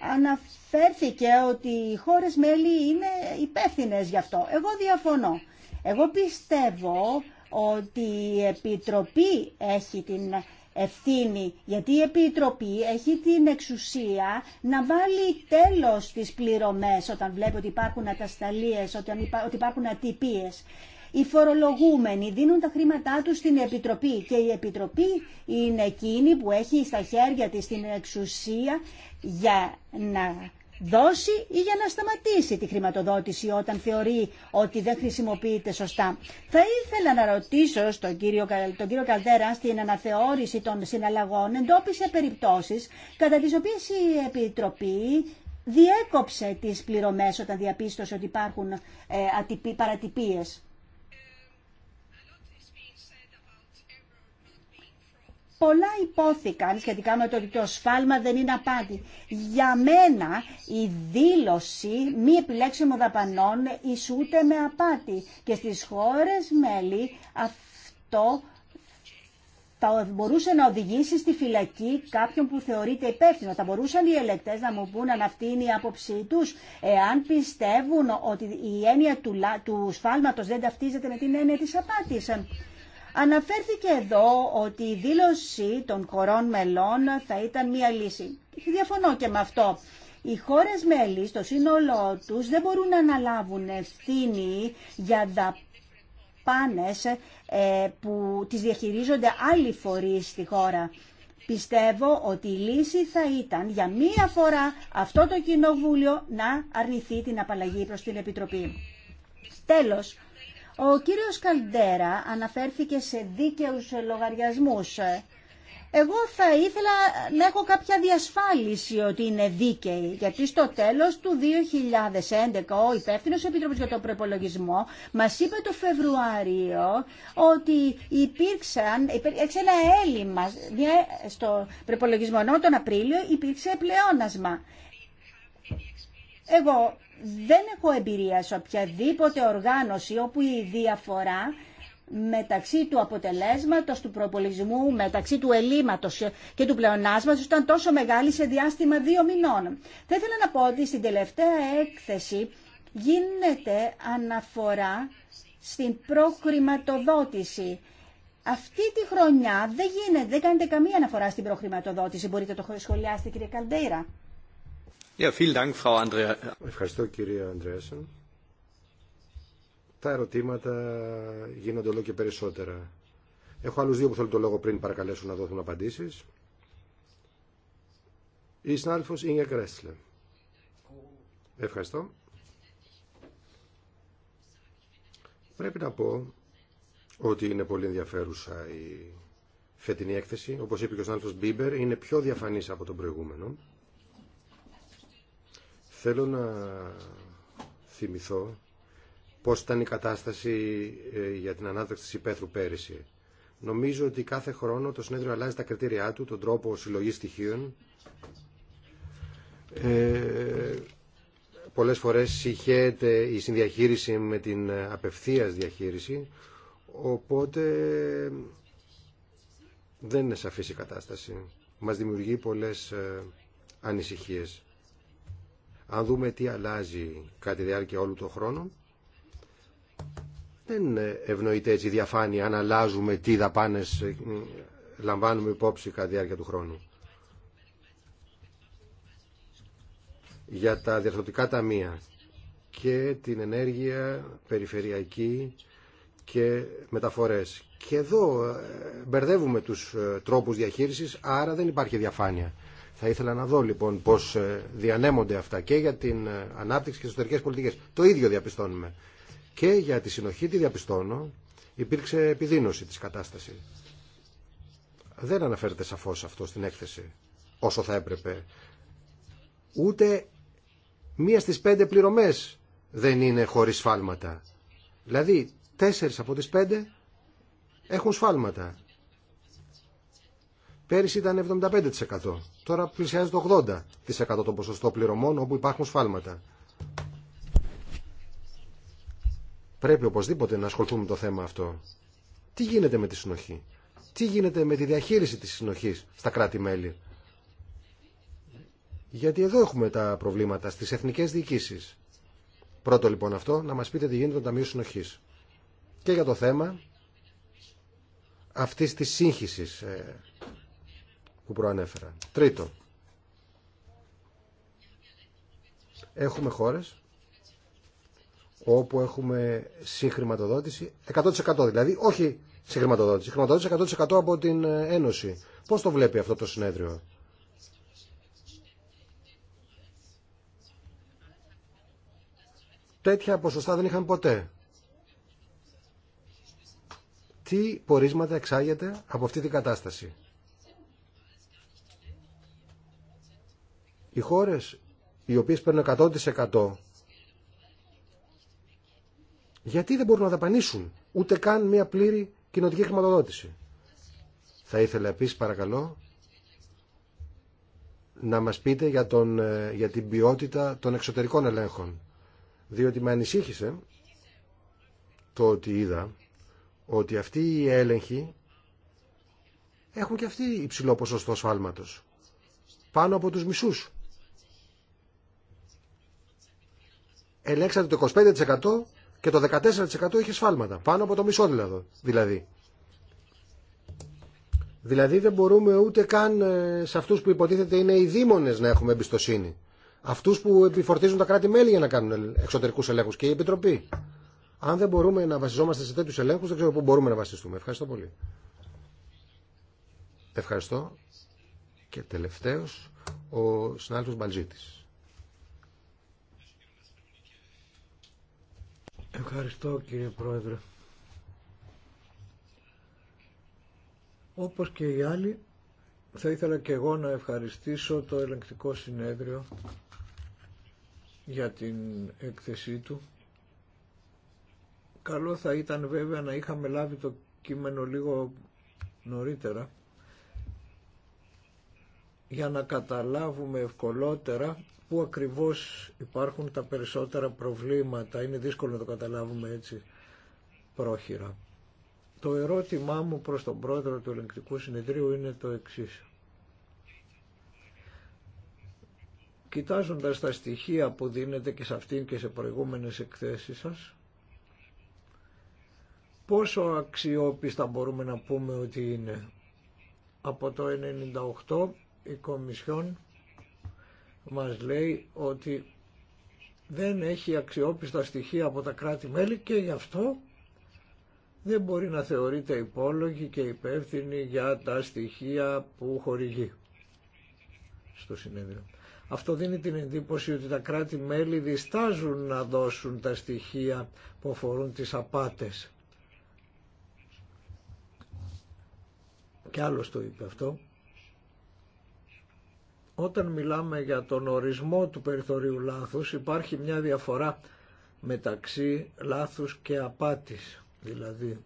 αναφέρθηκε ότι οι χώρες μέλη είναι υπεύθυνε γι' αυτό. Εγώ διαφωνώ. Εγώ πιστεύω ότι η Επιτροπή έχει την ευθύνη, γιατί η Επιτροπή έχει την εξουσία να βάλει τέλος στις πληρωμές όταν βλέπει ότι υπάρχουν ατασταλίες, ότι υπάρχουν ατυπίες. Οι φορολογούμενοι δίνουν τα χρήματά τους στην Επιτροπή και η Επιτροπή είναι εκείνη που έχει στα χέρια της την εξουσία για να δώσει ή για να σταματήσει τη χρηματοδότηση όταν θεωρεί ότι δεν χρησιμοποιείται σωστά. Θα ήθελα να ρωτήσω στον κύριο, τον κύριο Καλδέρα στην αναθεώρηση των συναλλαγών εντόπισε περιπτώσεις κατά τις οποίες η Επιτροπή διέκοψε τις πληρωμές όταν διαπίστωσε ότι υπάρχουν ε, Πολλά υπόθηκαν σχετικά με το ότι το σφάλμα δεν είναι απάτη. Για μένα η δήλωση μη επιλέξιμο δαπανών ισούται με απάτη. Και στις χώρες μέλη αυτό θα μπορούσε να οδηγήσει στη φυλακή κάποιον που θεωρείται υπεύθυνο. Θα μπορούσαν οι ελεκτέ να μου πούν αν αυτή είναι η άποψή του, εάν πιστεύουν ότι η έννοια του, του σφάλματο δεν ταυτίζεται με την έννοια τη απάτη. Αναφέρθηκε εδώ ότι η δήλωση των χωρών μελών θα ήταν μία λύση. Διαφωνώ και με αυτό. Οι χώρες μέλη στο σύνολό τους δεν μπορούν να αναλάβουν ευθύνη για δαπάνες ε, που τις διαχειρίζονται άλλοι φορείς στη χώρα. Πιστεύω ότι η λύση θα ήταν για μία φορά αυτό το Κοινοβούλιο να αρνηθεί την απαλλαγή προς την Επιτροπή. Τέλος, ο κύριος Καλντέρα αναφέρθηκε σε δίκαιους λογαριασμούς. Εγώ θα ήθελα να έχω κάποια διασφάλιση ότι είναι δίκαιη, γιατί στο τέλος του 2011 ο υπεύθυνος Επίτροπος για τον Προπολογισμό μας είπε το Φεβρουάριο ότι υπήρξαν, υπήρξε ένα έλλειμμα στο προπολογισμό, ενώ τον Απρίλιο υπήρξε πλεόνασμα. Εγώ δεν έχω εμπειρία σε οποιαδήποτε οργάνωση όπου η διαφορά μεταξύ του αποτελέσματος του προπολισμού, μεταξύ του ελλείμματος και του πλεονάσματος ήταν τόσο μεγάλη σε διάστημα δύο μηνών. Θα ήθελα να πω ότι στην τελευταία έκθεση γίνεται αναφορά στην προχρηματοδότηση. Αυτή τη χρονιά δεν γίνεται, δεν κάνετε καμία αναφορά στην προχρηματοδότηση. Μπορείτε το σχολιάσετε κύριε Καλντέιρα. Ευχαριστώ κυρία Αντρέασεν. Τα ερωτήματα γίνονται όλο και περισσότερα. Έχω άλλους δύο που θέλουν το λόγο πριν παρακαλέσουν να δώσουν απαντήσεις. Η συνάδελφος Ίνια Κρέσλε. Ευχαριστώ. Πρέπει να πω ότι είναι πολύ ενδιαφέρουσα η φετινή έκθεση. Όπως είπε και ο συνάδελφος Μπίμπερ, είναι πιο διαφανής από τον προηγούμενο. Θέλω να θυμηθώ πώς ήταν η κατάσταση ε, για την ανάπτυξη της υπαίθρου πέρυσι. Νομίζω ότι κάθε χρόνο το συνέδριο αλλάζει τα κριτήριά του, τον τρόπο συλλογής στοιχείων. Ε, πολλές φορές η συνδιαχείριση με την απευθείας διαχείριση, οπότε δεν είναι σαφής η κατάσταση. Μας δημιουργεί πολλές ε, ανησυχίες. Αν δούμε τι αλλάζει κατά τη διάρκεια όλου του χρόνου, δεν ευνοείται έτσι η διαφάνεια αν αλλάζουμε τι δαπάνες ε, λαμβάνουμε υπόψη κατά διάρκεια του χρόνου. Για τα διαρθρωτικά ταμεία και την ενέργεια περιφερειακή και μεταφορές. Και εδώ ε, μπερδεύουμε τους ε, τρόπους διαχείρισης, άρα δεν υπάρχει διαφάνεια. Θα ήθελα να δω λοιπόν πώ ε, διανέμονται αυτά και για την ε, ανάπτυξη και εσωτερικέ πολιτικέ. Το ίδιο διαπιστώνουμε. Και για τη συνοχή τη διαπιστώνω υπήρξε επιδείνωση τη κατάσταση. Δεν αναφέρεται σαφώ αυτό στην έκθεση όσο θα έπρεπε. Ούτε μία στι πέντε πληρωμέ δεν είναι χωρί σφάλματα. Δηλαδή, τέσσερι από τι πέντε έχουν σφάλματα. Πέρυσι ήταν 75%. Τώρα πλησιάζει το 80% το ποσοστό πληρωμών όπου υπάρχουν σφάλματα. Πρέπει οπωσδήποτε να ασχοληθούμε με το θέμα αυτό. Τι γίνεται με τη συνοχή. Τι γίνεται με τη διαχείριση της συνοχής στα κράτη-μέλη. Γιατί εδώ έχουμε τα προβλήματα στις εθνικές διοικήσεις. Πρώτο λοιπόν αυτό, να μας πείτε τι γίνεται το Ταμείο Συνοχής. Και για το θέμα αυτής της σύγχυσης ε, που προανέφερα. Τρίτο, έχουμε χώρες όπου έχουμε συγχρηματοδότηση 100% δηλαδή, όχι συγχρηματοδότηση, χρηματοδότηση 100% από την ε, Ένωση. Πώς το βλέπει αυτό το συνέδριο. Τέτοια ποσοστά δεν είχαν ποτέ. Τι πορίσματα εξάγεται από αυτή την κατάσταση. Οι χώρες οι οποίες παίρνουν 100% γιατί δεν μπορούν να δαπανίσουν ούτε καν μια πλήρη κοινοτική χρηματοδότηση. Θα ήθελα επίσης παρακαλώ να μας πείτε για, τον, ε, για την ποιότητα των εξωτερικών ελέγχων. Διότι με ανησύχησε το ότι είδα ότι αυτοί οι έλεγχοι έχουν και αυτοί υψηλό ποσοστό σφάλματος. Πάνω από τους μισούς. ελέγξατε το 25% και το 14% είχε σφάλματα. Πάνω από το μισό δηλαδή. Δηλαδή, δηλαδή δεν μπορούμε ούτε καν ε, σε αυτούς που υποτίθεται είναι οι δήμονες να έχουμε εμπιστοσύνη. Αυτούς που επιφορτίζουν τα κράτη-μέλη για να κάνουν εξωτερικούς ελέγχους και η Επιτροπή. Αν δεν μπορούμε να βασιζόμαστε σε τέτοιους ελέγχους δεν ξέρω πού μπορούμε να βασιστούμε. Ευχαριστώ πολύ. Ευχαριστώ. Και τελευταίος ο συνάδελφος Μπαλζίτης. Ευχαριστώ κύριε Πρόεδρε. Όπως και οι άλλοι, θα ήθελα και εγώ να ευχαριστήσω το ελεγκτικό συνέδριο για την έκθεσή του. Καλό θα ήταν βέβαια να είχαμε λάβει το κείμενο λίγο νωρίτερα για να καταλάβουμε ευκολότερα πού ακριβώς υπάρχουν τα περισσότερα προβλήματα. Είναι δύσκολο να το καταλάβουμε έτσι πρόχειρα. Το ερώτημά μου προς τον πρόεδρο του ελεγκτικού συνεδρίου είναι το εξής. Κοιτάζοντας τα στοιχεία που δίνετε και σε αυτήν και σε προηγούμενες εκθέσεις σας, πόσο αξιόπιστα μπορούμε να πούμε ότι είναι. Από το 98 η Κομισιόν μας λέει ότι δεν έχει αξιόπιστα στοιχεία από τα κράτη-μέλη και γι' αυτό δεν μπορεί να θεωρείται υπόλογη και υπεύθυνη για τα στοιχεία που χορηγεί στο συνέδριο. Αυτό δίνει την εντύπωση ότι τα κράτη-μέλη διστάζουν να δώσουν τα στοιχεία που αφορούν τις απάτες. Και άλλος το είπε αυτό. Όταν μιλάμε για τον ορισμό του περιθωρίου λάθους υπάρχει μια διαφορά μεταξύ λάθους και απάτης. Δηλαδή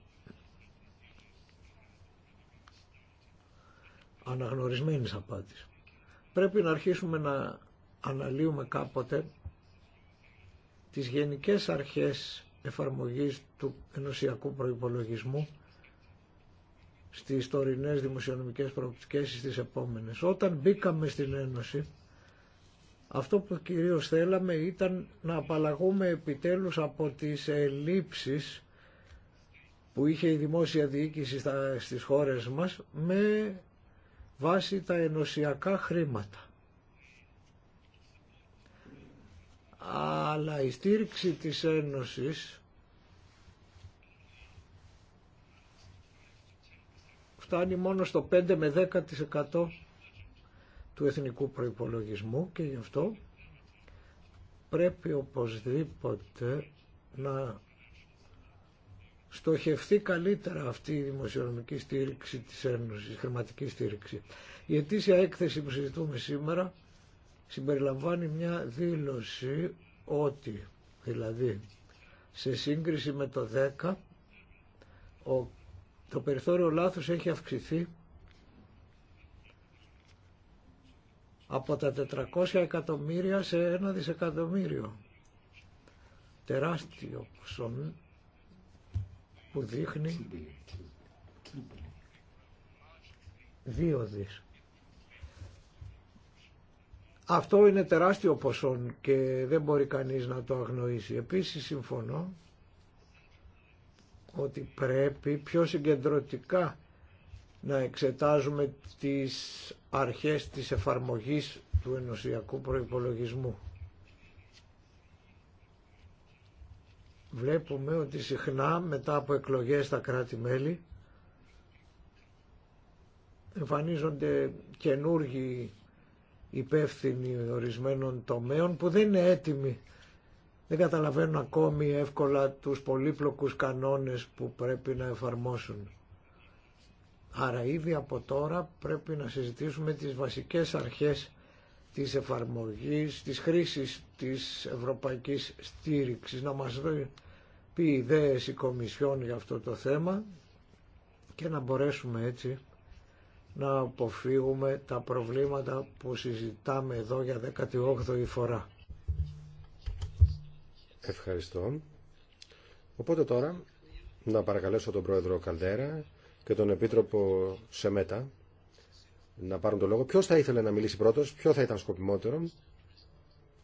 αναγνωρισμένης απάτης. Πρέπει να αρχίσουμε να αναλύουμε κάποτε τις γενικές αρχές εφαρμογής του ενωσιακού προϋπολογισμού στις τωρινές δημοσιονομικές προοπτικές στις επόμενες. Όταν μπήκαμε στην Ένωση, αυτό που κυρίως θέλαμε ήταν να απαλλαγούμε επιτέλους από τις ελλείψεις που είχε η δημόσια διοίκηση στις χώρες μας με βάση τα ενωσιακά χρήματα. Αλλά η στήριξη της Ένωσης φτάνει μόνο στο 5 με 10% του εθνικού προϋπολογισμού και γι' αυτό πρέπει οπωσδήποτε να στοχευθεί καλύτερα αυτή η δημοσιονομική στήριξη της Ένωσης, η χρηματική στήριξη. Η ετήσια έκθεση που συζητούμε σήμερα συμπεριλαμβάνει μια δήλωση ότι, δηλαδή, σε σύγκριση με το 10, ο το περιθώριο λάθους έχει αυξηθεί από τα 400 εκατομμύρια σε ένα δισεκατομμύριο. Τεράστιο ποσό που δείχνει δύο δις. Αυτό είναι τεράστιο ποσό και δεν μπορεί κανείς να το αγνοήσει. Επίσης συμφωνώ ότι πρέπει πιο συγκεντρωτικά να εξετάζουμε τις αρχές της εφαρμογής του ενωσιακού προϋπολογισμού. Βλέπουμε ότι συχνά μετά από εκλογές στα κράτη-μέλη εμφανίζονται καινούργοι υπεύθυνοι ορισμένων τομέων που δεν είναι έτοιμοι δεν καταλαβαίνουν ακόμη εύκολα τους πολύπλοκους κανόνες που πρέπει να εφαρμόσουν. Άρα ήδη από τώρα πρέπει να συζητήσουμε τις βασικές αρχές της εφαρμογής, της χρήσης της ευρωπαϊκής στήριξης, να μας πει ιδέες η Κομισιόν για αυτό το θέμα και να μπορέσουμε έτσι να αποφύγουμε τα προβλήματα που συζητάμε εδώ για 18η φορά. Ευχαριστώ. Οπότε τώρα να παρακαλέσω τον Πρόεδρο Καλδέρα και τον Επίτροπο Σεμέτα να πάρουν το λόγο. Ποιος θα ήθελε να μιλήσει πρώτος, ποιο θα ήταν σκοπιμότερο.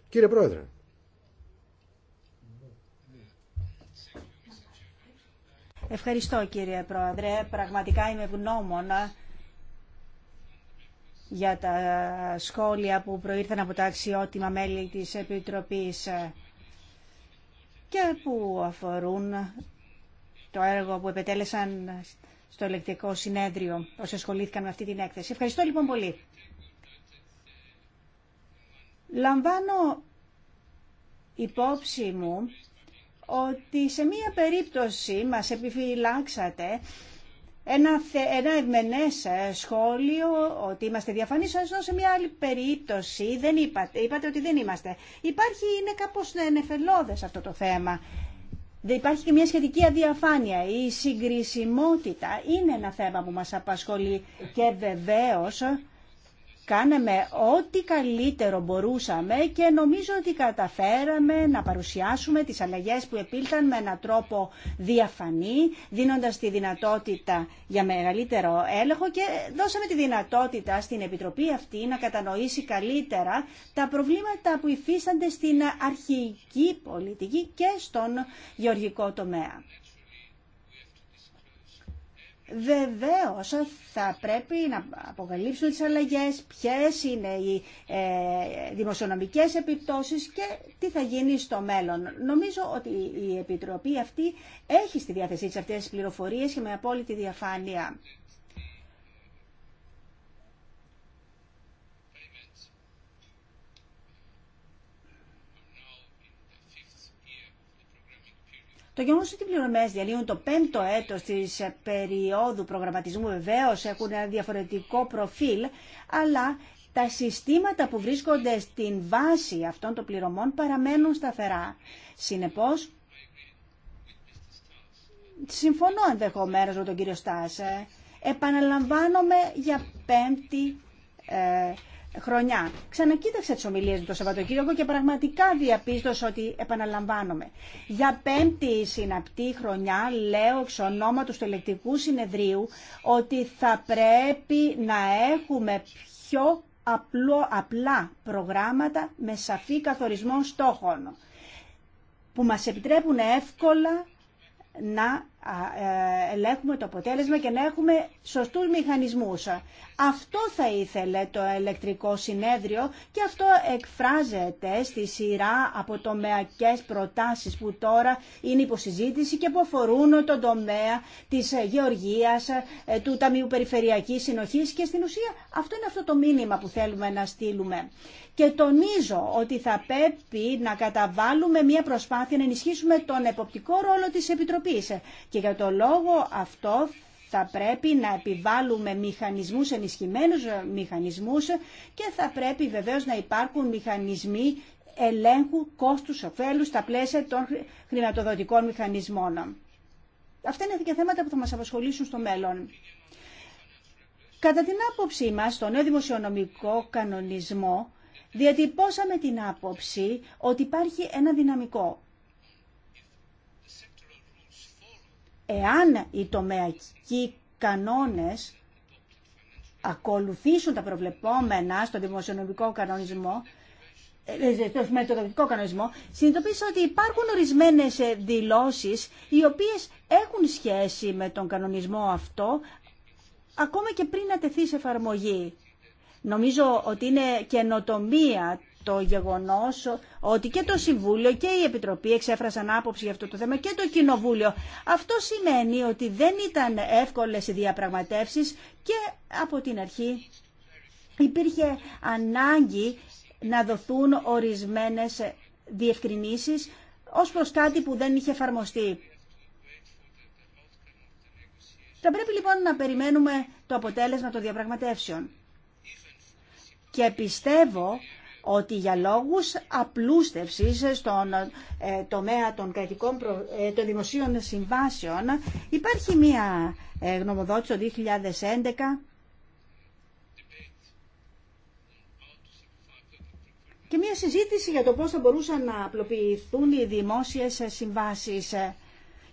Κύριε Πρόεδρε. Ευχαριστώ κύριε Πρόεδρε. Πραγματικά είμαι ευγνώμων για τα σχόλια που προήρθαν από τα αξιότιμα μέλη της Επιτροπής και που αφορούν το έργο που επετέλεσαν στο ελεκτικό συνέδριο όσοι ασχολήθηκαν με αυτή την έκθεση. Ευχαριστώ λοιπόν πολύ. Λαμβάνω υπόψη μου ότι σε μία περίπτωση μας επιφυλάξατε ένα, ένα ευμενές ε, σχόλιο ότι είμαστε διαφανείς, Σας σε μια άλλη περίπτωση δεν είπατε, είπατε ότι δεν είμαστε. Υπάρχει, είναι κάπως ναι, νεφελώδες αυτό το θέμα. Δεν υπάρχει και μια σχετική αδιαφάνεια. Η συγκρισιμότητα είναι ένα θέμα που μας απασχολεί και βεβαίως Κάναμε ό,τι καλύτερο μπορούσαμε και νομίζω ότι καταφέραμε να παρουσιάσουμε τις αλλαγές που επήλθαν με έναν τρόπο διαφανή, δίνοντας τη δυνατότητα για μεγαλύτερο έλεγχο και δώσαμε τη δυνατότητα στην Επιτροπή αυτή να κατανοήσει καλύτερα τα προβλήματα που υφίστανται στην αρχική πολιτική και στον γεωργικό τομέα. Βεβαίως θα πρέπει να αποκαλύψουν τις αλλαγές, ποιες είναι οι ε, δημοσιονομικές επιπτώσεις και τι θα γίνει στο μέλλον. Νομίζω ότι η Επιτροπή αυτή έχει στη διάθεσή της αυτές τις πληροφορίες και με απόλυτη διαφάνεια. Το γεγονό ότι οι πληρωμέ διαλύουν το πέμπτο έτο τη περίοδου προγραμματισμού βεβαίω έχουν ένα διαφορετικό προφίλ, αλλά τα συστήματα που βρίσκονται στην βάση αυτών των πληρωμών παραμένουν σταθερά. Συνεπώ. συμφωνώ ενδεχομένω με τον κύριο Στάσε, επαναλαμβάνομαι για πέμπτη ε, χρονιά. Ξανακοίταξα τι ομιλίε μου το Σαββατοκύριακο και πραγματικά διαπίστωσα ότι επαναλαμβάνομαι. Για πέμπτη συναπτή χρονιά λέω εξ ονόματο του ελεκτικού συνεδρίου ότι θα πρέπει να έχουμε πιο απλό, απλά προγράμματα με σαφή καθορισμό στόχων που μας επιτρέπουν εύκολα να ε, ελέγχουμε το αποτέλεσμα και να έχουμε σωστούς μηχανισμούς. Αυτό θα ήθελε το ηλεκτρικό συνέδριο και αυτό εκφράζεται στη σειρά από τομεακές προτάσεις που τώρα είναι υποσυζήτηση και που αφορούν τον τομέα της γεωργίας, ε, του Ταμείου Περιφερειακής Συνοχής και στην ουσία αυτό είναι αυτό το μήνυμα που θέλουμε να στείλουμε. Και τονίζω ότι θα πρέπει να καταβάλουμε μια προσπάθεια να ενισχύσουμε τον εποπτικό ρόλο της Επιτροπής. Και για το λόγο αυτό θα πρέπει να επιβάλλουμε μηχανισμούς, ενισχυμένους μηχανισμούς και θα πρέπει βεβαίως να υπάρχουν μηχανισμοί ελέγχου κόστους ωφέλους στα πλαίσια των χρηματοδοτικών μηχανισμών. Αυτά είναι και θέματα που θα μας απασχολήσουν στο μέλλον. Κατά την άποψή μας, το νέο δημοσιονομικό κανονισμό διατυπώσαμε την άποψη ότι υπάρχει ένα δυναμικό. Εάν οι τομεακοί κανόνες ακολουθήσουν τα προβλεπόμενα στο δημοσιονομικό κανονισμό, ε, ε, στο κανονισμό, συνειδητοποίησα ότι υπάρχουν ορισμένες ε, δηλώσεις οι οποίες έχουν σχέση με τον κανονισμό αυτό, ακόμα και πριν να τεθεί σε εφαρμογή. Νομίζω ότι είναι καινοτομία το γεγονός ότι και το Συμβούλιο και η Επιτροπή εξέφρασαν άποψη για αυτό το θέμα και το Κοινοβούλιο. Αυτό σημαίνει ότι δεν ήταν εύκολες οι διαπραγματεύσεις και από την αρχή υπήρχε ανάγκη να δοθούν ορισμένες διευκρινήσεις ως προς κάτι που δεν είχε εφαρμοστεί. Θα πρέπει λοιπόν να περιμένουμε το αποτέλεσμα των διαπραγματεύσεων και πιστεύω ότι για λόγους απλούστευσης στον ε, τομέα των, κρατικών προ, ε, των δημοσίων συμβάσεων υπάρχει μία ε, γνωμοδότηση το 2011 και μία συζήτηση για το πώς θα μπορούσαν να απλοποιηθούν οι δημόσιες συμβάσεις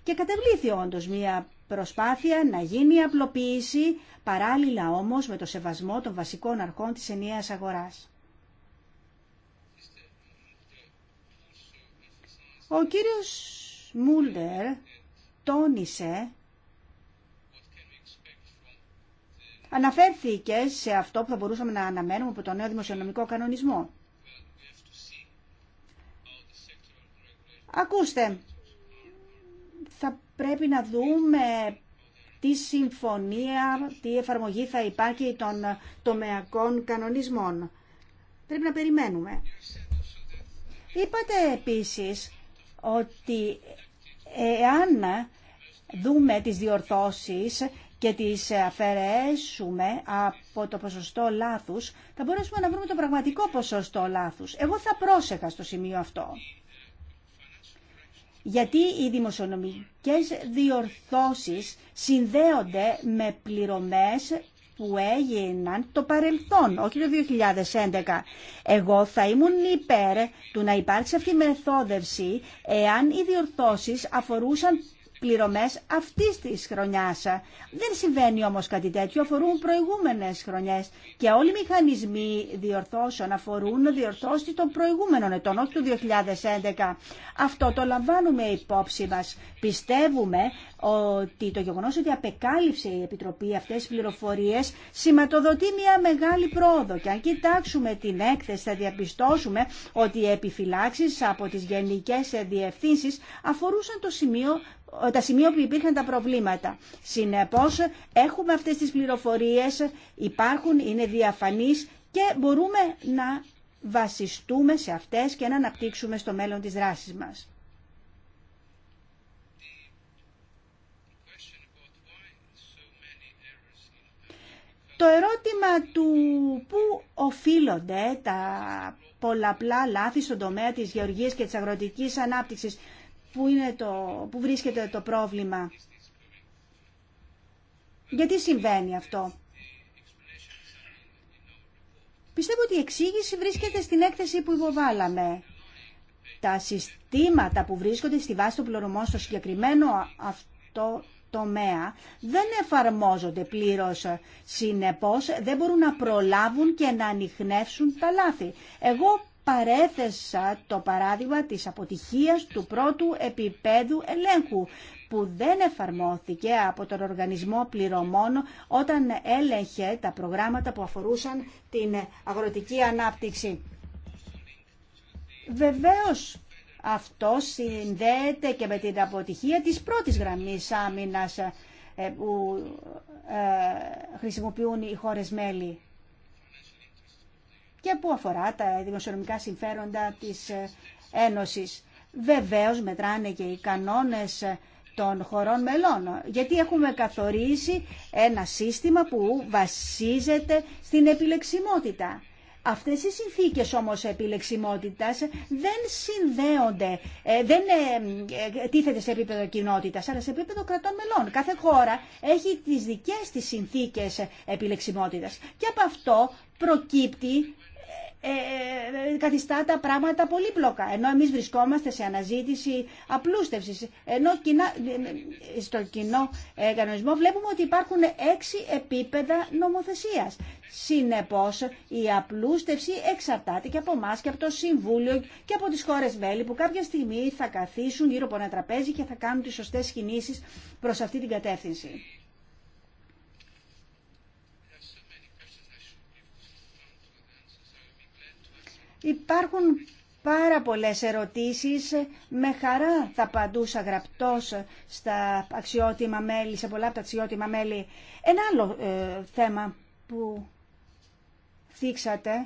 και κατεβλήθη όντως μία προσπάθεια να γίνει απλοποίηση, παράλληλα όμως με το σεβασμό των βασικών αρχών της ενιαίας αγοράς. Ο κύριος Μούλτερ τόνισε, αναφέρθηκε σε αυτό που θα μπορούσαμε να αναμένουμε από το νέο δημοσιονομικό κανονισμό. Ακούστε, θα πρέπει να δούμε τι συμφωνία, τι εφαρμογή θα υπάρχει των τομεακών κανονισμών. Πρέπει να περιμένουμε. Είπατε επίσης ότι εάν δούμε τις διορθώσεις και τις αφαιρέσουμε από το ποσοστό λάθους, θα μπορέσουμε να βρούμε το πραγματικό ποσοστό λάθους. Εγώ θα πρόσεχα στο σημείο αυτό. Γιατί οι δημοσιονομικές διορθώσεις συνδέονται με πληρωμές που έγιναν το παρελθόν, όχι το 2011. Εγώ θα ήμουν υπέρ του να υπάρξει αυτή η μεθόδευση εάν οι διορθώσεις αφορούσαν πληρωμές αυτής της χρονιάς. Δεν συμβαίνει όμως κάτι τέτοιο, αφορούν προηγούμενες χρονιές και όλοι οι μηχανισμοί διορθώσεων αφορούν διορθώσεις των προηγούμενων ετών, όχι του 2011. Αυτό το λαμβάνουμε υπόψη μας. Πιστεύουμε ότι το γεγονός ότι απεκάλυψε η Επιτροπή αυτές τις πληροφορίες σηματοδοτεί μια μεγάλη πρόοδο και αν κοιτάξουμε την έκθεση θα διαπιστώσουμε ότι οι επιφυλάξεις από τις γενικές διευθύνσεις αφορούσαν το σημείο τα σημεία που υπήρχαν τα προβλήματα. Συνεπώς έχουμε αυτές τις πληροφορίες, υπάρχουν, είναι διαφανείς και μπορούμε να βασιστούμε σε αυτές και να αναπτύξουμε στο μέλλον της δράσης μας. Το ερώτημα του πού οφείλονται τα πολλαπλά λάθη στον τομέα της γεωργίας και της αγροτικής ανάπτυξης που, είναι το, που βρίσκεται το πρόβλημα. Γιατί συμβαίνει αυτό. Πιστεύω ότι η εξήγηση βρίσκεται στην έκθεση που υποβάλαμε. Τα συστήματα που βρίσκονται στη βάση των πληρωμών στο συγκεκριμένο αυτό τομέα δεν εφαρμόζονται πλήρως. Συνεπώς δεν μπορούν να προλάβουν και να ανοιχνεύσουν τα λάθη. Εγώ παρέθεσα το παράδειγμα της αποτυχίας του πρώτου επίπεδου ελέγχου που δεν εφαρμόθηκε από τον οργανισμό πληρωμών όταν έλεγχε τα προγράμματα που αφορούσαν την αγροτική ανάπτυξη. Βεβαίως αυτό συνδέεται και με την αποτυχία της πρώτης γραμμής άμυνας ε, που ε, χρησιμοποιούν οι χώρες μέλη και που αφορά τα δημοσιονομικά συμφέροντα της ε, Ένωσης. Βεβαίως μετράνε και οι κανόνες των χωρών μελών, γιατί έχουμε καθορίσει ένα σύστημα που βασίζεται στην επιλεξιμότητα. Αυτές οι συνθήκες όμως επιλεξιμότητας δεν συνδέονται, ε, δεν ε, τίθεται σε επίπεδο κοινότητας, αλλά σε επίπεδο κρατών μελών. Κάθε χώρα έχει τις δικές της συνθήκες επιλεξιμότητας. Και από αυτό προκύπτει ε, ε, καθιστά τα πράγματα πολύπλοκα. Ενώ εμείς βρισκόμαστε σε αναζήτηση απλούστευσης. Ενώ κοινά, στο κοινό ε, κανονισμό βλέπουμε ότι υπάρχουν έξι επίπεδα νομοθεσίας. Συνεπώς η απλούστευση εξαρτάται και από εμά και από το Συμβούλιο και από τις χώρες μέλη που κάποια στιγμή θα καθίσουν γύρω από ένα τραπέζι και θα κάνουν τις σωστές κινήσεις προς αυτή την κατεύθυνση. Υπάρχουν πάρα πολλές ερωτήσεις. Με χαρά θα απαντούσα γραπτός στα αξιότιμα μέλη, σε πολλά από τα αξιότιμα μέλη. Ένα άλλο ε, θέμα που θίξατε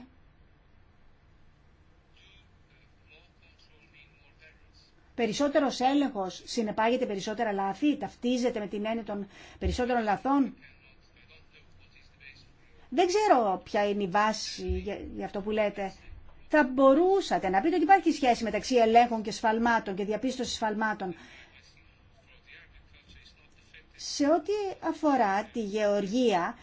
Περισσότερο έλεγχο συνεπάγεται περισσότερα λάθη, ταυτίζεται με την έννοια των περισσότερων λαθών. Δεν ξέρω ποια είναι η βάση για αυτό που λέτε θα μπορούσατε να πείτε ότι υπάρχει σχέση μεταξύ ελέγχων και σφαλμάτων και διαπίστωση σφαλμάτων. Σε ό,τι αφορά τη γεωργία,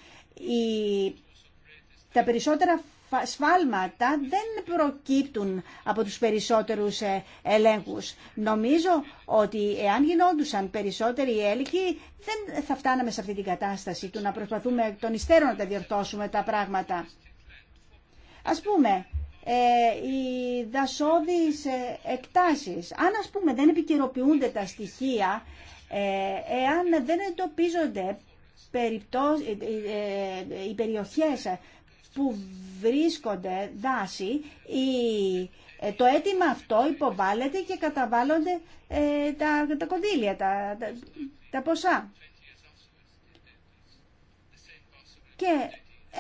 τα περισσότερα σφάλματα δεν προκύπτουν από τους περισσότερους ε, ελέγχους. Νομίζω ότι εάν γινόντουσαν περισσότεροι έλεγχοι δεν θα φτάναμε σε αυτή την κατάσταση του να προσπαθούμε τον υστέρο να τα διορθώσουμε τα πράγματα. Ας πούμε, ε, οι δασόδεις ε, εκτάσεις. Αν ας πούμε δεν επικαιροποιούνται τα στοιχεία, ε, εάν δεν εντοπίζονται οι περιοχές που βρίσκονται δάση, η το αίτημα αυτό υποβάλλεται και καταβάλλονται τα, τα κονδύλια, τα, τα, τα ποσά. Και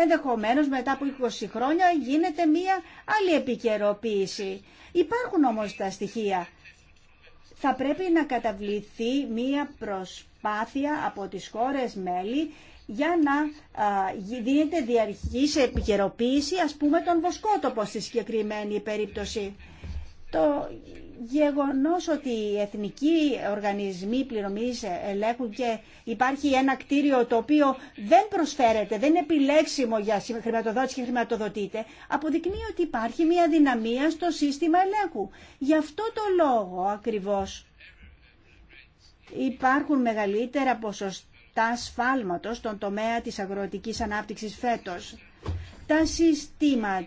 ενδεχομένως μετά από 20 χρόνια γίνεται μία άλλη επικαιροποίηση. Υπάρχουν όμως τα στοιχεία. Θα πρέπει να καταβληθεί μία προσπάθεια από τις χώρες μέλη για να α, δίνεται σε επικαιροποίηση ας πούμε των βοσκότοπο στη συγκεκριμένη περίπτωση. Το γεγονός ότι οι εθνικοί οργανισμοί πληρωμής ελέγχουν και υπάρχει ένα κτίριο το οποίο δεν προσφέρεται, δεν είναι επιλέξιμο για χρηματοδότηση και χρηματοδοτείται, αποδεικνύει ότι υπάρχει μια δυναμία στο σύστημα ελέγχου. Γι' αυτό το λόγο ακριβώς υπάρχουν μεγαλύτερα ποσοστά σφάλματος στον τομέα της αγροτικής ανάπτυξης φέτος. Τα συστήματα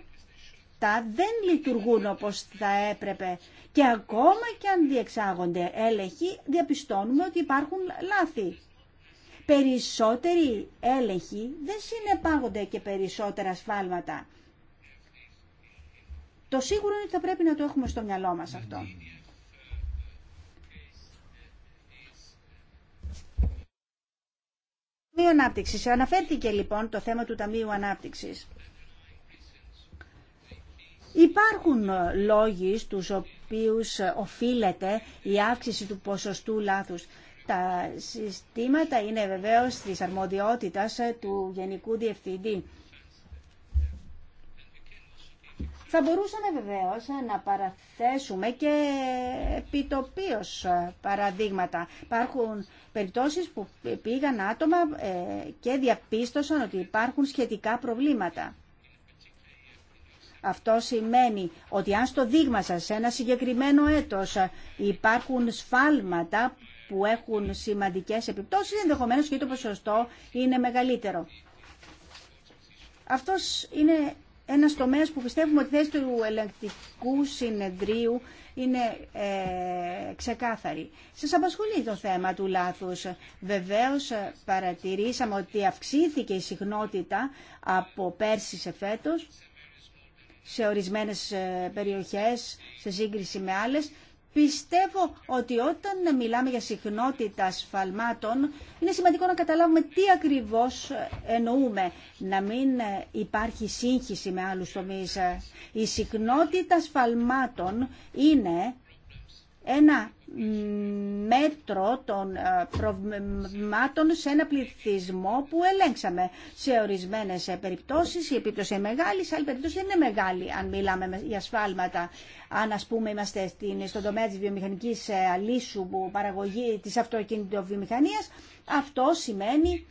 δεν λειτουργούν όπως θα έπρεπε και ακόμα και αν διεξάγονται έλεγχοι, διαπιστώνουμε ότι υπάρχουν λάθη. Περισσότεροι έλεγχοι δεν συνεπάγονται και περισσότερα σφάλματα. Το σίγουρο είναι ότι θα πρέπει να το έχουμε στο μυαλό μας αυτό. Ταμείο Ανάπτυξης. Αναφέρθηκε λοιπόν το θέμα του Ταμείου Ανάπτυξης. Υπάρχουν λόγοι στους οποίους ε, οφείλεται η αύξηση του ποσοστού λάθους. Τα συστήματα είναι βεβαίως της αρμοδιότητας ε, του Γενικού Διευθυντή. Θα μπορούσαμε βεβαίως ε, να παραθέσουμε και επιτοπίως παραδείγματα. Υπάρχουν περιπτώσεις που πήγαν άτομα και διαπίστωσαν ότι υπάρχουν σχετικά προβλήματα. Αυτό σημαίνει ότι αν στο δείγμα σας σε ένα συγκεκριμένο έτος υπάρχουν σφάλματα που έχουν σημαντικές επιπτώσεις, ενδεχομένως και το ποσοστό είναι μεγαλύτερο. Αυτός είναι ένας τομέας που πιστεύουμε ότι η θέση του ελεγκτικού συνεδρίου είναι ε, ξεκάθαρη. Σας απασχολεί το θέμα του λάθους. Βεβαίως ε, παρατηρήσαμε ότι αυξήθηκε η συχνότητα από πέρσι σε φέτος σε ορισμένες ε, περιοχές σε σύγκριση με άλλες. Πιστεύω ότι όταν μιλάμε για συχνότητα σφαλμάτων είναι σημαντικό να καταλάβουμε τι ακριβώς ε, εννοούμε. Να μην ε, υπάρχει σύγχυση με άλλους τομείς. Η συχνότητα σφαλμάτων είναι ένα μέτρο των ε, προβλημάτων σε ένα πληθυσμό που ελέγξαμε. Σε ορισμένες ε, περιπτώσεις η επίπτωση είναι μεγάλη, σε άλλη περίπτωση δεν είναι μεγάλη αν μιλάμε για σφάλματα. Αν ας πούμε είμαστε στην, στον τομέα της βιομηχανικής ε, αλήσου που παραγωγή της αυτοκινητοβιομηχανίας, αυτό σημαίνει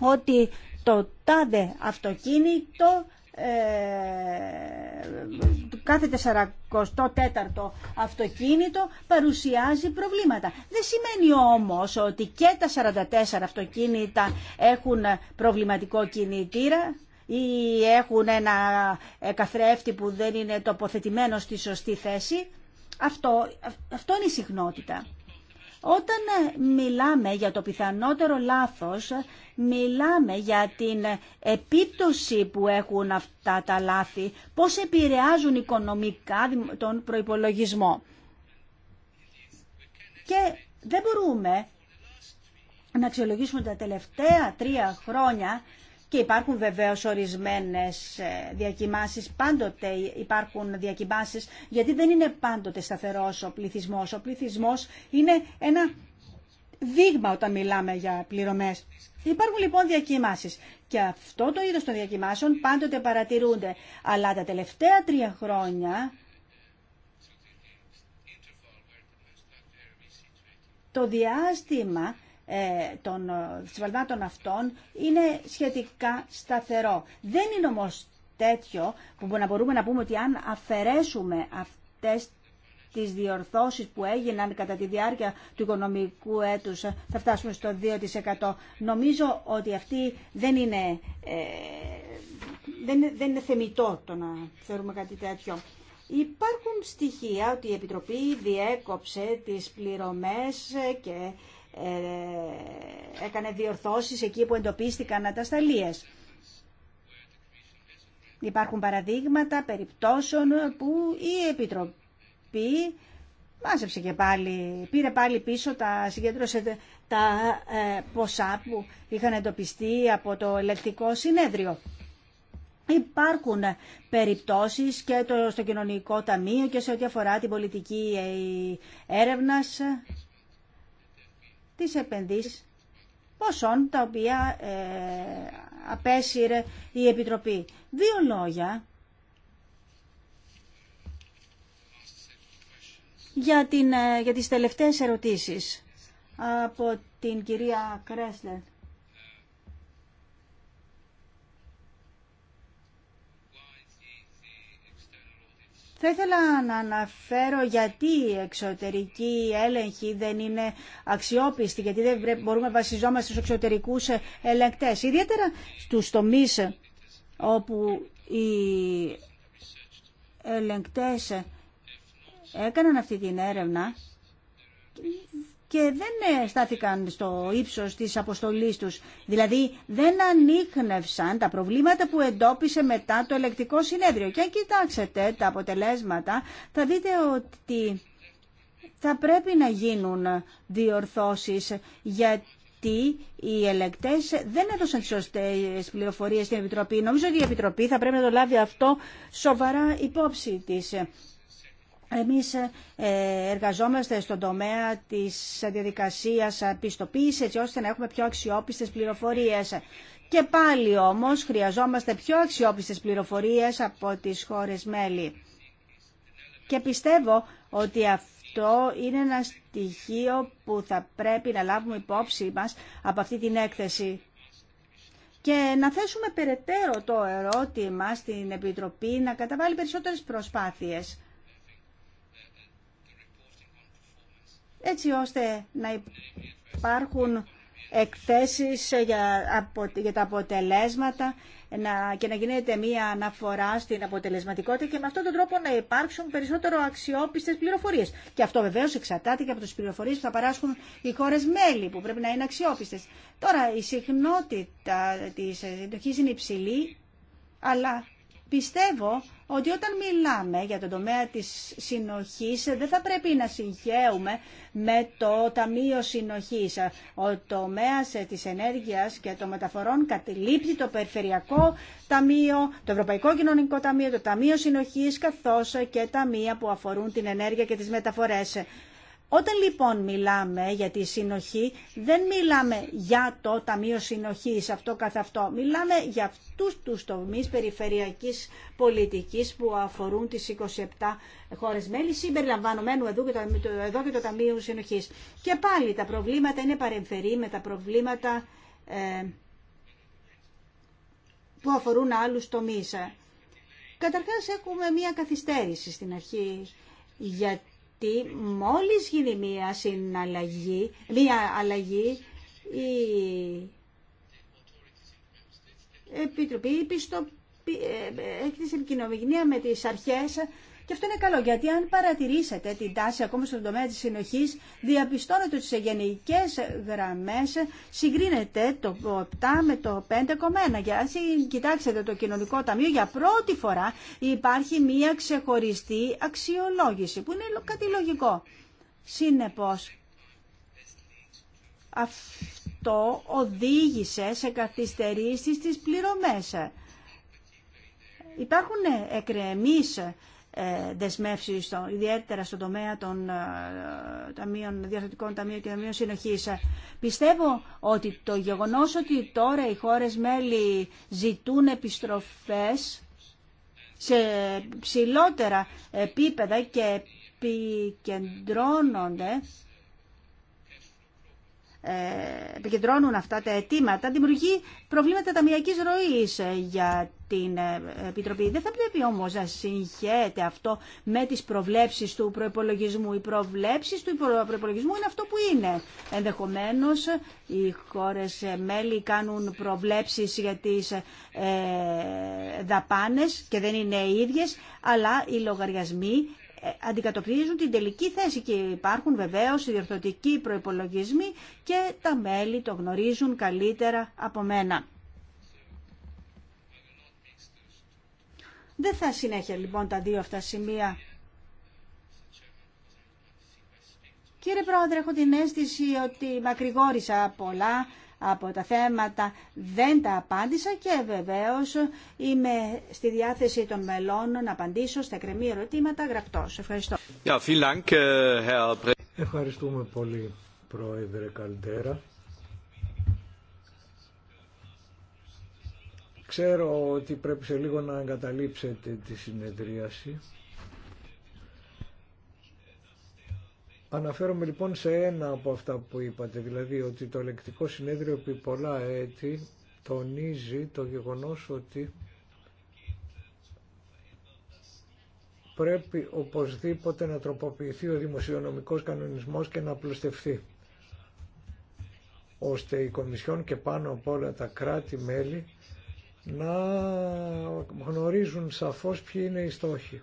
ότι το τάδε αυτοκίνητο ε, κάθε 44ο αυτοκίνητο παρουσιάζει προβλήματα. Δεν σημαίνει όμως ότι και τα 44 αυτοκίνητα έχουν προβληματικό κινητήρα ή έχουν ένα καθρέφτη που δεν είναι τοποθετημένο στη σωστή θέση. Αυτό, αυτό είναι η συχνότητα. Όταν ε, μιλάμε για το πιθανότερο λάθος, ε, μιλάμε για την ε, επίπτωση που έχουν αυτά τα λάθη, πώς επηρεάζουν οικονομικά τον προϋπολογισμό. Και δεν μπορούμε να αξιολογήσουμε τα τελευταία τρία χρόνια και υπάρχουν βεβαίως ορισμένες ε, διακιμάσεις πάντοτε υπάρχουν διακοιμάσεις, γιατί δεν είναι πάντοτε σταθερός ο πληθυσμός. Ο πληθυσμός είναι ένα δείγμα όταν μιλάμε για πληρωμές. Υπάρχουν λοιπόν διακοιμάσεις και αυτό το είδος των διακοιμάσεων πάντοτε παρατηρούνται. Αλλά τα τελευταία τρία χρόνια το διάστημα ε, των ε, συμβαλμάτων αυτών είναι σχετικά σταθερό. Δεν είναι όμως τέτοιο που να μπορούμε να πούμε ότι αν αφαιρέσουμε αυτές τις διορθώσεις που έγιναν κατά τη διάρκεια του οικονομικού έτους ε, θα φτάσουμε στο 2%. Νομίζω ότι αυτή δεν είναι, δεν, δεν είναι θεμητό το να θεωρούμε κάτι τέτοιο. Υπάρχουν στοιχεία ότι η Επιτροπή διέκοψε τις πληρωμές και ε, έκανε διορθώσεις εκεί που εντοπίστηκαν ατασταλίες. Υπάρχουν παραδείγματα περιπτώσεων που η Επιτροπή μάζεψε και πάλι, πήρε πάλι πίσω, τα συγκέντρωσε τα ε, ποσά που είχαν εντοπιστεί από το ελεκτικό συνέδριο. Υπάρχουν περιπτώσεις και το, στο κοινωνικό ταμείο και σε ό,τι αφορά την πολιτική ε, έρευνας τις επενδύσεις ποσών τα οποία ε, απέσυρε η Επιτροπή. Δύο λόγια για, την, ε, για τις τελευταίες ερωτήσεις από την κυρία Κρέσλερ. Θα ήθελα να αναφέρω γιατί η εξωτερική έλεγχη δεν είναι αξιόπιστη, γιατί δεν μπορούμε να βασιζόμαστε στους εξωτερικούς ελεγκτές. Ιδιαίτερα στους τομείς όπου οι ελεγκτές έκαναν αυτή την έρευνα και δεν ε, στάθηκαν στο ύψος της αποστολής τους. Δηλαδή δεν ανείχνευσαν τα προβλήματα που εντόπισε μετά το ελεκτικό συνέδριο. Και αν κοιτάξετε τα αποτελέσματα θα δείτε ότι θα πρέπει να γίνουν διορθώσεις γιατί οι ελεκτέ δεν έδωσαν τι σωστέ πληροφορίε στην Επιτροπή. Νομίζω ότι η Επιτροπή θα πρέπει να το λάβει αυτό σοβαρά υπόψη τη. Εμείς ε, εργαζόμαστε στον τομέα της διαδικασίας πιστοποίηση έτσι ώστε να έχουμε πιο αξιόπιστες πληροφορίες. Και πάλι όμως χρειαζόμαστε πιο αξιόπιστες πληροφορίες από τις χώρες μέλη. Και πιστεύω ότι αυτό είναι ένα στοιχείο που θα πρέπει να λάβουμε υπόψη μας από αυτή την έκθεση. Και να θέσουμε περαιτέρω το ερώτημα στην Επιτροπή να καταβάλει περισσότερες προσπάθειες έτσι ώστε να υπάρχουν εκθέσεις για, για τα αποτελέσματα να, και να γίνεται μία αναφορά στην αποτελεσματικότητα και με αυτόν τον τρόπο να υπάρξουν περισσότερο αξιόπιστες πληροφορίες. Και αυτό βεβαίως εξαρτάται και από τις πληροφορίες που θα παράσχουν οι χώρες μέλη που πρέπει να είναι αξιόπιστες. Τώρα η συχνότητα της συντοχής είναι υψηλή αλλά Πιστεύω ότι όταν μιλάμε για τον τομέα της συνοχής δεν θα πρέπει να συγχαίουμε με το Ταμείο Συνοχής. Ο τομέας ε, της ενέργειας και των μεταφορών κατελείπει το Περιφερειακό Ταμείο, το Ευρωπαϊκό Κοινωνικό Ταμείο, το Ταμείο Συνοχής καθώς και ταμεία που αφορούν την ενέργεια και τις μεταφορές. Όταν λοιπόν μιλάμε για τη συνοχή, δεν μιλάμε για το Ταμείο Συνοχής αυτό καθ' αυτό. Μιλάμε για αυτούς τους τομείς περιφερειακής πολιτικής που αφορούν τις 27 χώρες μέλη, συμπεριλαμβανομένου εδώ και, το, εδώ και το Ταμείο Συνοχής. Και πάλι τα προβλήματα είναι παρεμφερή με τα προβλήματα ε, που αφορούν άλλους τομείς. Καταρχάς έχουμε μία καθυστέρηση στην αρχή γιατί γιατί μόλις γίνει μία συναλλαγή, μία αλλαγή, η Επιτροπή πιστο... έχει ε, ε, την επικοινωνία με τις αρχές και αυτό είναι καλό, γιατί αν παρατηρήσετε την τάση ακόμα στον τομέα της συνοχής, διαπιστώνετε ότι σε γενικές γραμμές συγκρίνεται το 7 με το 5,1. Και αν κοιτάξετε το κοινωνικό ταμείο, για πρώτη φορά υπάρχει μία ξεχωριστή αξιολόγηση, που είναι κάτι λογικό. Συνεπώς, αυτό οδήγησε σε καθυστερήσεις στις πληρωμές. Υπάρχουν εκρεμίσεις. Ε, δεσμεύσει στο, ιδιαίτερα στον τομέα των ε, ταμείων, διαθετικών ταμείων και ταμείων συνοχή. Πιστεύω ότι το γεγονός ότι τώρα οι χώρες μέλη ζητούν επιστροφές σε ψηλότερα επίπεδα και επικεντρώνονται ε, επικεντρώνουν αυτά τα αιτήματα, δημιουργεί προβλήματα ταμιακής ροής για την ε, Επιτροπή. Δεν θα πρέπει όμω να συγχαίρεται αυτό με τις προβλέψεις του προπολογισμού. Οι προβλέψεις του προπολογισμού είναι αυτό που είναι. ενδεχομένω. οι χώρες ε, μέλη κάνουν προβλέψει για τι ε, δαπάνες και δεν είναι οι ίδιες, αλλά οι λογαριασμοί ε, αντικατοπτρίζουν την τελική θέση και υπάρχουν βεβαίως οι διορθωτικοί προϋπολογισμοί και τα μέλη το γνωρίζουν καλύτερα από μένα. Δεν θα συνέχεια λοιπόν τα δύο αυτά σημεία. Κύριε Πρόεδρε, έχω την αίσθηση ότι μακρηγόρησα πολλά από τα θέματα, δεν τα απάντησα και βεβαίως είμαι στη διάθεση των μελών να απαντήσω στα κρεμή ερωτήματα γραπτός. Ευχαριστώ. Äh, Ευχαριστούμε πολύ, Πρόεδρε Καλντέρα. Ξέρω ότι πρέπει σε λίγο να εγκαταλείψετε τη συνεδρίαση. Αναφέρομαι λοιπόν σε ένα από αυτά που είπατε, δηλαδή ότι το λεκτικό συνέδριο επί πολλά έτη τονίζει το γεγονός ότι πρέπει οπωσδήποτε να τροποποιηθεί ο δημοσιονομικός κανονισμός και να απλουστευτεί ώστε η Κομισιόν και πάνω από όλα τα κράτη-μέλη να γνωρίζουν σαφώς ποιοι είναι οι στόχοι.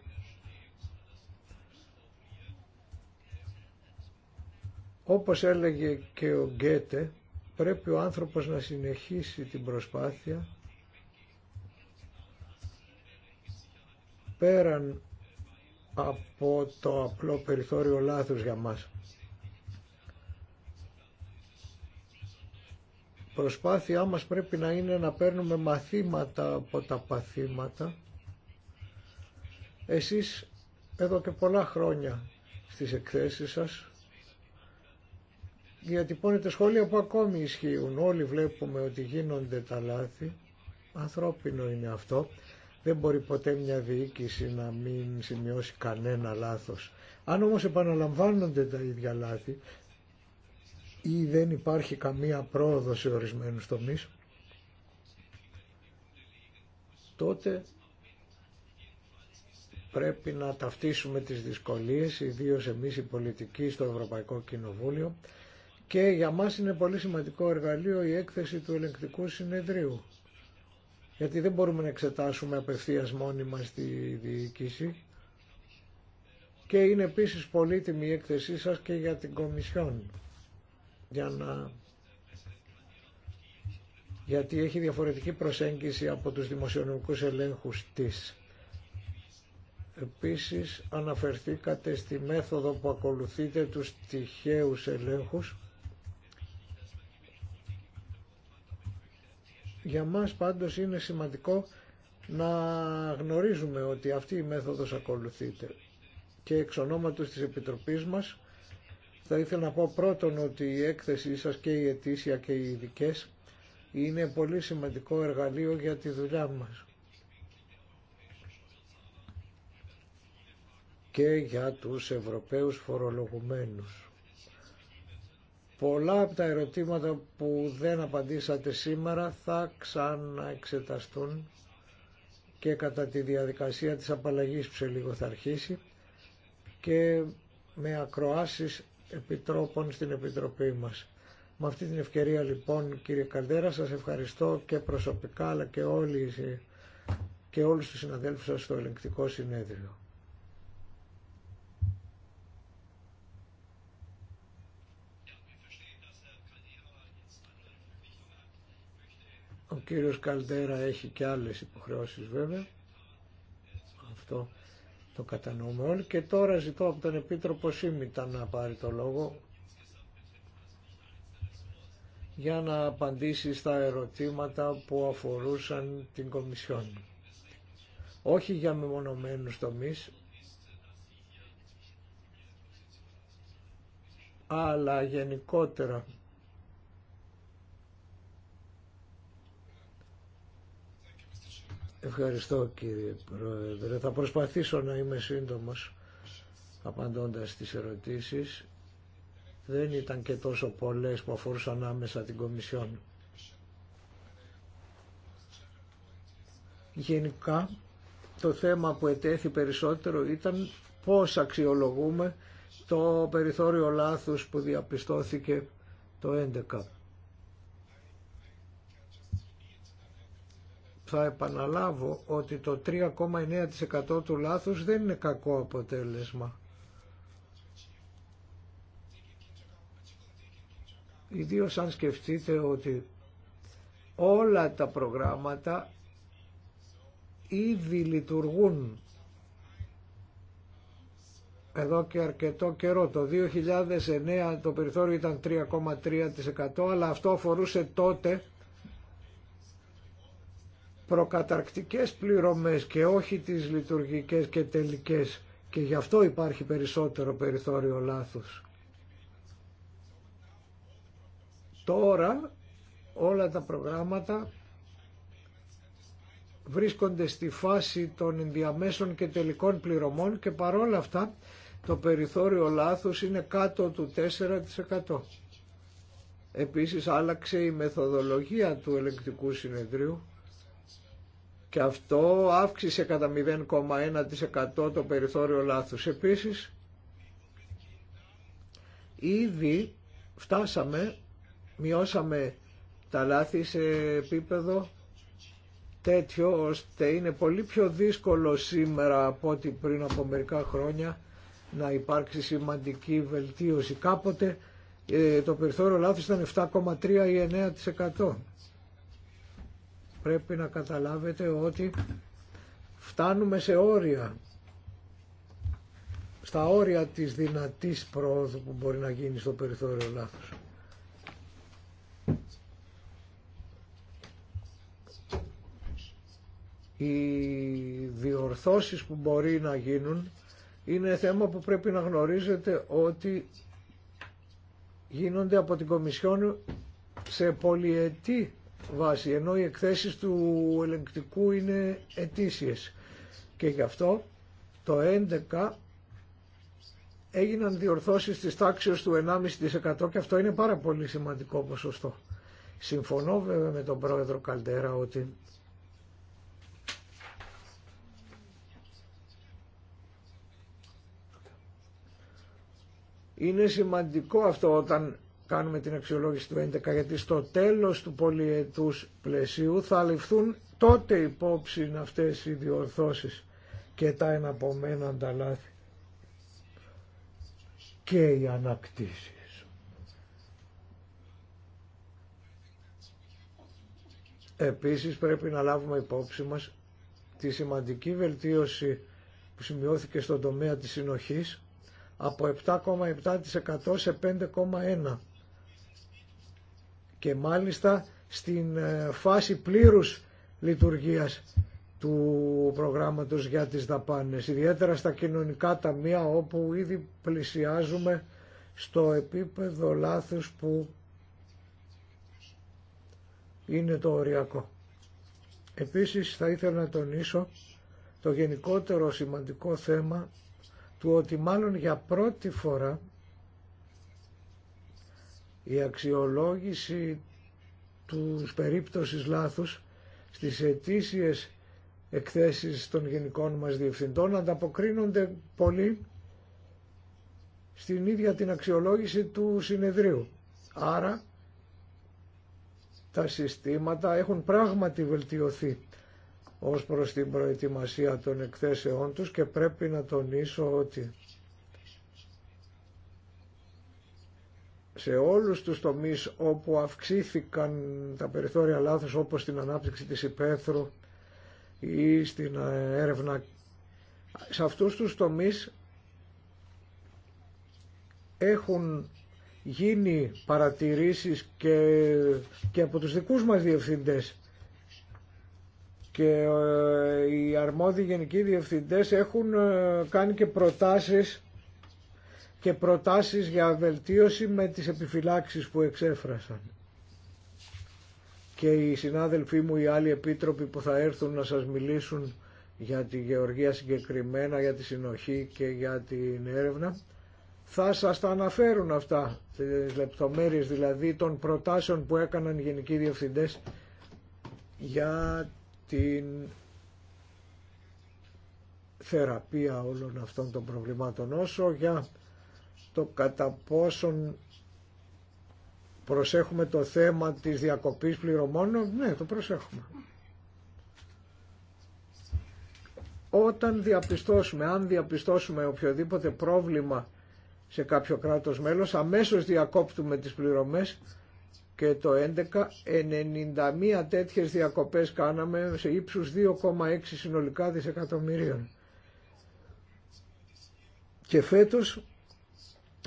Όπως έλεγε και ο Γκέτε, πρέπει ο άνθρωπος να συνεχίσει την προσπάθεια πέραν από το απλό περιθώριο λάθους για μας. προσπάθειά μας πρέπει να είναι να παίρνουμε μαθήματα από τα παθήματα. Εσείς εδώ και πολλά χρόνια στις εκθέσεις σας διατυπώνετε σχόλια που ακόμη ισχύουν. Όλοι βλέπουμε ότι γίνονται τα λάθη. Ανθρώπινο είναι αυτό. Δεν μπορεί ποτέ μια διοίκηση να μην σημειώσει κανένα λάθος. Αν όμως επαναλαμβάνονται τα ίδια λάθη, ή δεν υπάρχει καμία πρόοδο σε ορισμένους τομείς, τότε πρέπει να ταυτίσουμε τις δυσκολίες, ιδίως εμείς οι πολιτικοί στο Ευρωπαϊκό Κοινοβούλιο και για μας είναι πολύ σημαντικό εργαλείο η έκθεση του ελεγκτικού συνεδρίου. Γιατί δεν μπορούμε να εξετάσουμε απευθείας μόνοι μας τη διοίκηση και είναι επίσης πολύτιμη η έκθεσή σας και για την Κομισιόν γιατί έχει διαφορετική προσέγγιση από τους δημοσιονομικούς ελέγχους της. Επίσης αναφερθήκατε στη μέθοδο που ακολουθείτε τους τυχαίους ελέγχους. Για μας πάντως είναι σημαντικό να γνωρίζουμε ότι αυτή η μέθοδος ακολουθείται και εξ ονόματος της Επιτροπής μας θα ήθελα να πω πρώτον ότι η έκθεσή σας και η αιτήσια και οι ειδικέ είναι πολύ σημαντικό εργαλείο για τη δουλειά μας. και για τους Ευρωπαίους φορολογουμένους. Πολλά από τα ερωτήματα που δεν απαντήσατε σήμερα θα ξαναεξεταστούν και κατά τη διαδικασία της απαλλαγής που σε λίγο θα αρχίσει και με ακροάσεις επιτρόπων στην Επιτροπή μας. Με αυτή την ευκαιρία λοιπόν κύριε Καλδέρα σας ευχαριστώ και προσωπικά αλλά και, όλοι, και όλους τους συναδέλφους σας στο ελεγκτικό συνέδριο. Ο κύριος Καλδέρα έχει και άλλες υποχρεώσεις βέβαια. Αυτό κατανοούμε όλοι και τώρα ζητώ από τον Επίτροπο Σίμητα να πάρει το λόγο για να απαντήσει στα ερωτήματα που αφορούσαν την Κομισιόν. Όχι για μεμονωμένους τομείς, αλλά γενικότερα Ευχαριστώ κύριε Πρόεδρε. Θα προσπαθήσω να είμαι σύντομος απαντώντας στις ερωτήσεις. Δεν ήταν και τόσο πολλές που αφορούσαν άμεσα την Κομισιόν. Γενικά το θέμα που ετέθη περισσότερο ήταν πώς αξιολογούμε το περιθώριο λάθους που διαπιστώθηκε το 11. θα επαναλάβω ότι το 3,9% του λάθους δεν είναι κακό αποτέλεσμα. Ιδίως αν σκεφτείτε ότι όλα τα προγράμματα ήδη λειτουργούν εδώ και αρκετό καιρό. Το 2009 το περιθώριο ήταν 3,3% αλλά αυτό αφορούσε τότε προκαταρκτικές πληρωμές και όχι τις λειτουργικές και τελικές και γι' αυτό υπάρχει περισσότερο περιθώριο λάθους. Τώρα όλα τα προγράμματα βρίσκονται στη φάση των ενδιαμέσων και τελικών πληρωμών και παρόλα αυτά το περιθώριο λάθους είναι κάτω του 4%. Επίσης άλλαξε η μεθοδολογία του ελεκτικού συνεδρίου και αυτό αύξησε κατά 0,1% το περιθώριο λάθους. Επίσης, ήδη φτάσαμε, μειώσαμε τα λάθη σε επίπεδο τέτοιο ώστε είναι πολύ πιο δύσκολο σήμερα από ό,τι πριν από μερικά χρόνια να υπάρξει σημαντική βελτίωση. Κάποτε ε, το περιθώριο λάθους ήταν 7,3 ή 9% πρέπει να καταλάβετε ότι φτάνουμε σε όρια, στα όρια της δυνατής πρόοδου που μπορεί να γίνει στο περιθώριο λάθος. Οι διορθώσεις που μπορεί να γίνουν είναι θέμα που πρέπει να γνωρίζετε ότι γίνονται από την Κομισιόν σε πολυετή βάση, ενώ οι εκθέσεις του ελεγκτικού είναι ετήσιες. Και γι' αυτό το 11 έγιναν διορθώσεις της τάξης του 1,5% και αυτό είναι πάρα πολύ σημαντικό ποσοστό. Συμφωνώ βέβαια με τον πρόεδρο Καλτέρα ότι είναι σημαντικό αυτό όταν κάνουμε την αξιολόγηση του 11 γιατί στο τέλος του πολυετούς πλαισίου θα ληφθούν τότε υπόψη αυτές οι διορθώσεις και τα εναπομένα λάθη και οι ανακτήσεις. Επίσης πρέπει να λάβουμε υπόψη μας τη σημαντική βελτίωση που σημειώθηκε στον τομέα της συνοχής από 7,7% σε 5,1% και μάλιστα στην ε, φάση πλήρους λειτουργίας του προγράμματος για τις δαπάνες, ιδιαίτερα στα κοινωνικά ταμεία όπου ήδη πλησιάζουμε στο επίπεδο λάθους που είναι το οριακό. Επίσης θα ήθελα να τονίσω το γενικότερο σημαντικό θέμα του ότι μάλλον για πρώτη φορά η αξιολόγηση του περίπτωσης λάθους στις αιτήσιε εκθέσεις των γενικών μας διευθυντών ανταποκρίνονται πολύ στην ίδια την αξιολόγηση του συνεδρίου. Άρα τα συστήματα έχουν πράγματι βελτιωθεί ως προς την προετοιμασία των εκθέσεών τους και πρέπει να τονίσω ότι σε όλους τους τομείς όπου αυξήθηκαν τα περιθώρια λάθους όπως στην ανάπτυξη της υπαίθρου ή στην ε, έρευνα σε αυτούς τους τομείς έχουν γίνει παρατηρήσεις και, και από τους δικούς μας διευθυντές και ε, οι αρμόδιοι γενικοί διευθυντές έχουν ε, κάνει και προτάσεις και προτάσεις για βελτίωση με τις επιφυλάξεις που εξέφρασαν. Και οι συνάδελφοί μου, οι άλλοι επίτροποι που θα έρθουν να σας μιλήσουν για τη γεωργία συγκεκριμένα, για τη συνοχή και για την έρευνα, θα σας τα αναφέρουν αυτά, τις λεπτομέρειες δηλαδή των προτάσεων που έκαναν οι γενικοί διευθυντές για την θεραπεία όλων αυτών των προβλημάτων. Όσο για το κατά πόσον προσέχουμε το θέμα της διακοπής πληρωμών, ναι, το προσέχουμε. Όταν διαπιστώσουμε, αν διαπιστώσουμε οποιοδήποτε πρόβλημα σε κάποιο κράτος μέλος, αμέσως διακόπτουμε τις πληρωμές και το 11, 91 τέτοιες διακοπές κάναμε σε ύψους 2,6 συνολικά δισεκατομμυρίων. Και φέτος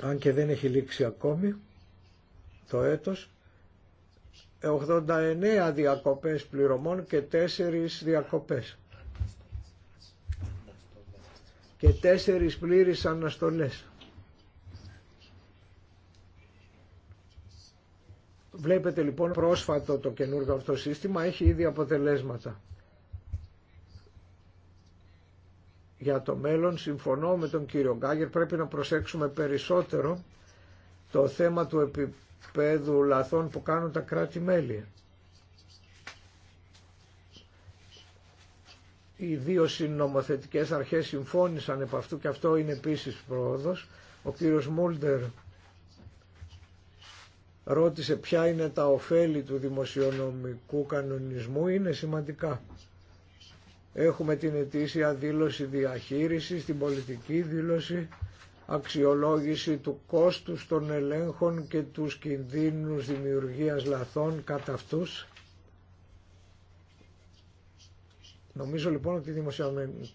αν και δεν έχει λήξει ακόμη το έτος, 89 διακοπές πληρωμών και 4 διακοπές. Και 4 πλήρες αναστολές. Βλέπετε λοιπόν πρόσφατο το καινούργιο αυτό σύστημα έχει ήδη αποτελέσματα. για το μέλλον συμφωνώ με τον κύριο Γκάγερ πρέπει να προσέξουμε περισσότερο το θέμα του επίπεδου λαθών που κάνουν τα κράτη-μέλη. Οι δύο συνομοθετικές αρχές συμφώνησαν επ' αυτού και αυτό είναι επίσης πρόοδος. Ο κύριος Μούλτερ ρώτησε ποια είναι τα ωφέλη του δημοσιονομικού κανονισμού. Είναι σημαντικά. Έχουμε την ετήσια δήλωση διαχείριση την πολιτική δήλωση, αξιολόγηση του κόστους των ελέγχων και τους κινδύνους δημιουργίας λαθών κατά αυτούς. Νομίζω λοιπόν ότι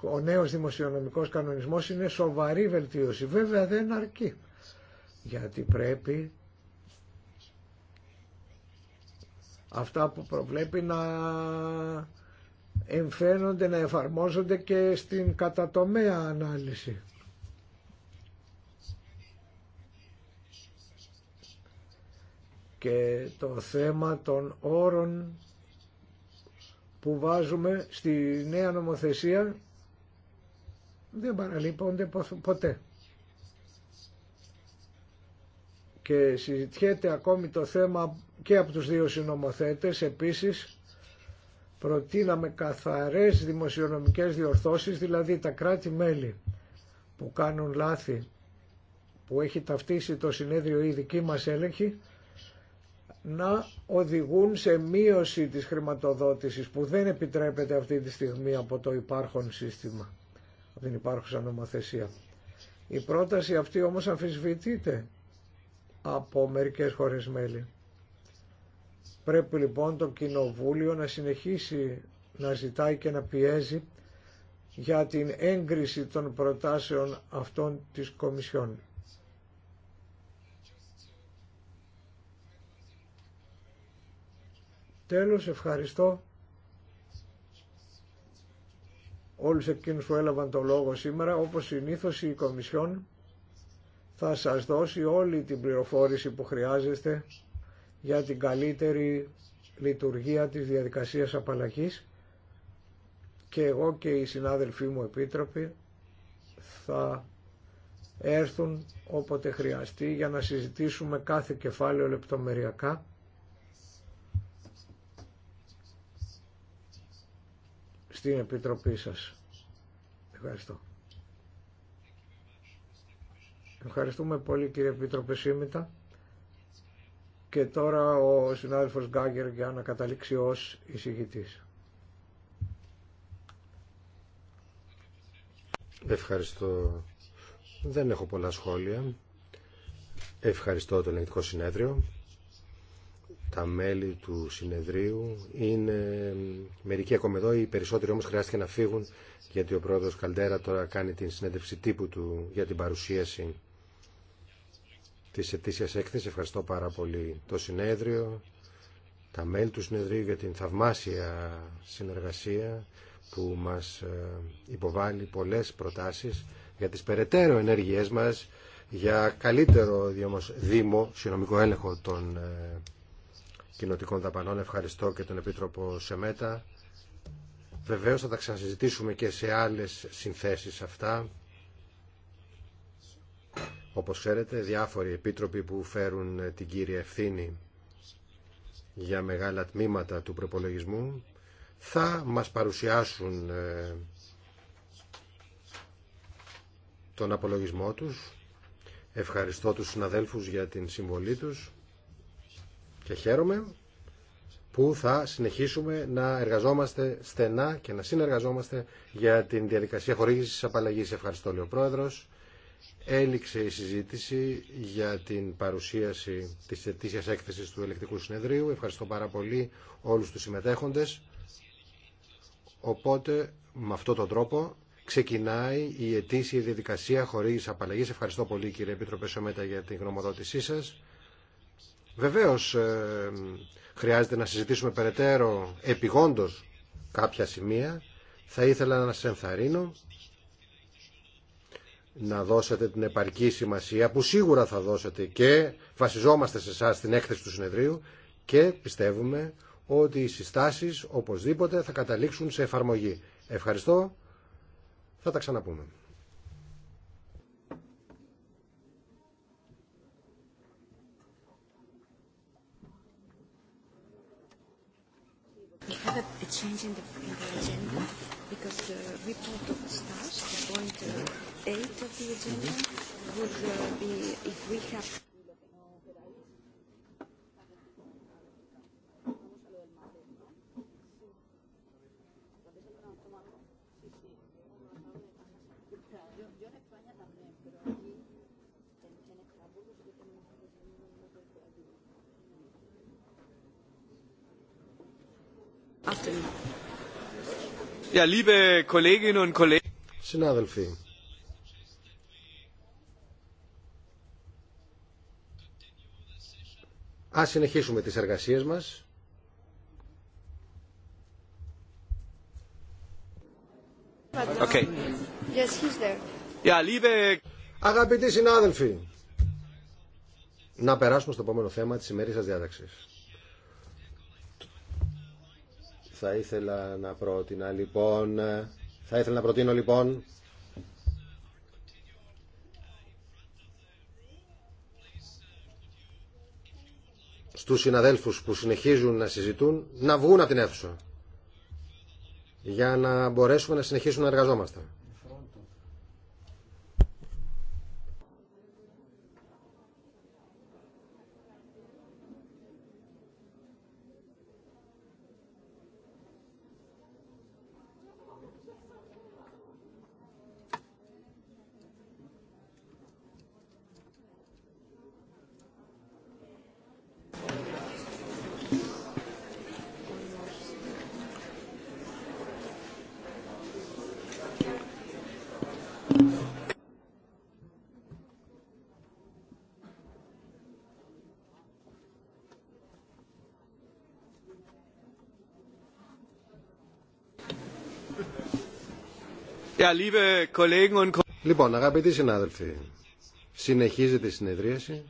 ο νέος δημοσιονομικός κανονισμός είναι σοβαρή βελτίωση. Βέβαια δεν αρκεί, γιατί πρέπει αυτά που προβλέπει να εμφαίνονται να εφαρμόζονται και στην κατατομέα ανάλυση. Και το θέμα των όρων που βάζουμε στη νέα νομοθεσία δεν παραλείπονται ποτέ. Και συζητιέται ακόμη το θέμα και από τους δύο συνομοθέτες επίσης προτείναμε καθαρές δημοσιονομικές διορθώσεις, δηλαδή τα κράτη-μέλη που κάνουν λάθη, που έχει ταυτίσει το συνέδριο η δική μας έλεγχη, να οδηγούν σε μείωση της χρηματοδότησης που δεν επιτρέπεται αυτή τη στιγμή από το υπάρχον σύστημα, από την υπάρχουσα νομοθεσία. Η πρόταση αυτή όμως αμφισβητείται από μερικές χώρες μέλη. Πρέπει λοιπόν το Κοινοβούλιο να συνεχίσει να ζητάει και να πιέζει για την έγκριση των προτάσεων αυτών της Κομισιόν. Τέλος ευχαριστώ όλους εκείνους που έλαβαν το λόγο σήμερα. Όπως συνήθως η Κομισιόν θα σας δώσει όλη την πληροφόρηση που χρειάζεστε για την καλύτερη λειτουργία της διαδικασίας απαλλαγής και εγώ και οι συνάδελφοί μου επίτροποι θα έρθουν όποτε χρειαστεί για να συζητήσουμε κάθε κεφάλαιο λεπτομεριακά στην Επιτροπή σας. Ευχαριστώ. Ευχαριστούμε πολύ κύριε Επίτροπε Σίμητα και τώρα ο συνάδελφος Γκάγκερ για να καταλήξει ως εισηγητής. Ευχαριστώ. Δεν έχω πολλά σχόλια. Ευχαριστώ το ελεγκτικό συνέδριο. Τα μέλη του συνεδρίου είναι μερικοί ακόμα εδώ, οι περισσότεροι όμως χρειάστηκε να φύγουν γιατί ο πρόεδρος Καλτέρα τώρα κάνει την συνέντευξη τύπου του για την παρουσίαση τη ετήσιας έκθεση Ευχαριστώ πάρα πολύ το συνέδριο, τα μέλη του συνεδρίου για την θαυμάσια συνεργασία που μας ε, υποβάλλει πολλές προτάσεις για τις περαιτέρω ενέργειές μας για καλύτερο δήμο, συνομικό έλεγχο των ε, κοινοτικών δαπανών. Ευχαριστώ και τον Επίτροπο Σεμέτα. Βεβαίως θα τα ξανασυζητήσουμε και σε άλλες συνθέσεις αυτά. Όπως ξέρετε, διάφοροι επίτροποι που φέρουν την κύρια ευθύνη για μεγάλα τμήματα του προπολογισμού θα μας παρουσιάσουν ε, τον απολογισμό τους. Ευχαριστώ τους συναδέλφους για την συμβολή τους και χαίρομαι που θα συνεχίσουμε να εργαζόμαστε στενά και να συνεργαζόμαστε για την διαδικασία χορήγησης απαλλαγής. Ευχαριστώ, λέει έληξε η συζήτηση για την παρουσίαση της ετήσιας έκθεσης του Ελεκτικού Συνεδρίου. Ευχαριστώ πάρα πολύ όλους τους συμμετέχοντες. Οπότε, με αυτόν τον τρόπο, ξεκινάει η ετήσια διαδικασία χωρίς απαλλαγή Ευχαριστώ πολύ κύριε Επίτροπε Σομέτα για την γνωμοδότησή σας. Βεβαίως, ε, χρειάζεται να συζητήσουμε περαιτέρω επιγόντως κάποια σημεία. Θα ήθελα να σας ενθαρρύνω να δώσετε την επαρκή σημασία που σίγουρα θα δώσετε και βασιζόμαστε σε εσά στην έκθεση του συνεδρίου και πιστεύουμε ότι οι συστάσεις οπωσδήποτε θα καταλήξουν σε εφαρμογή. Ευχαριστώ. Θα τα ξαναπούμε eight of the agenda would be if we have Συνάδελφοι, Ας συνεχίσουμε τις εργασίες μας. Okay. Yes, he's there. Yeah, liebe... Αγαπητοί συνάδελφοι, να περάσουμε στο επόμενο θέμα της ημέρης σας διάταξης. Θα ήθελα να πρότεινα λοιπόν, θα ήθελα να προτείνω λοιπόν στους συναδέλφους που συνεχίζουν να συζητούν να βγουν από την αίθουσα για να μπορέσουμε να συνεχίσουμε να εργαζόμαστε. Λοιπόν, αγαπητοί συνάδελφοι, συνεχίζεται η συνεδρίαση.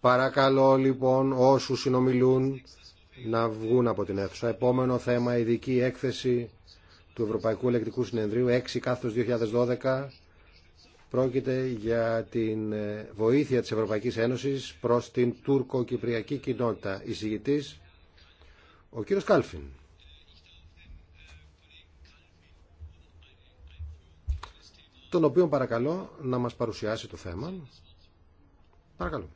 Παρακαλώ λοιπόν όσου συνομιλούν να βγουν από την αίθουσα. Επόμενο θέμα, ειδική έκθεση του Ευρωπαϊκού Ελεκτικού Συνεδρίου 6 κάθος 2012 πρόκειται για την ε, βοήθεια της Ευρωπαϊκής Ένωσης προς την τουρκο-κυπριακή κοινότητα. Εισηγητής ο κύριος Κάλφιν. τον οποίο παρακαλώ να μας παρουσιάσει το θέμα. Παρακαλώ.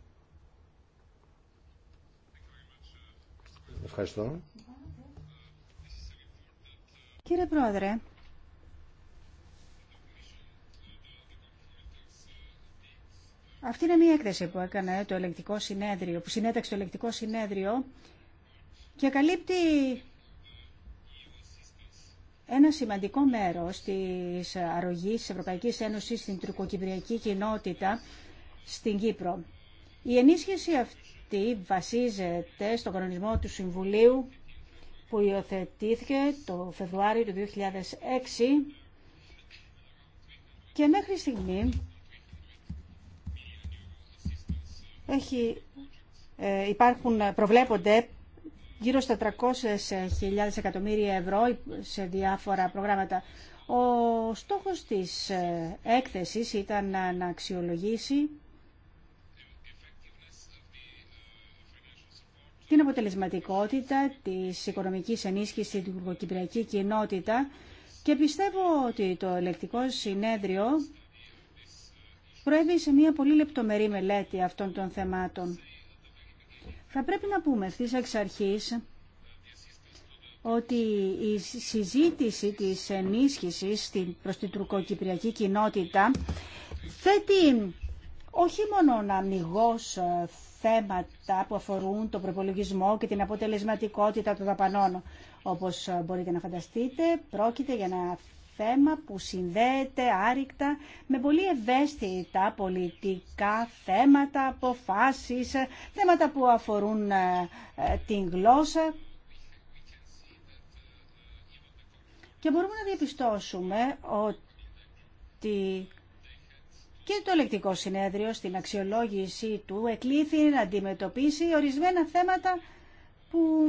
Ευχαριστώ. Κύριε Πρόεδρε, αυτή είναι μια έκθεση που έκανε το ελεγκτικό συνέδριο, που συνέταξε το ελεγκτικό συνέδριο και καλύπτει ένα σημαντικό μέρος της αρρωγής της Ευρωπαϊκής Ένωσης στην τουρκοκυπριακή κοινότητα στην Κύπρο. Η ενίσχυση αυτή βασίζεται στον κανονισμό του Συμβουλίου που υιοθετήθηκε το Φεβρουάριο του 2006 και μέχρι στιγμή έχει, ε, υπάρχουν, προβλέπονται γύρω στα 300.000 εκατομμύρια ευρώ σε διάφορα προγράμματα. Ο στόχος της ε, έκθεσης ήταν να αξιολογήσει την αποτελεσματικότητα της οικονομικής ενίσχυσης στην τουρκοκυπριακή κοινότητα και πιστεύω ότι το ελεκτικό συνέδριο προέβη σε μια πολύ λεπτομερή μελέτη αυτών των θεμάτων. Θα πρέπει να πούμε ευθύ εξ αρχή ότι η συζήτηση της ενίσχυσης προς την τουρκοκυπριακή κοινότητα θέτει όχι μόνο μηγός ε, θέματα που αφορούν τον προπολογισμό και την αποτελεσματικότητα των δαπανών. Όπως ε, μπορείτε να φανταστείτε, πρόκειται για να θέμα που συνδέεται άρρηκτα με πολύ ευαίσθητα πολιτικά θέματα, αποφάσεις, θέματα που αφορούν ε, ε, την γλώσσα. Και μπορούμε να διαπιστώσουμε ότι και το ελεκτικό συνέδριο στην αξιολόγησή του εκλήθη να αντιμετωπίσει ορισμένα θέματα που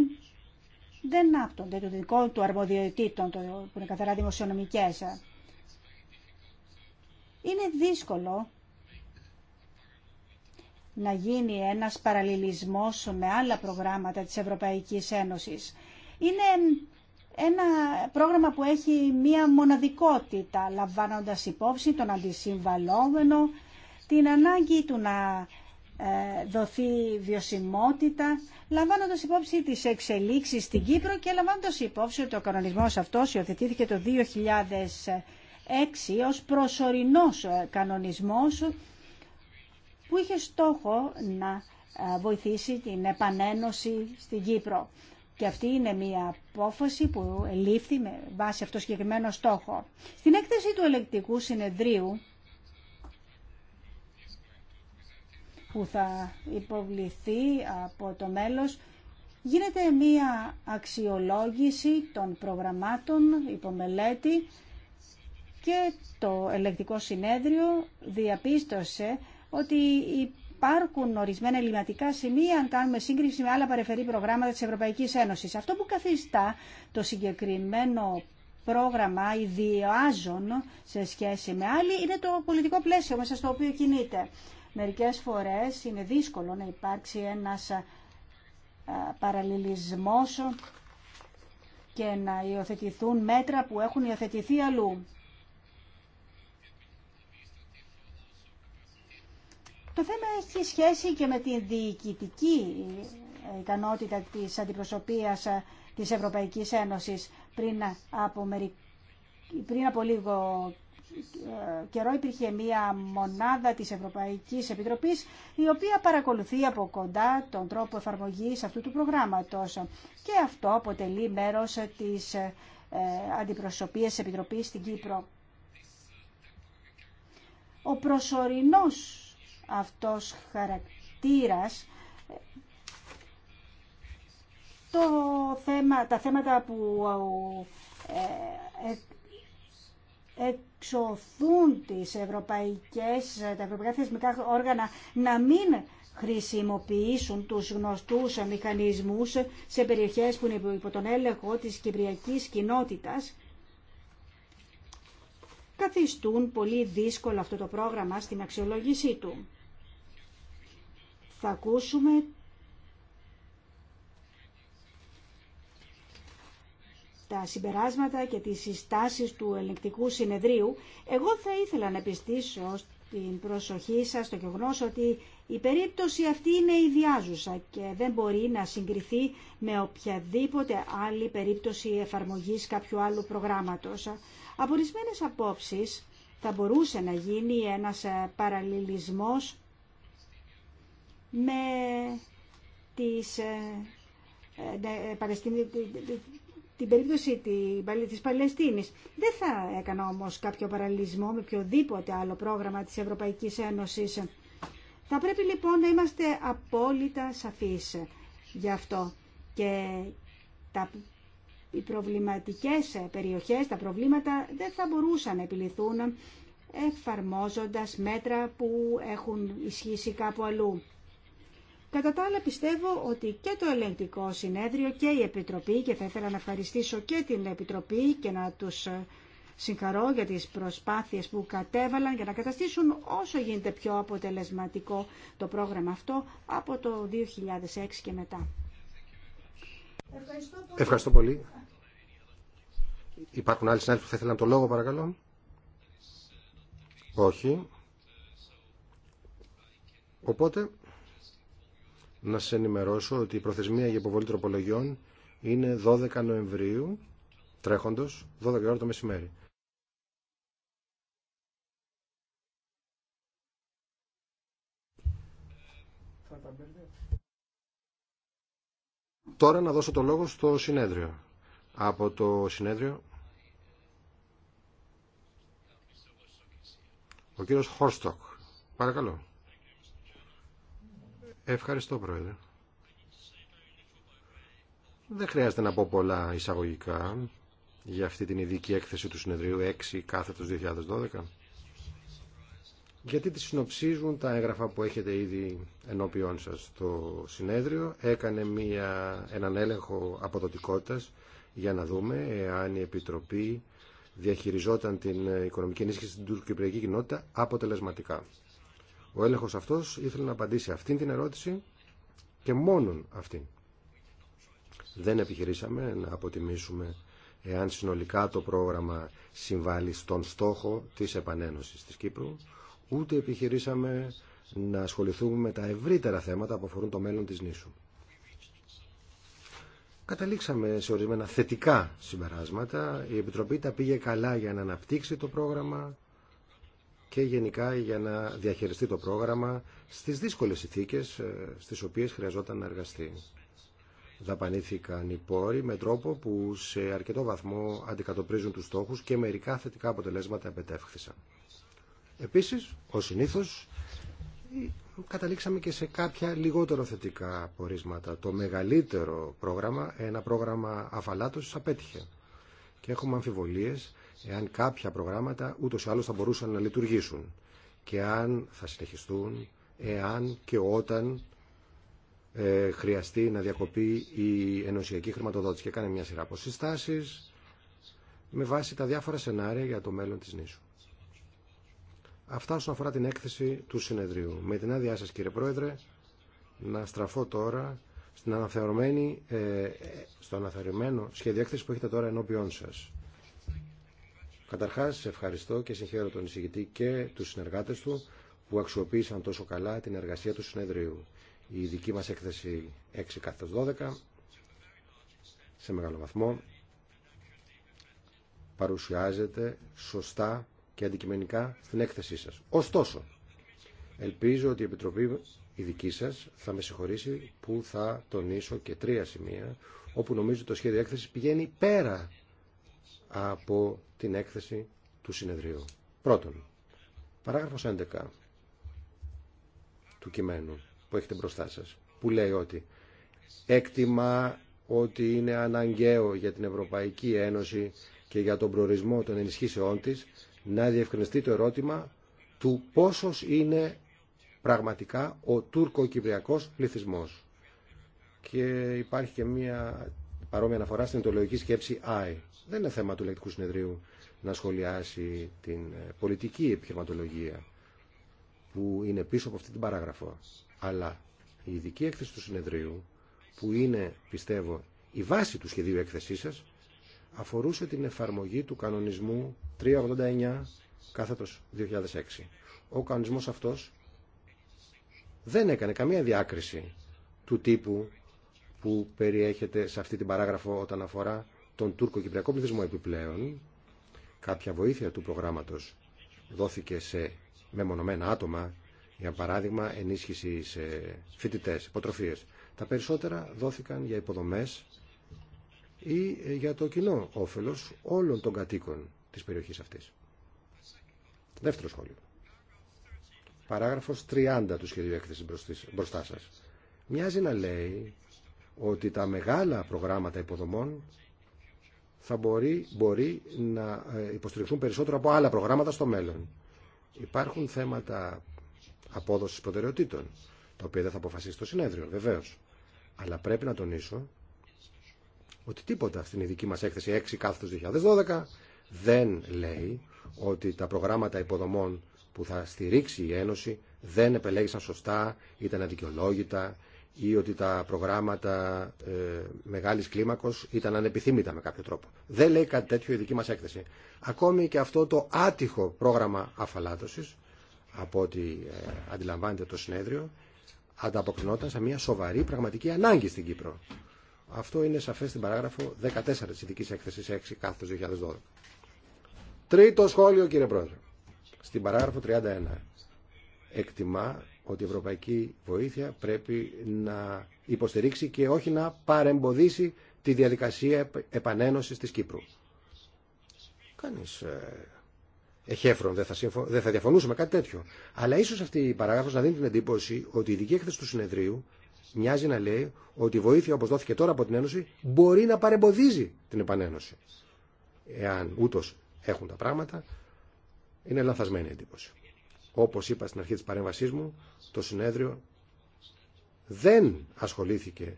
δεν άπτονται το δικό του αρμοδιοτήτων που είναι καθαρά δημοσιονομικές. Είναι δύσκολο να γίνει ένας παραλληλισμός με άλλα προγράμματα της Ευρωπαϊκής Ένωσης. Είναι ένα πρόγραμμα που έχει μία μοναδικότητα, λαμβάνοντας υπόψη τον αντισυμβαλόμενο, την ανάγκη του να ε, δοθεί βιωσιμότητα, λαμβάνοντας υπόψη τις εξελίξεις στην Κύπρο και λαμβάνοντας υπόψη ότι ο κανονισμός αυτός υιοθετήθηκε το 2006 ως προσωρινός ε, κανονισμός που είχε στόχο να ε, βοηθήσει την επανένωση στην Κύπρο. Και αυτή είναι μια απόφαση που λήφθη με βάση αυτό το συγκεκριμένο στόχο. Στην έκθεση του ελεκτικού συνεδρίου που θα υποβληθεί από το μέλος γίνεται μία αξιολόγηση των προγραμμάτων υπομελέτη και το ελεκτικό συνέδριο διαπίστωσε ότι υπάρχουν ορισμένα ελληματικά σημεία αν κάνουμε σύγκριση με άλλα παρεφερή προγράμματα της Ευρωπαϊκής Ένωσης. Αυτό που καθιστά το συγκεκριμένο πρόγραμμα ιδιάζων σε σχέση με άλλη είναι το πολιτικό πλαίσιο μέσα στο οποίο κινείται. Μερικές φορές είναι δύσκολο να υπάρξει ένας παραλληλισμός και να υιοθετηθούν μέτρα που έχουν υιοθετηθεί αλλού. Το θέμα έχει σχέση και με την διοικητική ε, ικανότητα της αντιπροσωπείας της Ευρωπαϊκής Ένωσης πριν από, πριν από λίγο ε, καιρό υπήρχε μία μονάδα της Ευρωπαϊκής Επιτροπής η οποία παρακολουθεί από κοντά τον τρόπο εφαρμογής αυτού του προγράμματος και αυτό αποτελεί μέρος της ε, αντιπροσωπείας Επιτροπής στην Κύπρο. Ο προσωρινός αυτός χαρακτήρας το θέμα, τα θέματα που ε, ε εξωθούν ευρωπαϊκές, τα ευρωπαϊκά θεσμικά όργανα να μην χρησιμοποιήσουν τους γνωστούς μηχανισμούς σε περιοχές που είναι υπό τον έλεγχο της κυπριακής κοινότητας καθιστούν πολύ δύσκολο αυτό το πρόγραμμα στην αξιολόγησή του. Θα ακούσουμε τα συμπεράσματα και τις συστάσεις του ελεκτικού συνεδρίου, εγώ θα ήθελα να πιστήσω την προσοχή σας στο γεγονό ότι η περίπτωση αυτή είναι ιδιάζουσα και δεν μπορεί να συγκριθεί με οποιαδήποτε άλλη περίπτωση εφαρμογής κάποιου άλλου προγράμματος. Από ορισμένε απόψεις θα μπορούσε να γίνει ένας παραλληλισμός με τις ε, ε, ε, την περίπτωση της Παλαιστίνης. Δεν θα έκανα όμως κάποιο παραλυσμό με οποιοδήποτε άλλο πρόγραμμα της Ευρωπαϊκής Ένωσης. Θα πρέπει λοιπόν να είμαστε απόλυτα σαφείς γι' αυτό. Και τα, οι προβληματικές περιοχές, τα προβλήματα δεν θα μπορούσαν να επιληθούν εφαρμόζοντας μέτρα που έχουν ισχύσει κάπου αλλού. Κατά τα άλλα πιστεύω ότι και το ελεγκτικό συνέδριο και η Επιτροπή και θα ήθελα να ευχαριστήσω και την Επιτροπή και να τους ε, συγχαρώ για τις προσπάθειες που κατέβαλαν για να καταστήσουν όσο γίνεται πιο αποτελεσματικό το πρόγραμμα αυτό από το 2006 και μετά. Ευχαριστώ πολύ. Υπάρχουν άλλοι συνάδελφοι που θα ήθελαν το λόγο παρακαλώ. Όχι. Οπότε να σας ενημερώσω ότι η προθεσμία για υποβολή τροπολογιών είναι 12 Νοεμβρίου, τρέχοντος, 12 ώρα το μεσημέρι. Τώρα να δώσω το λόγο στο συνέδριο. Από το συνέδριο ο κύριος Χόρστοκ. Παρακαλώ. Ευχαριστώ, Πρόεδρε. Δεν χρειάζεται να πω πολλά εισαγωγικά για αυτή την ειδική έκθεση του συνεδρίου 6 κάθετος 2012 γιατί τη συνοψίζουν τα έγγραφα που έχετε ήδη ενώπιόν σας. Το συνέδριο έκανε μια, έναν έλεγχο αποδοτικότητας για να δούμε εάν η Επιτροπή διαχειριζόταν την οικονομική ενίσχυση στην τουρκυπριακή κοινότητα αποτελεσματικά. Ο έλεγχο αυτός ήθελε να απαντήσει αυτήν την ερώτηση και μόνον αυτήν. Δεν επιχειρήσαμε να αποτιμήσουμε εάν συνολικά το πρόγραμμα συμβάλλει στον στόχο της επανένωσης της Κύπρου, ούτε επιχειρήσαμε να ασχοληθούμε με τα ευρύτερα θέματα που αφορούν το μέλλον της νήσου. Καταλήξαμε σε ορισμένα θετικά συμπεράσματα. Η Επιτροπή τα πήγε καλά για να αναπτύξει το πρόγραμμα, και γενικά για να διαχειριστεί το πρόγραμμα στις δύσκολες ηθίκες ε, στις οποίες χρειαζόταν να εργαστεί. Δαπανήθηκαν οι πόροι με τρόπο που σε αρκετό βαθμό αντικατοπρίζουν τους στόχους και μερικά θετικά αποτελέσματα επετεύχθησαν. Επίσης, ως συνήθως, καταλήξαμε και σε κάποια λιγότερο θετικά πορίσματα. Το μεγαλύτερο πρόγραμμα, ένα πρόγραμμα αφαλάτωσης, απέτυχε. Και έχουμε αμφιβολίες εάν κάποια προγράμματα ούτως ή άλλως θα μπορούσαν να λειτουργήσουν και αν θα συνεχιστούν, εάν και όταν ε, χρειαστεί να διακοπεί η ενωσιακή χρηματοδότηση και κάνει μια σειρά από με βάση τα διάφορα σενάρια για το μέλλον της νήσου. Αυτά όσον αφορά την έκθεση του συνεδρίου. Με την άδειά σας κύριε Πρόεδρε, να στραφώ τώρα στην ε, ε, στο αναθεωρημένο σχέδιο έκθεση που έχετε τώρα ενώπιόν σας. Καταρχάς, ευχαριστώ και συγχαίρω τον εισηγητή και τους συνεργάτες του που αξιοποίησαν τόσο καλά την εργασία του συνεδρίου. Η δική μας έκθεση 6 12 σε μεγάλο βαθμό παρουσιάζεται σωστά και αντικειμενικά στην έκθεσή σας. Ωστόσο, ελπίζω ότι η Επιτροπή η δική σας θα με συγχωρήσει που θα τονίσω και τρία σημεία όπου νομίζω το σχέδιο έκθεσης πηγαίνει πέρα από την έκθεση του συνεδρίου. Πρώτον, παράγραφος 11 του κειμένου που έχετε μπροστά σας, που λέει ότι έκτιμα ότι είναι αναγκαίο για την Ευρωπαϊκή Ένωση και για τον προορισμό των ενισχύσεών της να διευκρινιστεί το ερώτημα του πόσος είναι πραγματικά ο τουρκο-κυπριακός πληθυσμός. Και υπάρχει και μια παρόμοια αναφορά στην ιτολογική σκέψη I. Δεν είναι θέμα του ελεκτικού συνεδρίου να σχολιάσει την ε, πολιτική επιχειρηματολογία που είναι πίσω από αυτή την παράγραφο. Αλλά η ειδική έκθεση του συνεδρίου, που είναι, πιστεύω, η βάση του σχεδίου έκθεσής σας, αφορούσε την εφαρμογή του κανονισμού 389 2006. Ο κανονισμός αυτός δεν έκανε καμία διάκριση του τύπου που περιέχεται σε αυτή την παράγραφο όταν αφορά τον τουρκοκυπριακό πληθυσμό επιπλέον κάποια βοήθεια του προγράμματος δόθηκε σε μεμονωμένα άτομα για παράδειγμα ενίσχυση σε φοιτητές, υποτροφίες τα περισσότερα δόθηκαν για υποδομές ή ε, για το κοινό όφελος όλων των κατοίκων της περιοχής αυτής. Δεύτερο σχόλιο. Παράγραφος 30 του σχεδίου έκθεσης μπροστά σας. Μοιάζει να λέει ότι τα μεγάλα προγράμματα υποδομών θα μπορεί, μπορεί να ε, υποστηριχθούν περισσότερο από άλλα προγράμματα στο μέλλον. Υπάρχουν θέματα απόδοσης προτεραιοτήτων, τα οποία δεν θα αποφασίσει το συνέδριο, βεβαίως. Αλλά πρέπει να τονίσω ότι τίποτα στην ειδική μας έκθεση 6 κάθετος 2012 δεν λέει ότι τα προγράμματα υποδομών που θα στηρίξει η Ένωση δεν επελέγησαν σωστά, ήταν αδικαιολόγητα ή ότι τα προγράμματα ε, μεγάλης κλίμακος ήταν ανεπιθύμητα με κάποιο τρόπο. Δεν λέει κάτι τέτοιο η δική μας έκθεση. Ακόμη και αυτό το άτυχο πρόγραμμα αφαλάτωσης, από ό,τι ε, αντιλαμβάνεται το συνέδριο, ανταποκρινόταν σε μια σοβαρή πραγματική ανάγκη στην Κύπρο. Αυτό είναι σαφές στην παράγραφο 14 της ειδικής έκθεσης 6 κάθετος 2012. Τρίτο σχόλιο κύριε Πρόεδρε. Στην παράγραφο 31 εκτιμά ότι η ευρωπαϊκή βοήθεια πρέπει να υποστηρίξει και όχι να παρεμποδίσει τη διαδικασία επανένωσης της Κύπρου. Κανείς ε, εχέφρον δεν θα, συμφω... δεν θα με κάτι τέτοιο. Αλλά ίσως αυτή η παράγραφος να δίνει την εντύπωση ότι η ειδική έκθεση του συνεδρίου μοιάζει να λέει ότι η βοήθεια όπως δόθηκε τώρα από την Ένωση μπορεί να παρεμποδίζει την επανένωση. Εάν ούτως έχουν τα πράγματα, είναι λανθασμένη η εντύπωση. Όπως είπα στην αρχή της παρέμβασής μου, το συνέδριο δεν ασχολήθηκε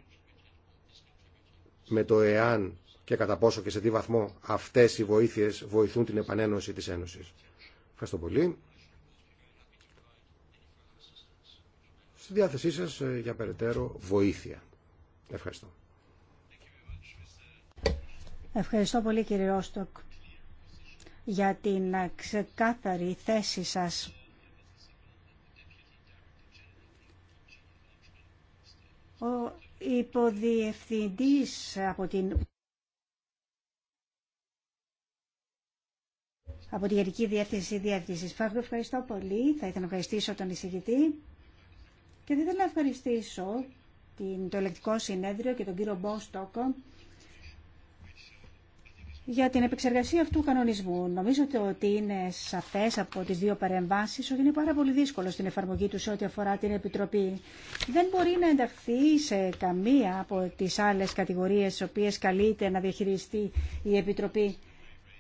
με το εάν και κατά πόσο και σε τι βαθμό αυτές οι βοήθειες βοηθούν την επανένωση της Ένωσης. Ευχαριστώ πολύ. Στη διάθεσή σας ε, για περαιτέρω βοήθεια. Ευχαριστώ. Ευχαριστώ πολύ κύριε Ωστόκ, για την ξεκάθαρη θέση σας ο υποδιευθυντής από την από τη Γενική Διεύθυνση Διεύθυνσης. Φάγκο, ευχαριστώ πολύ. Θα ήθελα να ευχαριστήσω τον εισηγητή και θα ήθελα να ευχαριστήσω την, το ελεκτικό συνέδριο και τον κύριο Μπόστοκο για την επεξεργασία αυτού του κανονισμού. Νομίζω ότι είναι σαφέ από τι δύο παρεμβάσει, ότι είναι πάρα πολύ δύσκολο στην εφαρμογή του σε ό,τι αφορά την Επιτροπή. Δεν μπορεί να ενταχθεί σε καμία από τι άλλε κατηγορίε τι οποίε καλείται να διαχειριστεί η Επιτροπή.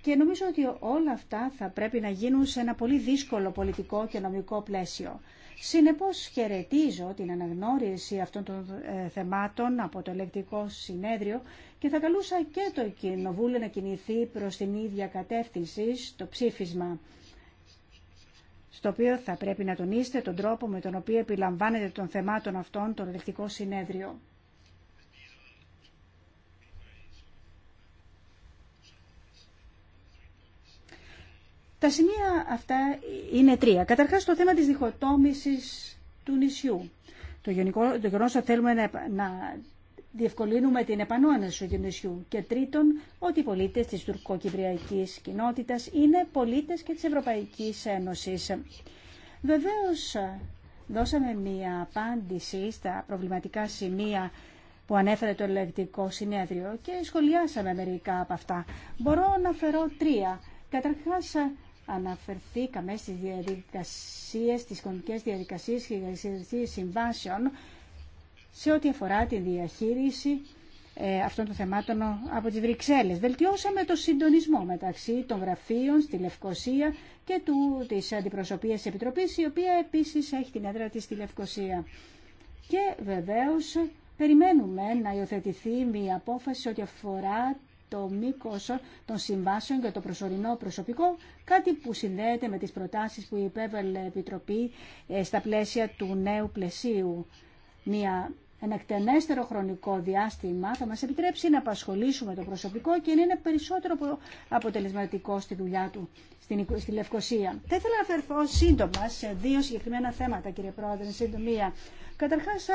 Και νομίζω ότι όλα αυτά θα πρέπει να γίνουν σε ένα πολύ δύσκολο πολιτικό και νομικό πλαίσιο. Συνεπώς χαιρετίζω την αναγνώριση αυτών των ε, θεμάτων από το ελεκτικό συνέδριο και θα καλούσα και το Κοινοβούλιο να κινηθεί προς την ίδια κατεύθυνση στο ψήφισμα στο οποίο θα πρέπει να τονίσετε τον τρόπο με τον οποίο επιλαμβάνεται των θεμάτων αυτών το ελεκτικό συνέδριο. Τα σημεία αυτά είναι τρία. Καταρχάς το θέμα της διχοτόμησης του νησιού. Το, γενικό, ότι θέλουμε να διευκολύνουμε την επανόνεση του νησιού και τρίτον ότι οι πολίτες της τουρκοκυπριακής κοινότητας είναι πολίτες και της Ευρωπαϊκής Ένωσης. Βεβαίως δώσαμε μία απάντηση στα προβληματικά σημεία που ανέφερε το ελεκτικό συνέδριο και σχολιάσαμε μερικά από αυτά. Μπορώ να φερώ τρία. Καταρχάς αναφερθήκαμε στις διαδικασίες, τις κοινωνικές διαδικασίες και συμβάσεων σε ό,τι αφορά τη διαχείριση ε, αυτών των θεμάτων από τις Βρυξέλλες. Βελτιώσαμε το συντονισμό μεταξύ των γραφείων στη Λευκοσία και του, της Αντιπροσωπείας της Επιτροπής, η οποία επίσης έχει την έδρα της στη Λευκοσία. Και βεβαίως περιμένουμε να υιοθετηθεί μια απόφαση ό,τι αφορά το μήκο των συμβάσεων για το προσωρινό προσωπικό, κάτι που συνδέεται με τις προτάσεις που υπέβαλε η Επιτροπή ε, στα πλαίσια του νέου πλαισίου. Μια ένα εκτενέστερο χρονικό διάστημα θα μας επιτρέψει να απασχολήσουμε το προσωπικό και να είναι περισσότερο αποτελεσματικό στη δουλειά του στη Λευκοσία. Θα ήθελα να αφαιρθώ σύντομα σε δύο συγκεκριμένα θέματα, κύριε Πρόεδρε, συντομία. Καταρχάς,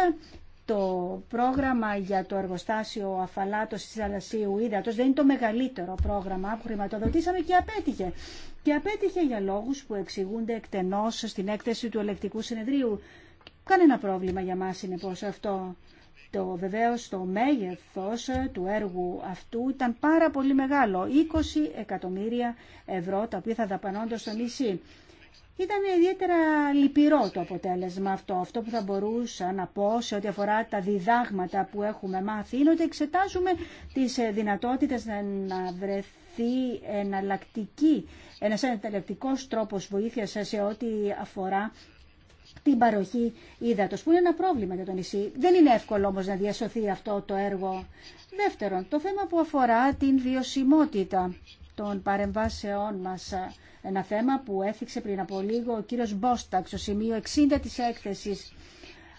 το πρόγραμμα για το εργοστάσιο αφαλάτωση της Αλασίου Ήδατος δεν είναι το μεγαλύτερο πρόγραμμα που χρηματοδοτήσαμε και απέτυχε. Και απέτυχε για λόγους που εξηγούνται εκτενώς στην έκθεση του ελεκτικού συνεδρίου. Κανένα πρόβλημα για μας είναι πως αυτό. Το βεβαίως το μέγεθος του έργου αυτού ήταν πάρα πολύ μεγάλο, 20 εκατομμύρια ευρώ τα οποία θα δαπανώνται στο νησί. Ήταν ιδιαίτερα λυπηρό το αποτέλεσμα αυτό. Αυτό που θα μπορούσα να πω σε ό,τι αφορά τα διδάγματα που έχουμε μάθει είναι ότι εξετάζουμε τις δυνατότητες να βρεθεί εναλλακτική, ένας εναλλακτικός τρόπος βοήθειας σε ό,τι αφορά την παροχή ύδατο, που είναι ένα πρόβλημα για το νησί. Δεν είναι εύκολο όμω να διασωθεί αυτό το έργο. Δεύτερον, το θέμα που αφορά την βιωσιμότητα των παρεμβάσεών μα, Ένα θέμα που έθιξε πριν από λίγο ο κύριος Μπόσταξ, στο σημείο 60 της έκθεσης.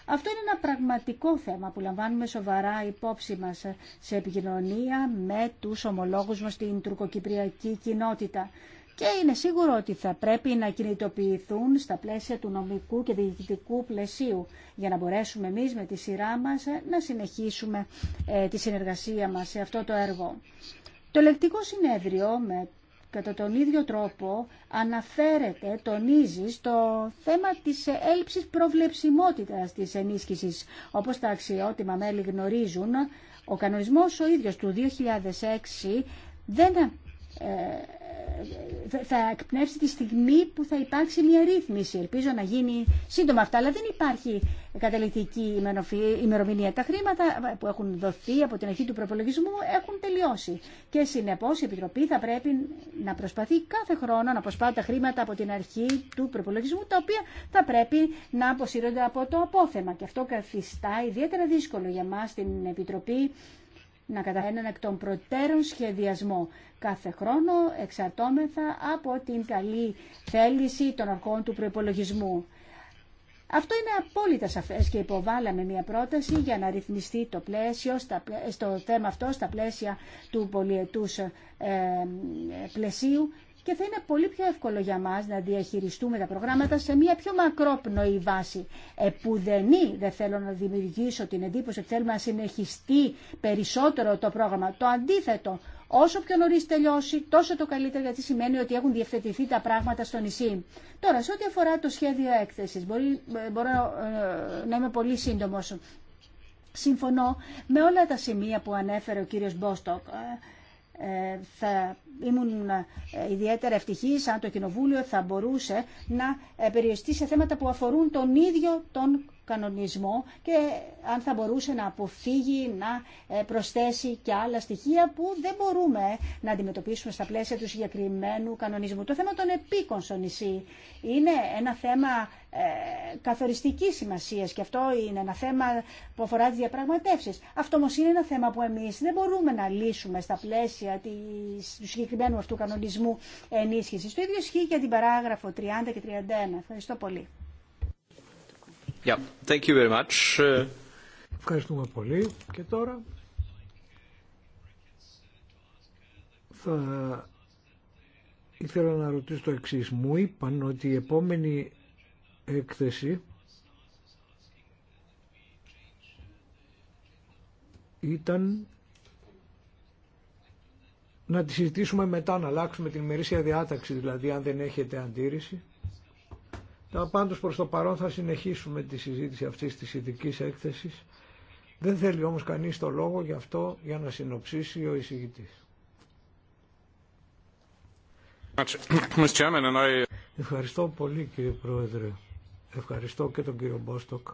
Αυτό είναι ένα πραγματικό θέμα που λαμβάνουμε σοβαρά υπόψη μας σε επικοινωνία με τους ομολόγους μας στην τουρκοκυπριακή κοινότητα και είναι σίγουρο ότι θα πρέπει να κινητοποιηθούν στα πλαίσια του νομικού και διοικητικού πλαισίου για να μπορέσουμε εμείς με τη σειρά μας να συνεχίσουμε ε, τη συνεργασία μας σε αυτό το έργο. Το λεκτικό συνέδριο με κατά τον ίδιο τρόπο αναφέρεται, τονίζει στο θέμα της έλλειψης προβλεψιμότητας της ενίσχυσης. Όπως τα αξιότιμα μέλη γνωρίζουν, ο κανονισμός ο ίδιος του 2006 δεν ε, θα εκπνεύσει τη στιγμή που θα υπάρξει μια ρύθμιση. Ελπίζω να γίνει σύντομα αυτά, αλλά δεν υπάρχει καταληκτική ημερομηνία. Τα χρήματα που έχουν δοθεί από την αρχή του προπολογισμού έχουν τελειώσει. Και συνεπώ η Επιτροπή θα πρέπει να προσπαθεί κάθε χρόνο να προσπάθει τα χρήματα από την αρχή του προπολογισμού, τα οποία θα πρέπει να αποσύρονται από το απόθεμα. Και αυτό καθιστά ιδιαίτερα δύσκολο για μα την Επιτροπή να καταφέρει έναν εκ των προτέρων σχεδιασμό κάθε χρόνο εξαρτώμεθα από την καλή θέληση των αρχών του προϋπολογισμού. Αυτό είναι απόλυτα σαφές και υποβάλαμε μια πρόταση για να ρυθμιστεί το πλαίσιο, στο θέμα αυτό στα πλαίσια του πολιετούς ε, πλαισίου και θα είναι πολύ πιο εύκολο για μας να διαχειριστούμε τα προγράμματα σε μια πιο μακρόπνοη βάση. Επουδενή δεν θέλω να δημιουργήσω την εντύπωση ότι θέλουμε να συνεχιστεί περισσότερο το πρόγραμμα. Το αντίθετο, όσο πιο νωρί τελειώσει, τόσο το καλύτερο, γιατί σημαίνει ότι έχουν διευθετηθεί τα πράγματα στο νησί. Τώρα, σε ό,τι αφορά το σχέδιο έκθεση, ε, μπορώ ε, να είμαι πολύ σύντομο. Συμφωνώ με όλα τα σημεία που ανέφερε ο κύριος Μπόστοκ. Ε, θα ήμουν ε, ιδιαίτερα ευτυχής αν το Κοινοβούλιο θα μπορούσε να περιοριστεί σε θέματα που αφορούν τον ίδιο τον κανονισμό και αν θα μπορούσε να αποφύγει, να ε, προσθέσει και άλλα στοιχεία που δεν μπορούμε να αντιμετωπίσουμε στα πλαίσια του συγκεκριμένου κανονισμού. Το θέμα των επίκων στο νησί είναι ένα θέμα ε, καθοριστική σημασία και αυτό είναι ένα θέμα που αφορά τι διαπραγματεύσει. Αυτό όμω είναι ένα θέμα που εμεί δεν μπορούμε να λύσουμε στα πλαίσια της, του συγκεκριμένου αυτού κανονισμού ενίσχυση. Το ίδιο ισχύει για την παράγραφο 30 και 31. Ευχαριστώ πολύ. Ευχαριστούμε πολύ. Και τώρα θα ήθελα να ρωτήσω το εξή Μου είπαν ότι η επόμενη έκθεση ήταν να τη συζητήσουμε μετά, να αλλάξουμε την ημερήσια διάταξη, δηλαδή αν δεν έχετε αντίρρηση. Πάντως προς το παρόν θα συνεχίσουμε τη συζήτηση αυτής της ειδική έκθεσης. Δεν θέλει όμως κανείς το λόγο γι' αυτό για να συνοψίσει ο εισηγητής. Ευχαριστώ πολύ κύριε Πρόεδρε. Ευχαριστώ και τον κύριο Μπόστοκ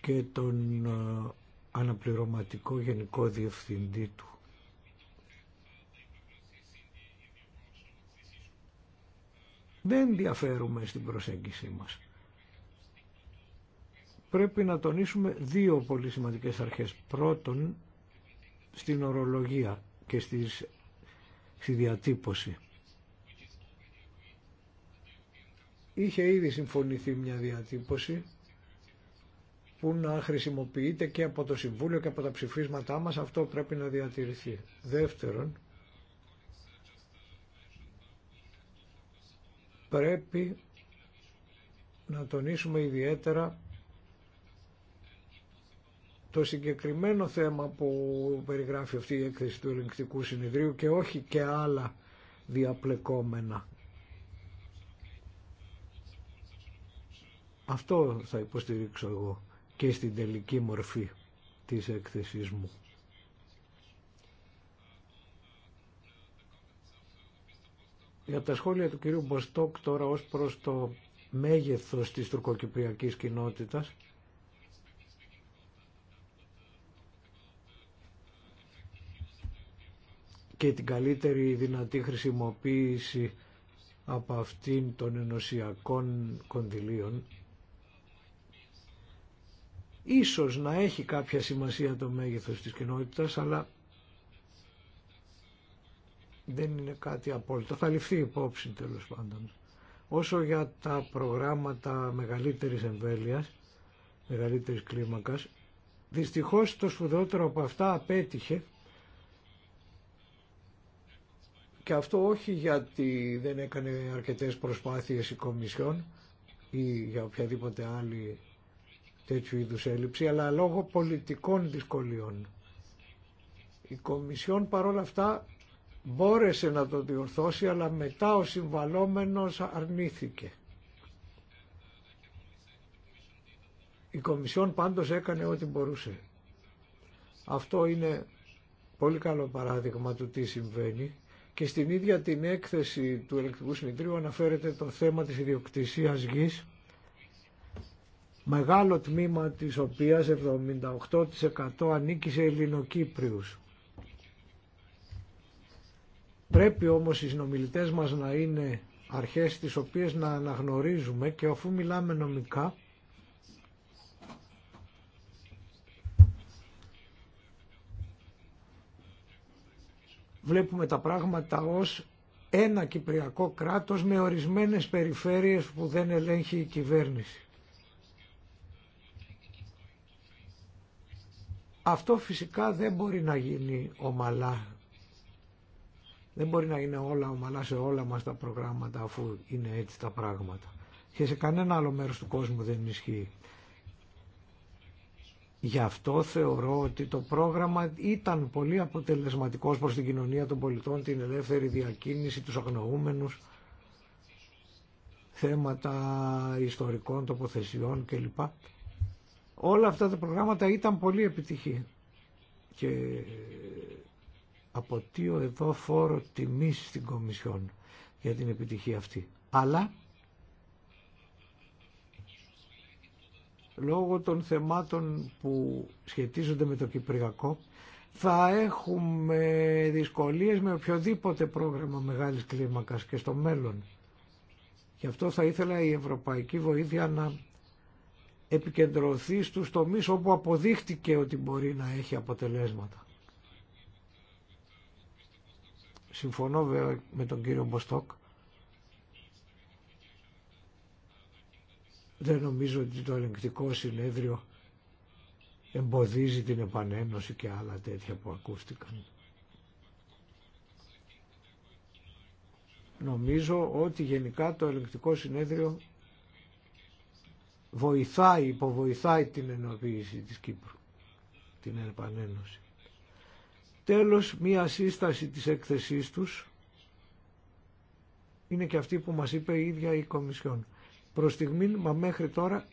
και τον ε, αναπληρωματικό γενικό διευθυντή του. δεν διαφέρουμε στην προσέγγιση μας. Πρέπει να τονίσουμε δύο πολύ σημαντικές αρχές. Πρώτον, στην ορολογία και στις, στη διατύπωση. Είχε ήδη συμφωνηθεί μια διατύπωση που να χρησιμοποιείται και από το Συμβούλιο και από τα ψηφίσματά μας. Αυτό πρέπει να διατηρηθεί. Δεύτερον, πρέπει να τονίσουμε ιδιαίτερα το συγκεκριμένο θέμα που περιγράφει αυτή η έκθεση του ελεγκτικού συνεδρίου και όχι και άλλα διαπλεκόμενα. Αυτό θα υποστηρίξω εγώ και στην τελική μορφή της έκθεσής μου. Για τα σχόλια του κυρίου Μποστόκ τώρα ως προς το μέγεθος της τουρκοκυπριακής κοινότητας, και την καλύτερη δυνατή χρησιμοποίηση από αυτήν των ενωσιακών κονδυλίων ίσως να έχει κάποια σημασία το μέγεθος της κοινότητας αλλά δεν είναι κάτι απόλυτο. Θα ληφθεί υπόψη τέλος πάντων. Όσο για τα προγράμματα μεγαλύτερης εμβέλειας, μεγαλύτερης κλίμακας, δυστυχώς το σπουδαιότερο από αυτά απέτυχε και αυτό όχι γιατί δεν έκανε αρκετές προσπάθειες η Κομισιόν ή για οποιαδήποτε άλλη τέτοιου είδους έλλειψη, αλλά λόγω πολιτικών δυσκολιών. Η Κομισιόν παρόλα αυτά μπόρεσε να το διορθώσει αλλά μετά ο συμβαλόμενος αρνήθηκε. Η Κομισιόν πάντως έκανε ό,τι μπορούσε. Αυτό είναι πολύ καλό παράδειγμα του τι συμβαίνει και στην ίδια την έκθεση του Ελεκτρικού Συνεδρίου αναφέρεται το θέμα της ιδιοκτησίας γης μεγάλο τμήμα της οποίας 78% ανήκει σε Ελληνοκύπριους. Πρέπει όμως οι συνομιλητές μας να είναι αρχές τις οποίες να αναγνωρίζουμε και αφού μιλάμε νομικά βλέπουμε τα πράγματα ως ένα κυπριακό κράτος με ορισμένες περιφέρειες που δεν ελέγχει η κυβέρνηση. Αυτό φυσικά δεν μπορεί να γίνει ομαλά δεν μπορεί να είναι όλα ομαλά σε όλα μας τα προγράμματα αφού είναι έτσι τα πράγματα. Και σε κανένα άλλο μέρος του κόσμου δεν ισχύει. Γι' αυτό θεωρώ ότι το πρόγραμμα ήταν πολύ αποτελεσματικό προς την κοινωνία των πολιτών, την ελεύθερη διακίνηση, τους αγνοούμενους, θέματα ιστορικών τοποθεσιών κλπ. Όλα αυτά τα προγράμματα ήταν πολύ επιτυχή και αποτείω εδώ φόρο τιμής στην Κομισιόν για την επιτυχία αυτή. Αλλά λόγω των θεμάτων που σχετίζονται με το Κυπριακό θα έχουμε δυσκολίες με οποιοδήποτε πρόγραμμα μεγάλης κλίμακας και στο μέλλον. Γι' αυτό θα ήθελα η ευρωπαϊκή βοήθεια να επικεντρωθεί στους τομείς όπου αποδείχτηκε ότι μπορεί να έχει αποτελέσματα. Συμφωνώ βέβαια με τον κύριο Μποστόκ. Δεν νομίζω ότι το ελεγκτικό συνέδριο εμποδίζει την επανένωση και άλλα τέτοια που ακούστηκαν. Νομίζω ότι γενικά το ελεγκτικό συνέδριο βοηθάει, υποβοηθάει την ενοποίηση της Κύπρου, την επανένωση. Τέλος, μία σύσταση της έκθεσής τους είναι και αυτή που μας είπε η ίδια η Κομισιόν. Προς στιγμή, μα μέχρι τώρα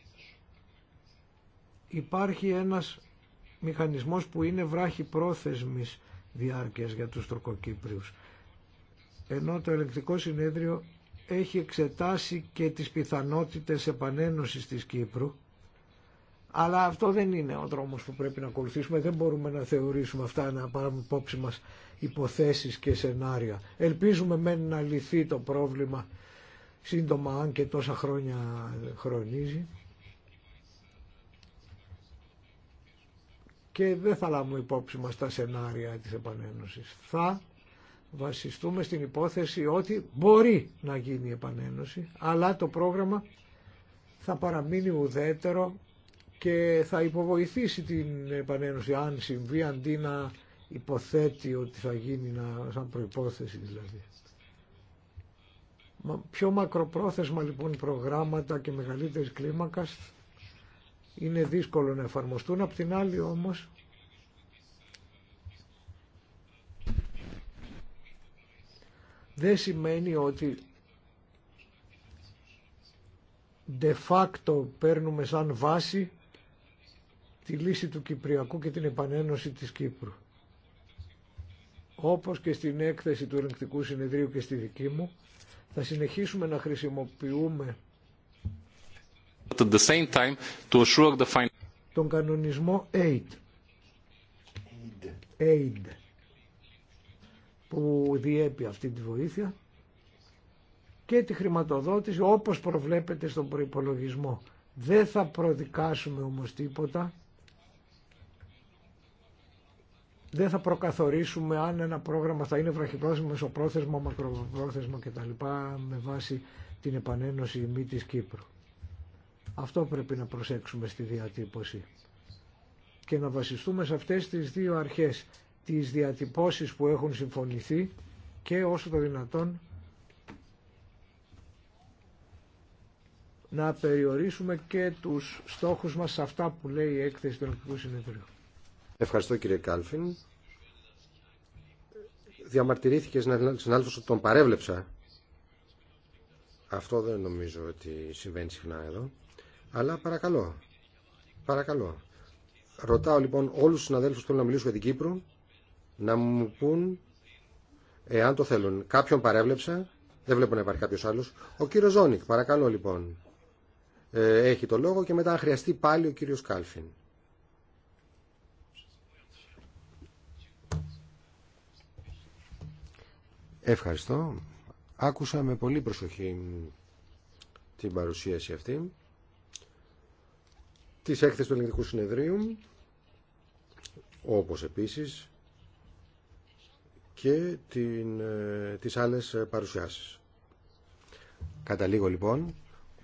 υπάρχει ένας μηχανισμός που είναι βράχη πρόθεσμης διάρκειας για τους τροκοκύπριους. Ενώ το ελεκτικό συνέδριο έχει εξετάσει και τις πιθανότητες επανένωσης της Κύπρου αλλά αυτό δεν είναι ο δρόμος που πρέπει να ακολουθήσουμε. Δεν μπορούμε να θεωρήσουμε αυτά, να πάρουμε υπόψη μας υποθέσεις και σενάρια. Ελπίζουμε μεν να λυθεί το πρόβλημα σύντομα, αν και τόσα χρόνια χρονίζει. Και δεν θα λάβουμε υπόψη μας τα σενάρια της επανένωσης. Θα βασιστούμε στην υπόθεση ότι μπορεί να γίνει η επανένωση, αλλά το πρόγραμμα θα παραμείνει ουδέτερο και θα υποβοηθήσει την επανένωση αν συμβεί αντί να υποθέτει ότι θα γίνει να, σαν προϋπόθεση δηλαδή. Πιο μακροπρόθεσμα λοιπόν προγράμματα και μεγαλύτερης κλίμακας είναι δύσκολο να εφαρμοστούν. Απ' την άλλη όμως δεν σημαίνει ότι de facto παίρνουμε σαν βάση τη λύση του Κυπριακού και την επανένωση της Κύπρου. Όπως και στην έκθεση του ελεγκτικού συνεδρίου και στη δική μου, θα συνεχίσουμε να χρησιμοποιούμε τον κανονισμό AID, AID που διέπει αυτή τη βοήθεια και τη χρηματοδότηση όπως προβλέπεται στον προϋπολογισμό. Δεν θα προδικάσουμε όμως τίποτα δεν θα προκαθορίσουμε αν ένα πρόγραμμα θα είναι βραχυπρόθεσμο, μεσοπρόθεσμο, μακροπρόθεσμο κτλ. με βάση την επανένωση ή μη της Κύπρου. Αυτό πρέπει να προσέξουμε στη διατύπωση και να βασιστούμε σε αυτές τις δύο αρχές, τις διατυπώσεις που έχουν συμφωνηθεί και όσο το δυνατόν να περιορίσουμε και τους στόχους μας σε αυτά που λέει η έκθεση του Ελληνικού Συνεδρίου. Ευχαριστώ κύριε Κάλφιν. Διαμαρτυρήθηκε συνάδελφος ότι τον παρέβλεψα. Αυτό δεν νομίζω ότι συμβαίνει συχνά εδώ. Αλλά παρακαλώ. Παρακαλώ. Ρωτάω λοιπόν όλους του συναδέλφου που θέλουν να μιλήσουν για την Κύπρο να μου πούν εάν το θέλουν. Κάποιον παρέβλεψα. Δεν βλέπω να υπάρχει κάποιο άλλο. Ο κύριο Ζώνικ, παρακαλώ λοιπόν. Ε, έχει το λόγο και μετά χρειαστεί πάλι ο κύριος Κάλφιν. Ευχαριστώ. Άκουσα με πολύ προσοχή την παρουσίαση αυτή της έκθεσης του Ελληνικού Συνεδρίου όπως επίσης και την, ε, τις άλλες παρουσιάσεις. Καταλήγω λοιπόν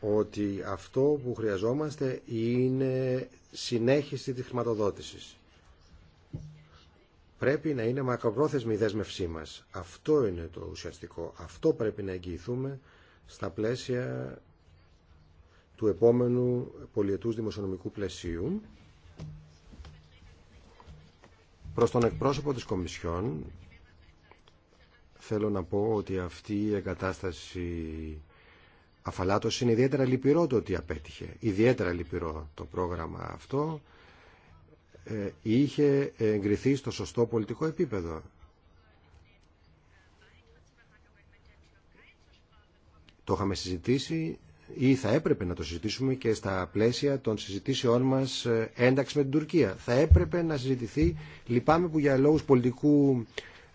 ότι αυτό που χρειαζόμαστε είναι συνέχιση της χρηματοδότησης πρέπει να είναι μακροπρόθεσμη η δέσμευσή μας. Αυτό είναι το ουσιαστικό. Αυτό πρέπει να εγγυηθούμε στα πλαίσια του επόμενου πολιετούς δημοσιονομικού πλαισίου. Προς τον εκπρόσωπο της Κομισιόν θέλω να πω ότι αυτή η εγκατάσταση αφαλάτωση είναι ιδιαίτερα λυπηρό το ότι απέτυχε. Ιδιαίτερα λυπηρό το πρόγραμμα αυτό ε, είχε εγκριθεί στο σωστό πολιτικό επίπεδο. Το είχαμε συζητήσει ή θα έπρεπε να το συζητήσουμε και στα πλαίσια των συζητήσεών μας ε, ένταξη με την Τουρκία. Θα έπρεπε να συζητηθεί, λυπάμαι που για λόγους πολιτικού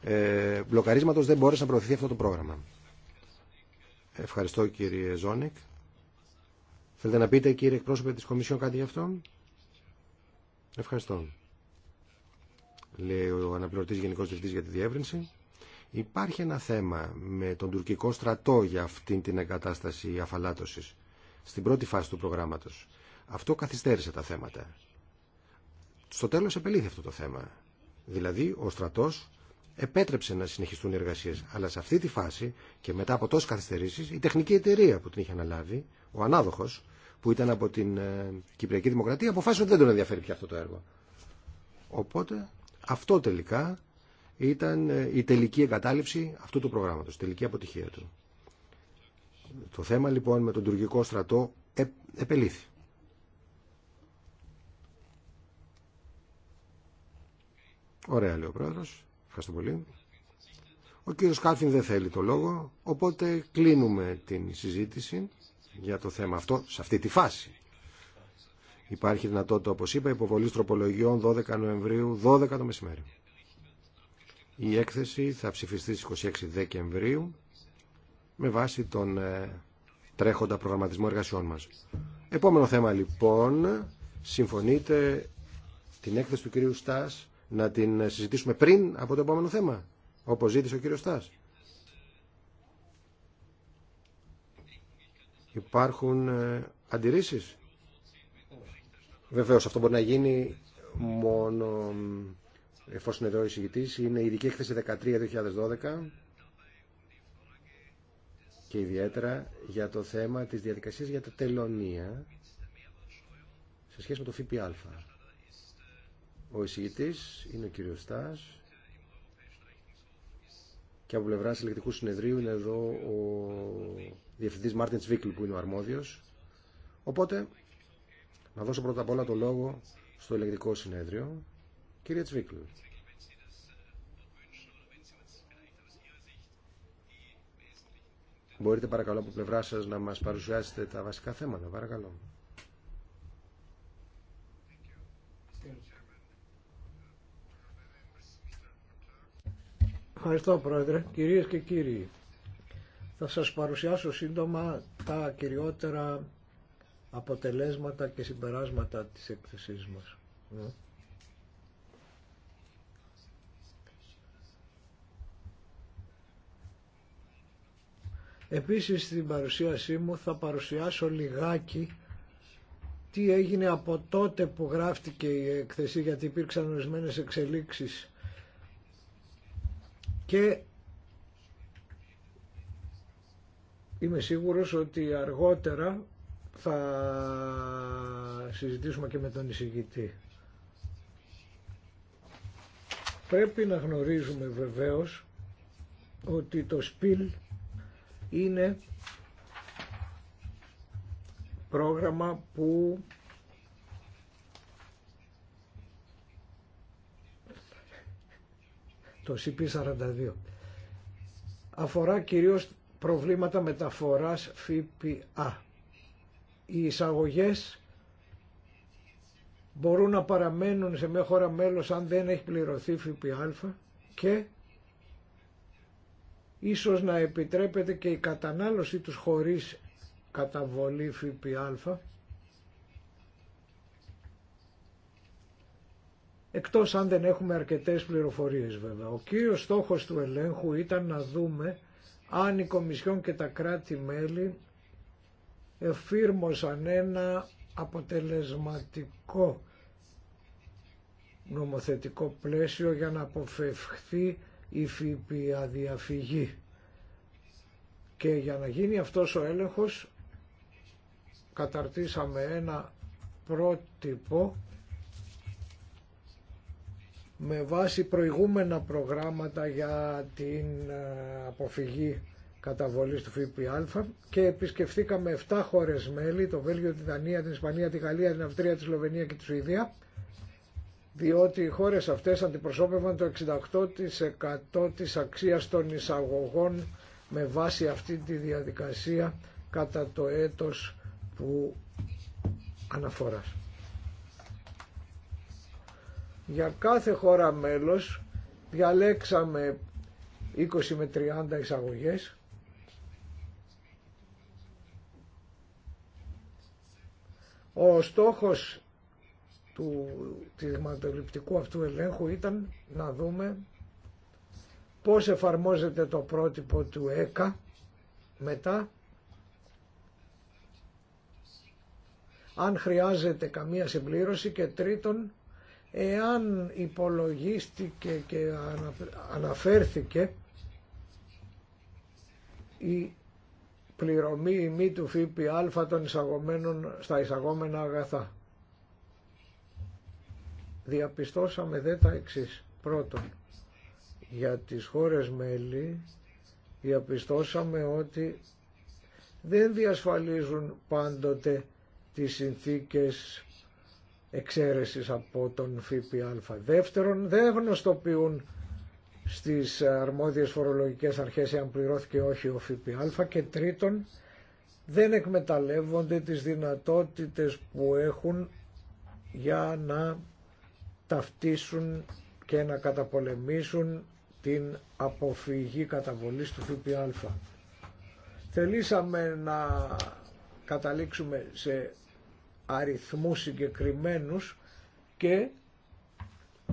ε, μπλοκαρίσματος δεν μπόρεσε να προωθηθεί αυτό το πρόγραμμα. Ευχαριστώ κύριε Ζόνικ. Θέλετε να πείτε κύριε εκπρόσωπε της Κομισιόν κάτι γι' αυτό. Ευχαριστώ. Λέει ο αναπληρωτή Γενικό Διευθυντής για τη Διεύρυνση. Υπάρχει ένα θέμα με τον τουρκικό στρατό για αυτήν την εγκατάσταση αφαλάτωσης στην πρώτη φάση του προγράμματος. Αυτό καθυστέρησε τα θέματα. Στο τέλος επελήθη αυτό το θέμα. Δηλαδή ο στρατός επέτρεψε να συνεχιστούν οι εργασίες. Αλλά σε αυτή τη φάση και μετά από τόσε καθυστερήσει, η τεχνική εταιρεία που την είχε αναλάβει, ο ανάδοχο που ήταν από την ε, Κυπριακή Δημοκρατία αποφάσισε ότι δεν τον ενδιαφέρει πια αυτό το έργο. Οπότε αυτό τελικά ήταν ε, η τελική εγκατάλειψη αυτού του προγράμματος, η τελική αποτυχία του. Το θέμα λοιπόν με τον τουρκικό στρατό ε, επελήθη. Ωραία λέει ο πρόεδρος. Ευχαριστώ πολύ. Ο κύριος Κάρφιν δεν θέλει το λόγο, οπότε κλείνουμε την συζήτηση για το θέμα αυτό σε αυτή τη φάση. Υπάρχει δυνατότητα, όπως είπα, υποβολής τροπολογιών 12 Νοεμβρίου, 12 το μεσημέρι. Η έκθεση θα ψηφιστεί στις 26 Δεκεμβρίου με βάση τον ε, τρέχοντα προγραμματισμό εργασιών μας. Επόμενο θέμα λοιπόν, συμφωνείτε την έκθεση του κυρίου Στάς να την ε, συζητήσουμε πριν από το επόμενο θέμα, όπως ζήτησε ο κ. Στάς. Υπάρχουν ε, αντιρρήσεις. Βεβαίως αυτό μπορεί να γίνει μόνο εφόσον εδώ ο εισηγητής. Είναι η ειδική έκθεση 13-2012 και ιδιαίτερα για το θέμα της διαδικασίας για τα τελωνία σε σχέση με το ΦΠΑ. Ο εισηγητής είναι ο κύριος Στάς και από πλευρά ελεκτικού συνεδρίου είναι εδώ ο διευθυντή Μάρτιν Τσβίκλ, που είναι ο αρμόδιο. Οπότε, να δώσω πρώτα απ' όλα το λόγο στο ελεκτικό συνέδριο. Κύριε Τσβίκλ. Μπορείτε παρακαλώ από πλευρά σας να μας παρουσιάσετε τα βασικά θέματα. Παρακαλώ. Ευχαριστώ Πρόεδρε. Κυρίες και κύριοι, θα σας παρουσιάσω σύντομα τα κυριότερα αποτελέσματα και συμπεράσματα της έκθεσής μας. Επίσης στην παρουσίασή μου θα παρουσιάσω λιγάκι τι έγινε από τότε που γράφτηκε η έκθεση γιατί υπήρξαν ορισμένε εξελίξεις και είμαι σίγουρος ότι αργότερα θα συζητήσουμε και με τον εισηγητή. Πρέπει να γνωρίζουμε βεβαίως ότι το ΣΠΙΛ είναι πρόγραμμα που το CP42. Αφορά κυρίως προβλήματα μεταφοράς ΦΠΑ. Οι εισαγωγές μπορούν να παραμένουν σε μια χώρα μέλος αν δεν έχει πληρωθεί ΦΠΑ και ίσως να επιτρέπεται και η κατανάλωση τους χωρίς καταβολή ΦΠΑ εκτός αν δεν έχουμε αρκετές πληροφορίες βέβαια. Ο κύριος στόχος του ελέγχου ήταν να δούμε αν η Κομισιόν και τα κράτη-μέλη εφήρμοσαν ένα αποτελεσματικό νομοθετικό πλαίσιο για να αποφευχθεί η διαφυγή. Και για να γίνει αυτός ο έλεγχος καταρτήσαμε ένα πρότυπο με βάση προηγούμενα προγράμματα για την ε, αποφυγή καταβολής του ΦΠΑ και επισκεφθήκαμε 7 χώρες μέλη, το Βέλγιο, τη Δανία, την Ισπανία, τη Γαλλία, την Αυστρία, τη Σλοβενία και τη Σουηδία διότι οι χώρες αυτές αντιπροσώπευαν το 68% της αξίας των εισαγωγών με βάση αυτή τη διαδικασία κατά το έτος που αναφοράς. Για κάθε χώρα μέλος διαλέξαμε 20 με 30 εισαγωγές Ο στόχος του δειγματοληπτικού αυτού ελέγχου ήταν να δούμε πώς εφαρμόζεται το πρότυπο του ΕΚΑ μετά αν χρειάζεται καμία συμπλήρωση και τρίτον Εάν υπολογίστηκε και αναφέρθηκε η πληρωμή μη του ΦΠΑ των εισαγωμένων στα εισαγόμενα αγαθά. Διαπιστώσαμε δε τα εξής. Πρώτον, για τις χώρες μέλη διαπιστώσαμε ότι δεν διασφαλίζουν πάντοτε τις συνθήκες εξαίρεσης από τον ΦΠΑ. Δεύτερον, δεν γνωστοποιούν στις αρμόδιες φορολογικές αρχές εάν πληρώθηκε όχι ο ΦΠΑ και τρίτον, δεν εκμεταλλεύονται τις δυνατότητες που έχουν για να ταυτίσουν και να καταπολεμήσουν την αποφυγή καταβολής του ΦΠΑ. Θελήσαμε να καταλήξουμε σε αριθμού συγκεκριμένους και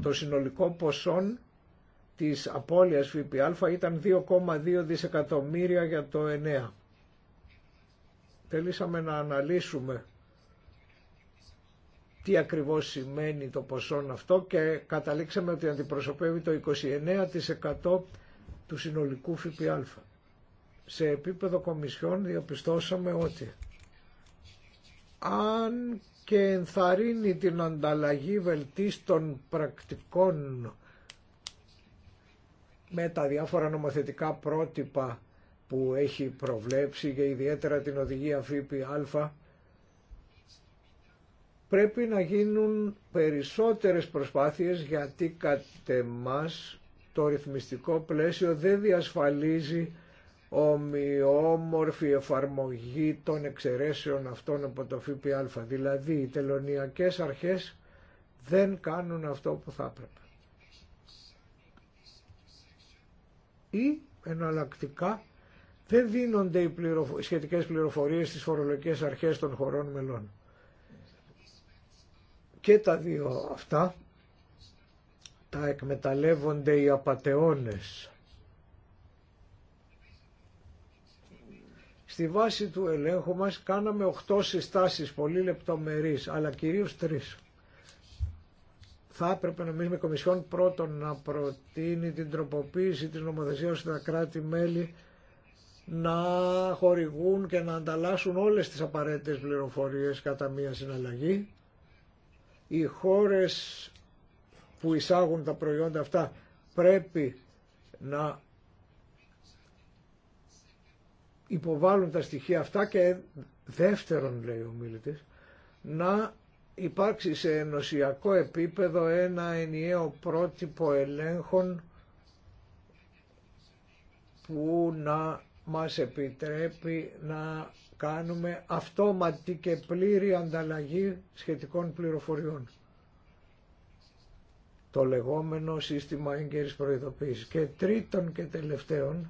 το συνολικό ποσό της απώλειας ΦΠΑ ήταν 2,2 δισεκατομμύρια για το 9. Θέλησαμε να αναλύσουμε τι ακριβώς σημαίνει το ποσό αυτό και καταλήξαμε ότι αντιπροσωπεύει το 29% του συνολικού ΦΠΑ. Σε επίπεδο κομισιών διαπιστώσαμε ότι αν και ενθαρρύνει την ανταλλαγή βελτίστων πρακτικών με τα διάφορα νομοθετικά πρότυπα που έχει προβλέψει και ιδιαίτερα την οδηγία ΦΠΑ πρέπει να γίνουν περισσότερες προσπάθειες γιατί κατ' εμάς το ρυθμιστικό πλαίσιο δεν διασφαλίζει ομοιόμορφη εφαρμογή των εξαιρέσεων αυτών από το ΦΠΑ. Δηλαδή οι τελωνιακές αρχές δεν κάνουν αυτό που θα έπρεπε. Ή εναλλακτικά δεν δίνονται οι πληροφο σχετικές πληροφορίες στις φορολογικές αρχές των χωρών μελών. Και τα δύο αυτά τα εκμεταλλεύονται οι απατεώνες Στη βάση του ελέγχου μας κάναμε 8 συστάσεις πολύ λεπτομερείς, αλλά κυρίως 3. Θα έπρεπε νομίζω με Κομισιόν πρώτον να προτείνει την τροποποίηση της νομοθεσίας στα κράτη-μέλη να χορηγούν και να ανταλλάσσουν όλες τις απαραίτητες πληροφορίες κατά μία συναλλαγή. Οι χώρες που εισάγουν τα προϊόντα αυτά πρέπει να υποβάλουν τα στοιχεία αυτά και δεύτερον λέει ο Μίλητης να υπάρξει σε ενωσιακό επίπεδο ένα ενιαίο πρότυπο ελέγχων που να μας επιτρέπει να κάνουμε αυτόματη και πλήρη ανταλλαγή σχετικών πληροφοριών. Το λεγόμενο σύστημα έγκαιρης προειδοποίησης. Και τρίτον και τελευταίον,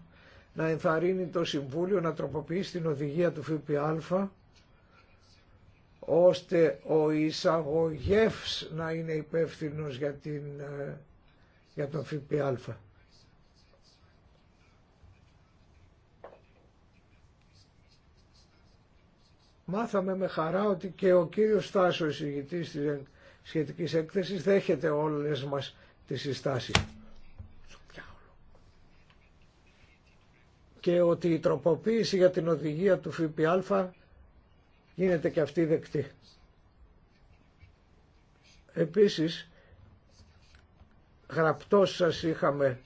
να ενθαρρύνει το Συμβούλιο να τροποποιήσει την οδηγία του ΦΠΑ ώστε ο εισαγωγεύς να είναι υπεύθυνο για, ε, για τον ΦΠΑ. Μάθαμε με χαρά ότι και ο κύριος στάσος ηγητής της σχετικής έκθεσης, δέχεται όλες μας τις συστάσεις. και ότι η τροποποίηση για την οδηγία του ΦΠΑ γίνεται και αυτή δεκτή. Επίσης, γραπτός σας είχαμε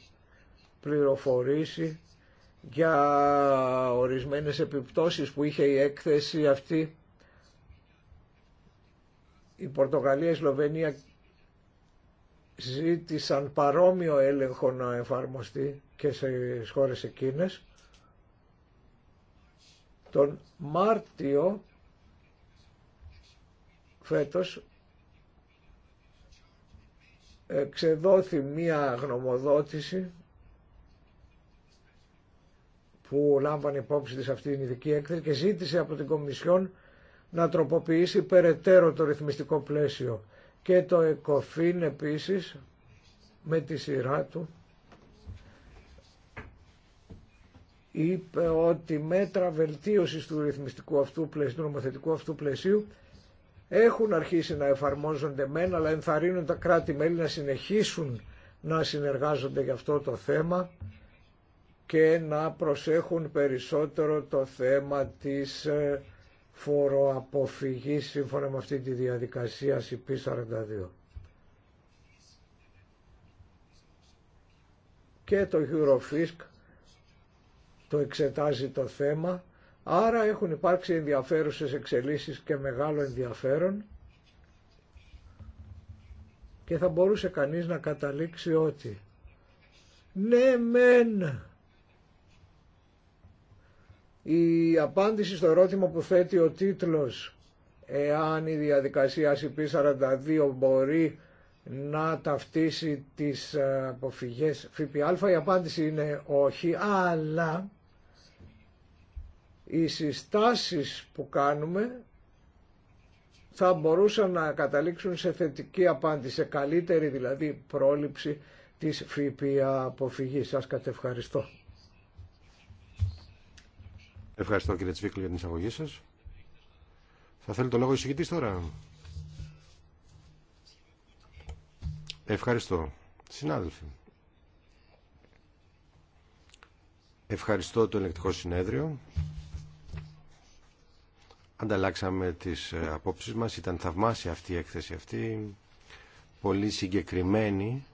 πληροφορήσει για ορισμένες επιπτώσεις που είχε η έκθεση αυτή η Πορτογαλία, η Σλοβενία ζήτησαν παρόμοιο έλεγχο να εφαρμοστεί και σε χώρες εκείνες τον Μάρτιο φέτος εξεδόθη μία γνωμοδότηση που λάμβανε υπόψη της αυτήν την ειδική έκθεση και ζήτησε από την Κομισιόν να τροποποιήσει περαιτέρω το ρυθμιστικό πλαίσιο. Και το ΕΚΟΦΗΝ επίσης με τη σειρά του είπε ότι μέτρα βελτίωσης του ρυθμιστικού αυτού πλαισίου, του νομοθετικού αυτού πλαισίου έχουν αρχίσει να εφαρμόζονται μεν, αλλά ενθαρρύνουν τα κράτη-μέλη να συνεχίσουν να συνεργάζονται για αυτό το θέμα και να προσέχουν περισσότερο το θέμα της ε, φοροαποφυγής σύμφωνα με αυτή τη διαδικασία CP42. Και το Eurofisc το εξετάζει το θέμα, άρα έχουν υπάρξει ενδιαφέρουσες εξελίσεις και μεγάλο ενδιαφέρον και θα μπορούσε κανείς να καταλήξει ότι ναι μεν η απάντηση στο ερώτημα που θέτει ο τίτλος εάν η διαδικασία CP42 μπορεί να ταυτίσει τις ε, αποφυγές ΦΠΑ η απάντηση είναι όχι αλλά οι συστάσεις που κάνουμε θα μπορούσαν να καταλήξουν σε θετική απάντηση, σε καλύτερη δηλαδή πρόληψη της ΦΠΑ αποφυγής. Σας κατευχαριστώ. Ευχαριστώ κύριε Τσβίκλη για την εισαγωγή σας. Θα θέλει το λόγο εισηγητής τώρα. Ευχαριστώ. Συνάδελφοι. Ευχαριστώ το ελεκτικό συνέδριο ανταλλάξαμε τις ε, απόψεις μας. Ήταν θαυμάσια αυτή η έκθεση αυτή, πολύ συγκεκριμένη,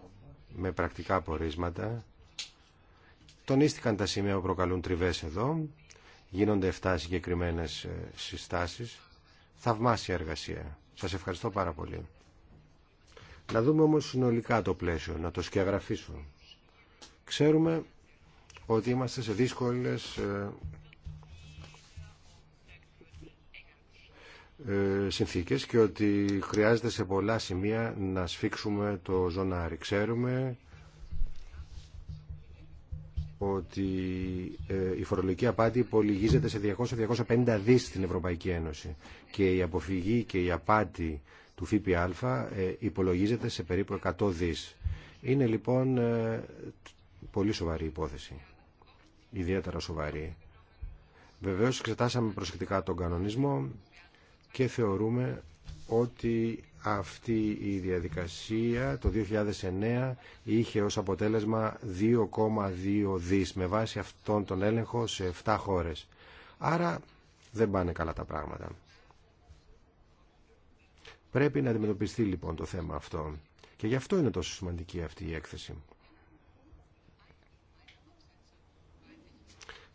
με πρακτικά απορίσματα. Τονίστηκαν τα σημεία που προκαλούν τριβές εδώ. Γίνονται 7 συγκεκριμένες ε, συστάσεις. Θαυμάσια εργασία. Σας ευχαριστώ πάρα πολύ. Να δούμε όμως συνολικά το πλαίσιο, να το σκιαγραφίσω. Ξέρουμε ότι είμαστε σε δύσκολες ε, Ε, συνθήκες και ότι χρειάζεται σε πολλά σημεία να σφίξουμε το ζωνάρι. Ξέρουμε ότι ε, η φορολογική απάτη υπολογίζεται σε 200-250 δις στην Ευρωπαϊκή Ένωση και η αποφυγή και η απάτη του ΦΠΑ ε, υπολογίζεται σε περίπου 100 δις. Είναι λοιπόν πολύ σοβαρή υπόθεση, ιδιαίτερα σοβαρή. Βεβαίως εξετάσαμε προσεκτικά τον κανονισμό και θεωρούμε ότι αυτή η διαδικασία το 2009 είχε ως αποτέλεσμα 2,2 δις με βάση αυτόν τον έλεγχο σε 7 χώρες. Άρα δεν πάνε καλά τα πράγματα. Πρέπει να αντιμετωπιστεί λοιπόν το θέμα αυτό και γι' αυτό είναι τόσο σημαντική αυτή η έκθεση.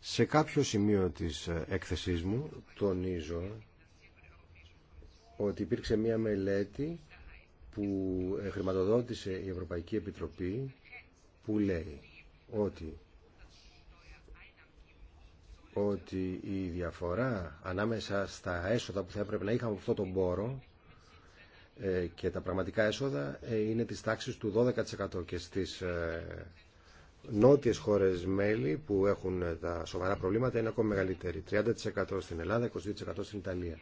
Σε κάποιο σημείο της ε, έκθεσής μου τονίζω ότι υπήρξε μία μελέτη που ε, χρηματοδότησε η Ευρωπαϊκή Επιτροπή που λέει ότι, ότι η διαφορά ανάμεσα στα έσοδα που θα έπρεπε να είχαμε από αυτόν τον πόρο ε, και τα πραγματικά έσοδα ε, είναι της τάξης του 12% και στις νότιες χώρες μέλη που έχουν τα σοβαρά προβλήματα είναι ακόμη μεγαλύτερη. 30% στην Ελλάδα, 22% στην Ιταλία.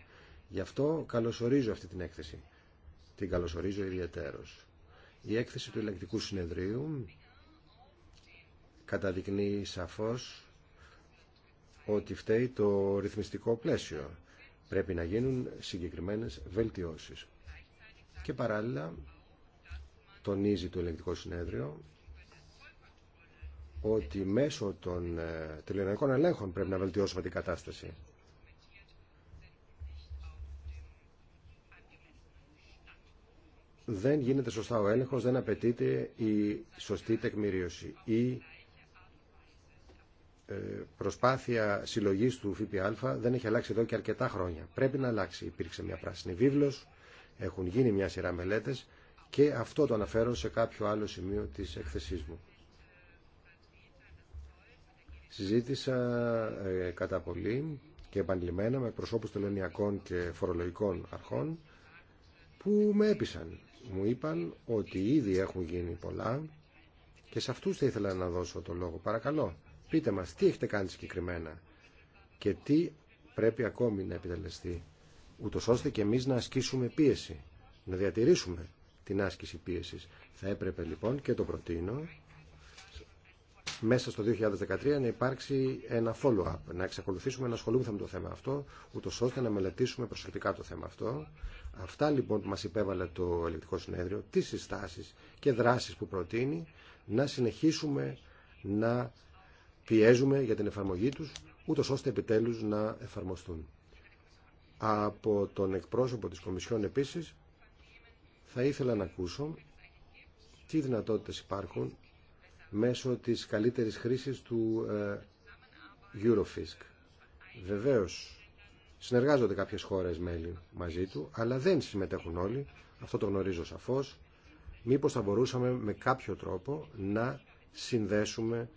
Γι' αυτό καλωσορίζω αυτή την έκθεση. Την καλωσορίζω ιδιαίτερος. Η έκθεση του ελεγκτικού συνεδρίου καταδεικνύει σαφώς ότι φταίει το ρυθμιστικό πλαίσιο. Πρέπει να γίνουν συγκεκριμένες βελτιώσεις. Και παράλληλα τονίζει το ελεγκτικό συνέδριο ότι μέσω των ε, τελειωναϊκών ελέγχων πρέπει να βελτιώσουμε την κατάσταση. δεν γίνεται σωστά ο έλεγχος, δεν απαιτείται η σωστή τεκμηρίωση. Η ε, προσπάθεια συλλογής του ΦΠΑ δεν έχει αλλάξει εδώ και αρκετά χρόνια. Πρέπει να αλλάξει. Υπήρξε μια πράσινη βίβλος, έχουν γίνει μια σειρά μελέτες και αυτό το αναφέρω σε κάποιο άλλο σημείο της εκθεσής μου. Συζήτησα ε, κατά πολύ και επανειλημμένα με προσώπους τελωνιακών και φορολογικών αρχών που με έπεισαν μου είπαν ότι ήδη έχουν γίνει πολλά και σε αυτούς θα ήθελα να δώσω το λόγο. Παρακαλώ, πείτε μας τι έχετε κάνει συγκεκριμένα και τι πρέπει ακόμη να επιτελεστεί, ούτως ώστε και εμείς να ασκήσουμε πίεση, να διατηρήσουμε την άσκηση πίεσης. Θα έπρεπε λοιπόν και το προτείνω μέσα στο 2013 να υπάρξει ένα follow-up, να εξακολουθήσουμε να ασχολούμαστε με το θέμα αυτό, ούτω ώστε να μελετήσουμε προσεκτικά το θέμα αυτό. Αυτά λοιπόν που μα υπέβαλε το Ελληνικό Συνέδριο, τι συστάσει και δράσει που προτείνει, να συνεχίσουμε να πιέζουμε για την εφαρμογή του, ούτω ώστε επιτέλου να εφαρμοστούν. Από τον εκπρόσωπο της Κομισιόν επίσης θα ήθελα να ακούσω τι δυνατότητες υπάρχουν μέσω της καλύτερης χρήσης του ε, Eurofisk. Βεβαίως, συνεργάζονται κάποιες χώρες μέλη μαζί του, αλλά δεν συμμετέχουν όλοι, αυτό το γνωρίζω σαφώς. Μήπως θα μπορούσαμε με κάποιο τρόπο να συνδέσουμε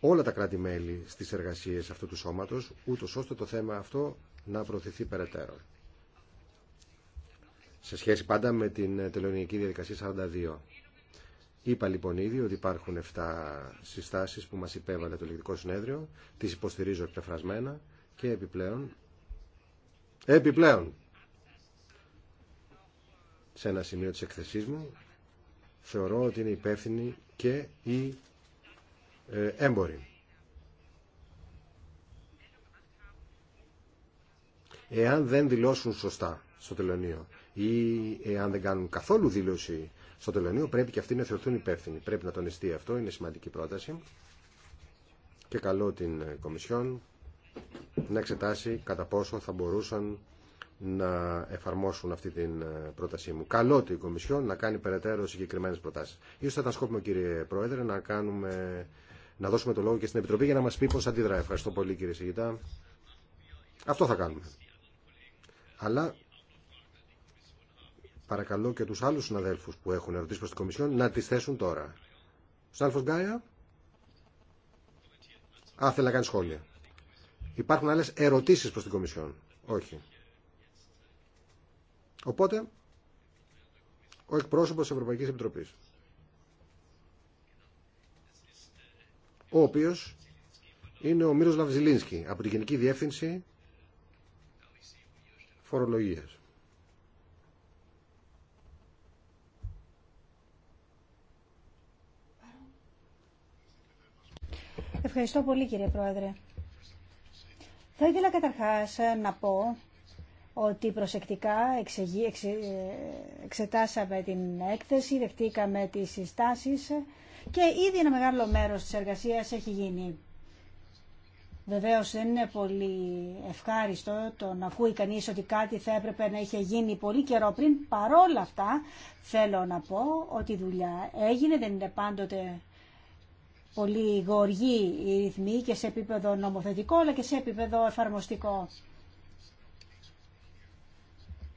όλα τα κράτη-μέλη στις εργασίες αυτού του σώματος, ούτως ώστε το θέμα αυτό να προωθηθεί περαιτέρω. Σε σχέση πάντα με την ε, τελωνιακή διαδικασία 42. Είπα λοιπόν ήδη ότι υπάρχουν 7 συστάσεις που μας υπέβαλε το Λεκτικό Συνέδριο, τις υποστηρίζω εκπεφρασμένα και επιπλέον, επιπλέον, σε ένα σημείο της εκθεσή μου, θεωρώ ότι είναι υπεύθυνοι και οι ε, έμποροι. Εάν δεν δηλώσουν σωστά στο τελωνίο ή εάν δεν κάνουν καθόλου δήλωση στο Τελωνείο πρέπει και αυτοί να θεωρηθούν υπεύθυνοι. Πρέπει να τονιστεί αυτό, είναι σημαντική πρόταση και καλό την Κομισιόν να εξετάσει κατά πόσο θα μπορούσαν να εφαρμόσουν αυτή την ε, πρότασή μου. Καλό την Κομισιόν να κάνει περαιτέρω συγκεκριμένε προτάσει. σω θα ήταν σκόπιμο, κύριε Πρόεδρε, να, κάνουμε, να δώσουμε το λόγο και στην Επιτροπή για να μα πει πώ αντιδρά. Ευχαριστώ πολύ, κύριε Σιγητά. Αυτό θα κάνουμε. Αλλά παρακαλώ και τους άλλους συναδέλφους που έχουν ερωτήσει προς την Κομισιόν να τις θέσουν τώρα. Σάλφος Γκάια. Α, θέλει να κάνει σχόλια. Υπάρχουν άλλες ερωτήσεις προς την Κομισιόν. Όχι. Οπότε, ο εκπρόσωπος της Ευρωπαϊκής Επιτροπής. Ο οποίος είναι ο Μύρος Λαβζιλίνσκι από την Γενική Διεύθυνση Φορολογίας. Ευχαριστώ πολύ κύριε Πρόεδρε. Θα ήθελα καταρχάς να πω ότι προσεκτικά εξετάσαμε την έκθεση, δεχτήκαμε τις συστάσεις και ήδη ένα μεγάλο μέρος της εργασίας έχει γίνει. Βεβαίως δεν είναι πολύ ευχάριστο το να ακούει κανείς ότι κάτι θα έπρεπε να είχε γίνει πολύ καιρό πριν. Παρόλα αυτά θέλω να πω ότι η δουλειά έγινε, δεν είναι πάντοτε πολύ γοργή η ρυθμή και σε επίπεδο νομοθετικό αλλά και σε επίπεδο εφαρμοστικό.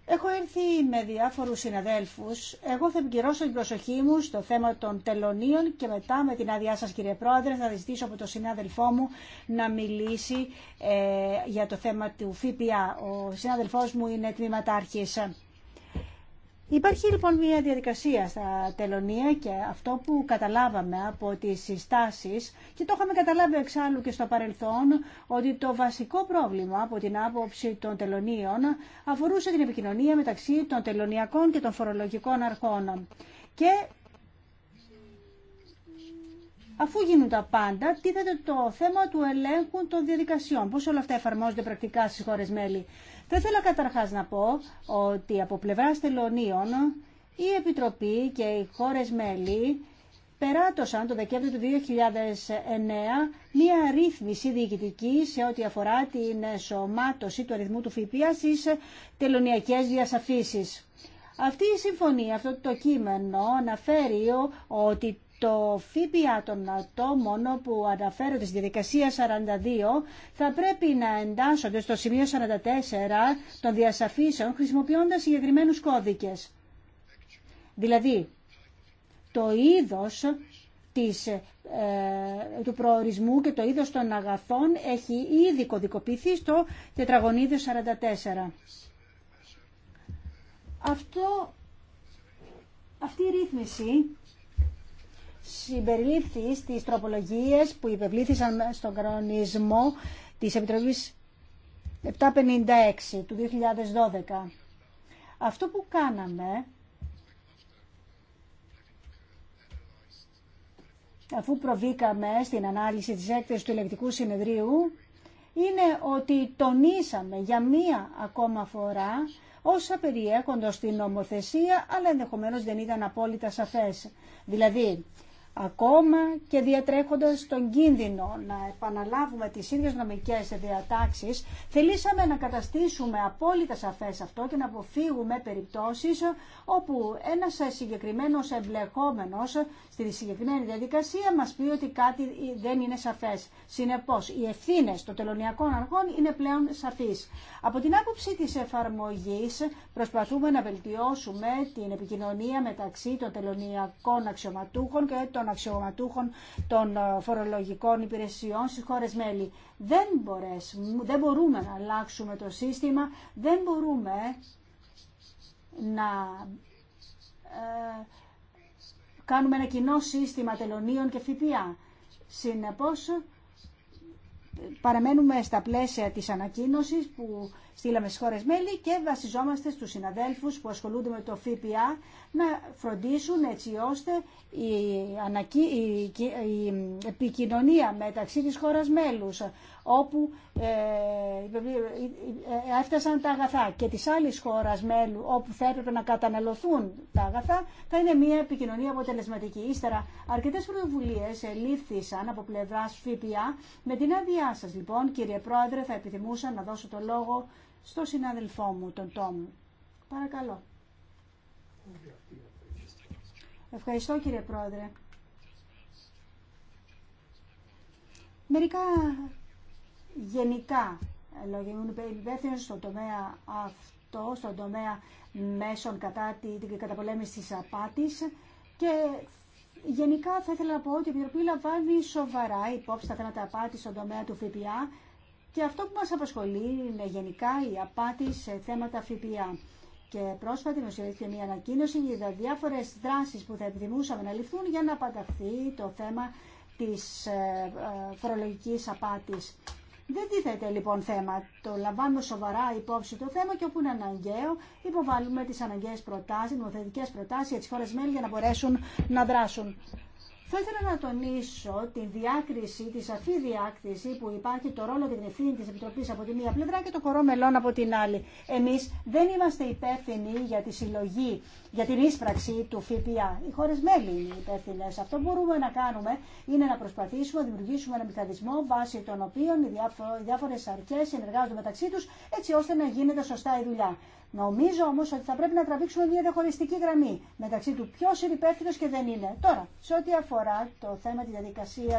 Έχω έρθει με διάφορους συναδέλφους. Εγώ θα επικυρώσω την προσοχή μου στο θέμα των τελωνίων και μετά με την άδειά σας κύριε Πρόεδρε θα ζητήσω από τον συνάδελφό μου να μιλήσει ε, για το θέμα του ΦΠΑ. Ο συνάδελφός μου είναι τμήματάρχης. Υπάρχει λοιπόν μια διαδικασία στα τελωνία και αυτό που καταλάβαμε από τις συστάσεις και το είχαμε καταλάβει εξάλλου και στο παρελθόν ότι το βασικό πρόβλημα από την άποψη των τελωνίων αφορούσε την επικοινωνία μεταξύ των τελωνιακών και των φορολογικών αρχών. Και Αφού γίνουν τα πάντα, τίθεται το θέμα του ελέγχου των διαδικασιών. Πώς όλα αυτά εφαρμόζονται πρακτικά στις χώρες μέλη. Θα ήθελα καταρχάς να πω ότι από πλευρά τελωνίων η Επιτροπή και οι χώρες μέλη περάτωσαν το Δεκέμβριο του 2009 μία ρύθμιση διοικητική σε ό,τι αφορά την σωμάτωση του αριθμού του ΦΠΑ στις τελωνιακές διασαφήσεις. Αυτή η συμφωνία, αυτό το κείμενο αναφέρει ότι το ΦΠΑ των ατόμων που αναφέρονται στη διαδικασία 42 θα πρέπει να εντάσσονται στο σημείο 44 των διασαφήσεων χρησιμοποιώντας συγκεκριμένου κώδικες. Δηλαδή, το είδος της, ε, του προορισμού και το είδος των αγαθών έχει ήδη κωδικοποιηθεί στο τετραγωνίδιο 44. Αυτό, αυτή η ρύθμιση συμπεριλήφθη στις τροπολογίες που υπευλήθησαν στον κανονισμό της Επιτροπής 756 του 2012. Αυτό που κάναμε, αφού προβήκαμε στην ανάλυση της έκθεσης του ελεκτικού συνεδρίου, είναι ότι τονίσαμε για μία ακόμα φορά όσα περιέχονται στην νομοθεσία, αλλά ενδεχομένως δεν ήταν απόλυτα σαφές. Δηλαδή, ακόμα και διατρέχοντας τον κίνδυνο να επαναλάβουμε τις ίδιες νομικές διατάξεις, θελήσαμε να καταστήσουμε απόλυτα σαφές αυτό και να αποφύγουμε περιπτώσεις όπου ένας συγκεκριμένος εμπλεκόμενος στη συγκεκριμένη διαδικασία μας πει ότι κάτι δεν είναι σαφές. Συνεπώς, οι ευθύνε των τελωνιακών αργών είναι πλέον σαφείς. Από την άποψη της εφαρμογής προσπαθούμε να βελτιώσουμε την επικοινωνία μεταξύ των τελωνιακών αξιωματούχων και των αξιωματούχων των ε, φορολογικών υπηρεσιών στις χώρες μέλη. Δεν, δεν μπορούμε να αλλάξουμε το σύστημα, δεν μπορούμε να ε, κάνουμε ένα κοινό σύστημα τελωνίων και ΦΠΑ. Συνεπώς, παραμένουμε στα πλαίσια της ανακοίνωσης που στείλαμε στις χώρες μέλη και βασιζόμαστε στους συναδέλφους που ασχολούνται με το ΦΠΑ να φροντίσουν έτσι ώστε η, ανακοι... η... η επικοινωνία μεταξύ της χώρας μέλους όπου ε, ε, ε, έφτασαν τα αγαθά και της άλλης χώρας μέλου όπου θα έπρεπε να καταναλωθούν τα αγαθά θα είναι μια επικοινωνία αποτελεσματική. Ύστερα αρκετές πρωτοβουλίε ελήφθησαν από πλευράς ΦΠΑ. Με την άδειά σα, λοιπόν κύριε Πρόεδρε θα επιθυμούσα να δώσω το λόγο στο συνάδελφό μου τον Τόμ. Παρακαλώ. Ευχαριστώ κύριε Πρόεδρε. Μερικά γενικά λόγια. Ήμουν υπεύθυνο στον τομέα αυτό, στον τομέα μέσων κατά την καταπολέμηση της απάτης και γενικά θα ήθελα να πω ότι η Επιτροπή λαμβάνει σοβαρά υπόψη τα θέματα απάτη στον τομέα του ΦΠΑ και αυτό που μας απασχολεί είναι γενικά η απάτη σε θέματα ΦΠΑ. Και πρόσφατα δημοσιεύτηκε μια ανακοίνωση για διάφορε δράσει που θα επιθυμούσαμε να ληφθούν για να απανταχθεί το θέμα τη ε, ε, φορολογική απάτη. Δεν τίθεται λοιπόν θέμα. Το λαμβάνουμε σοβαρά υπόψη το θέμα και όπου είναι αναγκαίο υποβάλλουμε τις αναγκαίες προτάσεις, νομοθετικές προτάσεις για τις χώρες μέλη για να μπορέσουν να δράσουν. Θα ήθελα να τονίσω τη διάκριση, τη σαφή διάκριση που υπάρχει το ρόλο και την ευθύνη τη Επιτροπή από τη μία πλευρά και το χωρό μελών από την άλλη. Εμεί δεν είμαστε υπεύθυνοι για τη συλλογή, για την ίσπραξη του ΦΠΑ. Οι χώρε μέλη είναι υπεύθυνε. Αυτό που μπορούμε να κάνουμε είναι να προσπαθήσουμε να δημιουργήσουμε ένα μηχανισμό βάσει των οποίων οι διάφορε αρχέ συνεργάζονται μεταξύ του έτσι ώστε να γίνεται σωστά η δουλειά. Νομίζω όμω ότι θα πρέπει να τραβήξουμε μια διαχωριστική γραμμή μεταξύ του ποιο είναι υπεύθυνο και δεν είναι. Τώρα, σε ό,τι αφορά το θέμα τη διαδικασία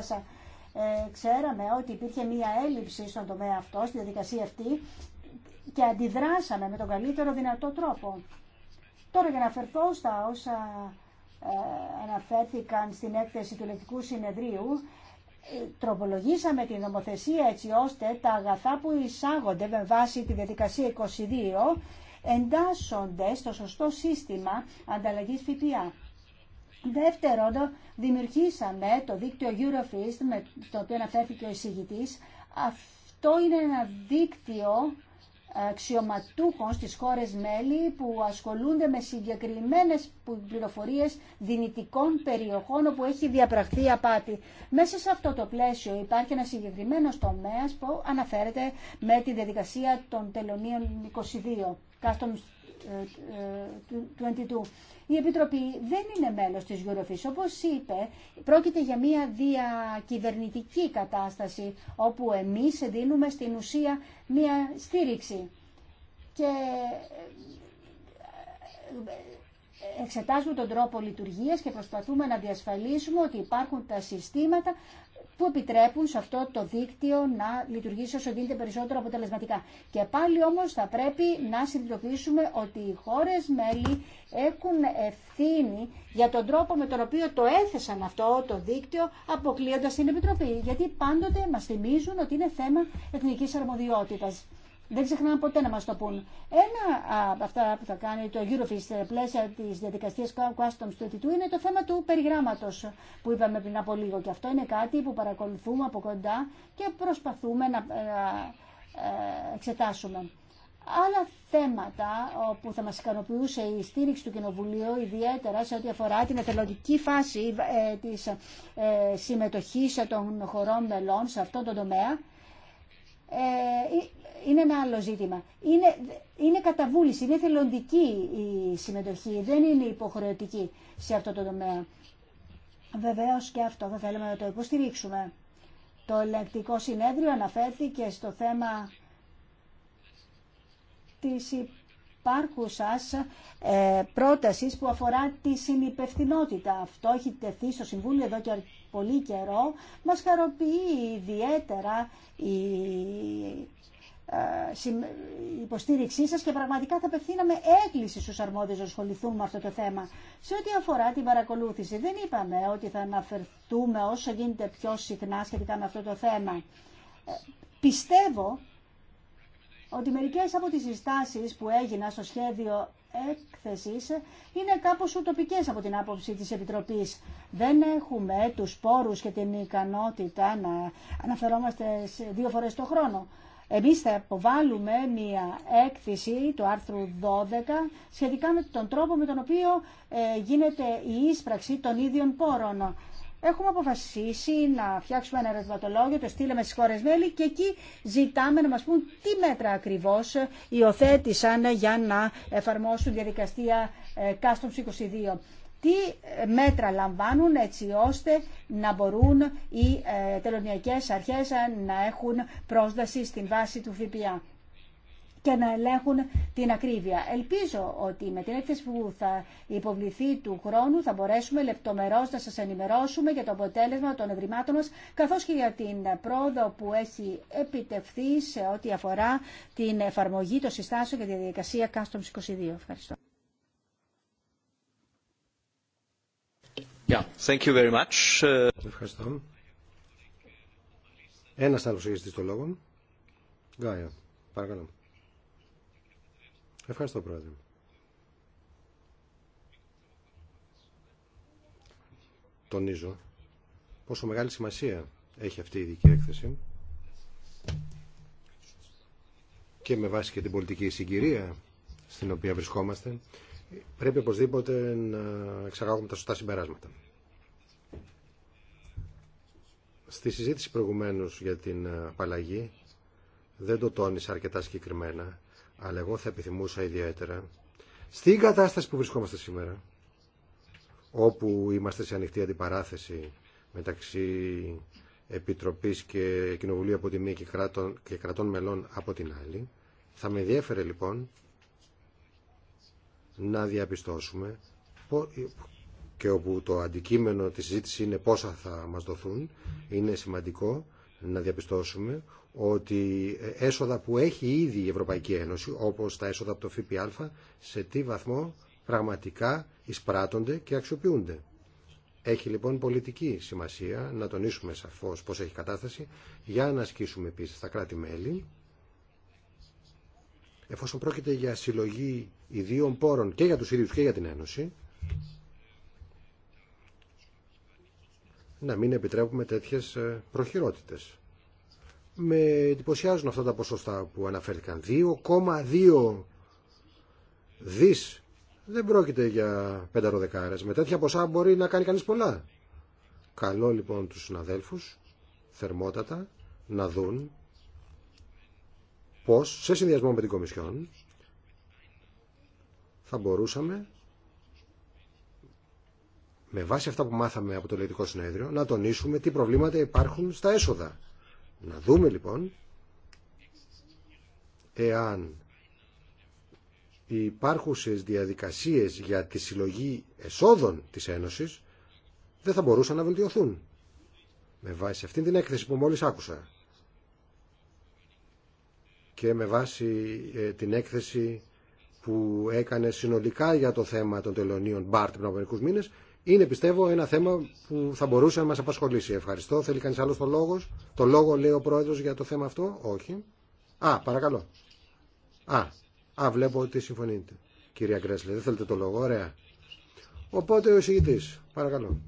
ε, ξέραμε ότι υπήρχε μία έλλειψη στον τομέα αυτό, στη διαδικασία αυτή και αντιδράσαμε με τον καλύτερο δυνατό τρόπο. Τώρα για να αφαιρθώ στα όσα ε, αναφέρθηκαν στην έκθεση του Ελεκτικού Συνεδρίου, ε, τροπολογήσαμε την νομοθεσία έτσι ώστε τα αγαθά που εισάγονται με βάση τη διαδικασία 22 εντάσσονται στο σωστό σύστημα ανταλλαγής ΦΠΑ. Δεύτερον, δημιουργήσαμε το δίκτυο Eurofist, με το οποίο αναφέρθηκε ο εισηγητής. Αυτό είναι ένα δίκτυο αξιωματούχων στις χώρες μέλη που ασχολούνται με συγκεκριμένες πληροφορίες δυνητικών περιοχών όπου έχει διαπραχθεί απάτη. Μέσα σε αυτό το πλαίσιο υπάρχει ένα συγκεκριμένο τομέα που αναφέρεται με τη διαδικασία των τελωνίων 22. Customs 22. Ε, ε, ε, η Επιτροπή δεν είναι μέλος της Eurofish. Όπως είπε, πρόκειται για μια διακυβερνητική κατάσταση όπου εμείς δίνουμε στην ουσία μια στήριξη. Και εξετάζουμε τον τρόπο λειτουργίας και προσπαθούμε να διασφαλίσουμε ότι υπάρχουν τα συστήματα που επιτρέπουν σε αυτό το δίκτυο να λειτουργήσει όσο γίνεται περισσότερο αποτελεσματικά. Και πάλι όμως θα πρέπει να συνειδητοποιήσουμε ότι οι χώρες μέλη έχουν ευθύνη για τον τρόπο με τον οποίο το έθεσαν αυτό το δίκτυο αποκλείοντας την Επιτροπή. Γιατί πάντοτε μας θυμίζουν ότι είναι θέμα εθνικής αρμοδιότητας δεν ξεχνάμε ποτέ να μας το πούν. Ένα από αυτά που θα κάνει το Eurofist σε πλαίσια της διαδικασίας Customs του αιτητού είναι το θέμα του περιγράμματος που είπαμε πριν από λίγο και αυτό είναι κάτι που παρακολουθούμε από κοντά και προσπαθούμε να ε, ε, εξετάσουμε. Άλλα θέματα που θα μας ικανοποιούσε η στήριξη του Κοινοβουλίου, ιδιαίτερα σε ό,τι αφορά την εθελοντική φάση ε, της συμμετοχής των χωρών μελών σε αυτόν τον τομέα, είναι ένα άλλο ζήτημα. Είναι, είναι καταβούληση, είναι θελοντική η συμμετοχή, δεν είναι υποχρεωτική σε αυτό το τομέα. Βεβαίω και αυτό θα θέλαμε να το υποστηρίξουμε. Το ελεγκτικό συνέδριο αναφέρθηκε στο θέμα της υπάρχουσας ε, πρότασης που αφορά τη συνυπευθυνότητα. Αυτό έχει τεθεί στο Συμβούλιο εδώ και πολύ καιρό. Μας χαροποιεί ιδιαίτερα η ε, υποστήριξή σας και πραγματικά θα απευθύναμε έκκληση στους αρμόδιους να ασχοληθούν με αυτό το θέμα. Σε ό,τι αφορά την παρακολούθηση, δεν είπαμε ότι θα αναφερθούμε όσο γίνεται πιο συχνά σχετικά με αυτό το θέμα. Ε, πιστεύω ότι μερικές από τις συστάσεις που έγινα στο σχέδιο έκθεσης είναι κάπως ουτοπικές από την άποψη της Επιτροπής. Δεν έχουμε τους πόρους και την ικανότητα να αναφερόμαστε δύο φορές το χρόνο. Εμείς θα υποβάλουμε μια έκθεση του άρθρου 12 σχετικά με τον τρόπο με τον οποίο ε, γίνεται η ίσπραξη των ίδιων πόρων. Έχουμε αποφασίσει να φτιάξουμε ένα ερωτηματολόγιο, το στείλαμε στις χώρες μέλη και εκεί ζητάμε να μας πούν τι μέτρα ακριβώς υιοθέτησαν για να εφαρμόσουν διαδικασία Customs 22 τι ε, μέτρα λαμβάνουν έτσι ώστε να μπορούν οι ε, τελωνιακές αρχές ε, να έχουν πρόσβαση στην βάση του ΦΠΑ και να ελέγχουν την ακρίβεια. Ελπίζω ότι με την έκθεση που θα υποβληθεί του χρόνου θα μπορέσουμε λεπτομερώς να σας ενημερώσουμε για το αποτέλεσμα των ευρημάτων μας καθώς και για την πρόοδο που έχει επιτευχθεί σε ό,τι αφορά την εφαρμογή των συστάσεων και τη διαδικασία Customs 22. Ευχαριστώ. Yeah, thank you very much. Uh, Ευχαριστώ. Ένα άλλο ηγεστής το λόγο. Γκάια, παρακαλώ. Ευχαριστώ, Πρόεδρε. Τονίζω πόσο μεγάλη σημασία έχει αυτή η ειδική έκθεση και με βάση και την πολιτική συγκυρία στην οποία βρισκόμαστε πρέπει οπωσδήποτε να εξαγάγουμε τα σωστά συμπεράσματα. Στη συζήτηση προηγουμένως για την απαλλαγή δεν το τόνισα αρκετά συγκεκριμένα, αλλά εγώ θα επιθυμούσα ιδιαίτερα στην κατάσταση που βρισκόμαστε σήμερα, όπου είμαστε σε ανοιχτή αντιπαράθεση μεταξύ Επιτροπής και Κοινοβουλίου από τη μία και κρατών, και κρατών μελών από την άλλη, θα με ενδιέφερε λοιπόν να διαπιστώσουμε και όπου το αντικείμενο της συζήτηση είναι πόσα θα μας δοθούν, είναι σημαντικό να διαπιστώσουμε ότι έσοδα που έχει ήδη η Ευρωπαϊκή Ένωση, όπως τα έσοδα από το ΦΠΑ, σε τι βαθμό πραγματικά εισπράττονται και αξιοποιούνται. Έχει λοιπόν πολιτική σημασία να τονίσουμε σαφώς πώς έχει κατάσταση για να ασκήσουμε επίσης τα κράτη-μέλη. Εφόσον πρόκειται για συλλογή ιδίων πόρων και για τους ίδιους και για την Ένωση να μην επιτρέπουμε τέτοιες ε, προχειρότητες. Με εντυπωσιάζουν αυτά τα ποσοστά που αναφέρθηκαν. 2,2 δις δεν πρόκειται για πενταροδεκάρες. Με τέτοια ποσά μπορεί να κάνει κανείς πολλά. Καλό λοιπόν τους συναδέλφους θερμότατα να δουν πως σε συνδυασμό με την Κομισιόν θα μπορούσαμε με βάση αυτά που μάθαμε από το Ελληνικό Συνέδριο να τονίσουμε τι προβλήματα υπάρχουν στα έσοδα. Να δούμε λοιπόν εάν οι υπάρχουσες διαδικασίες για τη συλλογή εσόδων της Ένωσης δεν θα μπορούσαν να βελτιωθούν. Με βάση αυτή την έκθεση που μόλις άκουσα και με βάση ε, την έκθεση που έκανε συνολικά για το θέμα των τελωνίων Μπάρτ πριν από μερικού μήνε, είναι πιστεύω ένα θέμα που θα μπορούσε να μα απασχολήσει. Ευχαριστώ. Θέλει κανεί άλλο το λόγο. Το λόγο λέει ο πρόεδρο για το θέμα αυτό. Όχι. Α, παρακαλώ. Α, α βλέπω ότι συμφωνείτε. Κυρία Γκρέσλε, δεν θέλετε το λόγο. Ωραία. Οπότε ο εισηγητή. Παρακαλώ.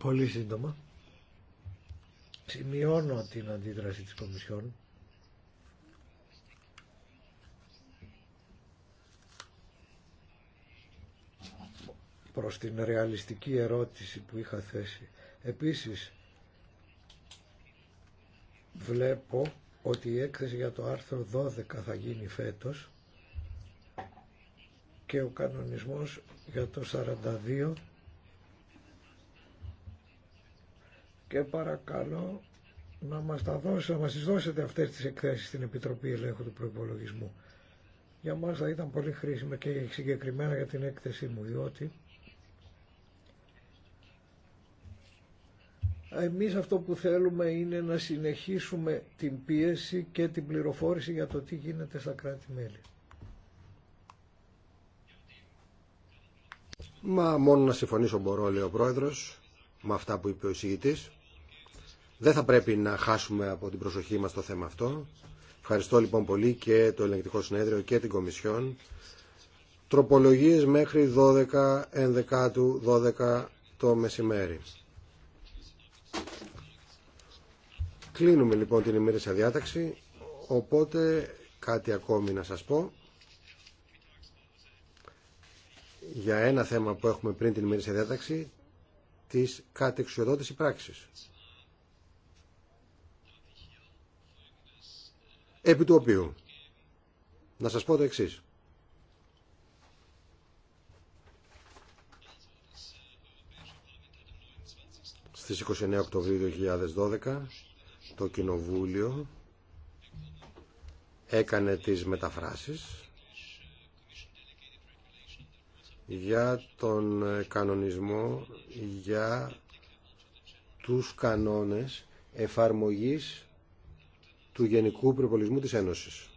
Πολύ σύντομα σημειώνω την αντίδραση της Κομισιόν προς την ρεαλιστική ερώτηση που είχα θέσει. Επίσης, βλέπω ότι η έκθεση για το άρθρο 12 θα γίνει φέτος και ο κανονισμός για το 42 και παρακαλώ να μας, τα δώσετε, να μας τις δώσετε αυτές τις εκθέσεις στην Επιτροπή Ελέγχου του Προϋπολογισμού. Για μας θα ήταν πολύ χρήσιμα και συγκεκριμένα για την έκθεσή μου, διότι εμείς αυτό που θέλουμε είναι να συνεχίσουμε την πίεση και την πληροφόρηση για το τι γίνεται στα κράτη-μέλη. Μα μόνο να συμφωνήσω μπορώ, λέει ο Πρόεδρος, με αυτά που είπε ο εισηγητής. Δεν θα πρέπει να χάσουμε από την προσοχή μας το θέμα αυτό. Ευχαριστώ λοιπόν πολύ και το Ελεγκτικό Συνέδριο και την Κομισιόν. Τροπολογίες μέχρι 12, 11, 12 το μεσημέρι. Κλείνουμε λοιπόν την ημέρησια διάταξη, οπότε κάτι ακόμη να σας πω. Για ένα θέμα που έχουμε πριν την ημέρησια διάταξη, της κατεξιοδότηση πράξης. επί του οποίου να σας πω το εξής. Στις 29 Οκτωβρίου 2012 το Κοινοβούλιο έκανε τις μεταφράσεις για τον κανονισμό για τους κανόνες εφαρμογής του Γενικού Προπολισμού της Ένωσης.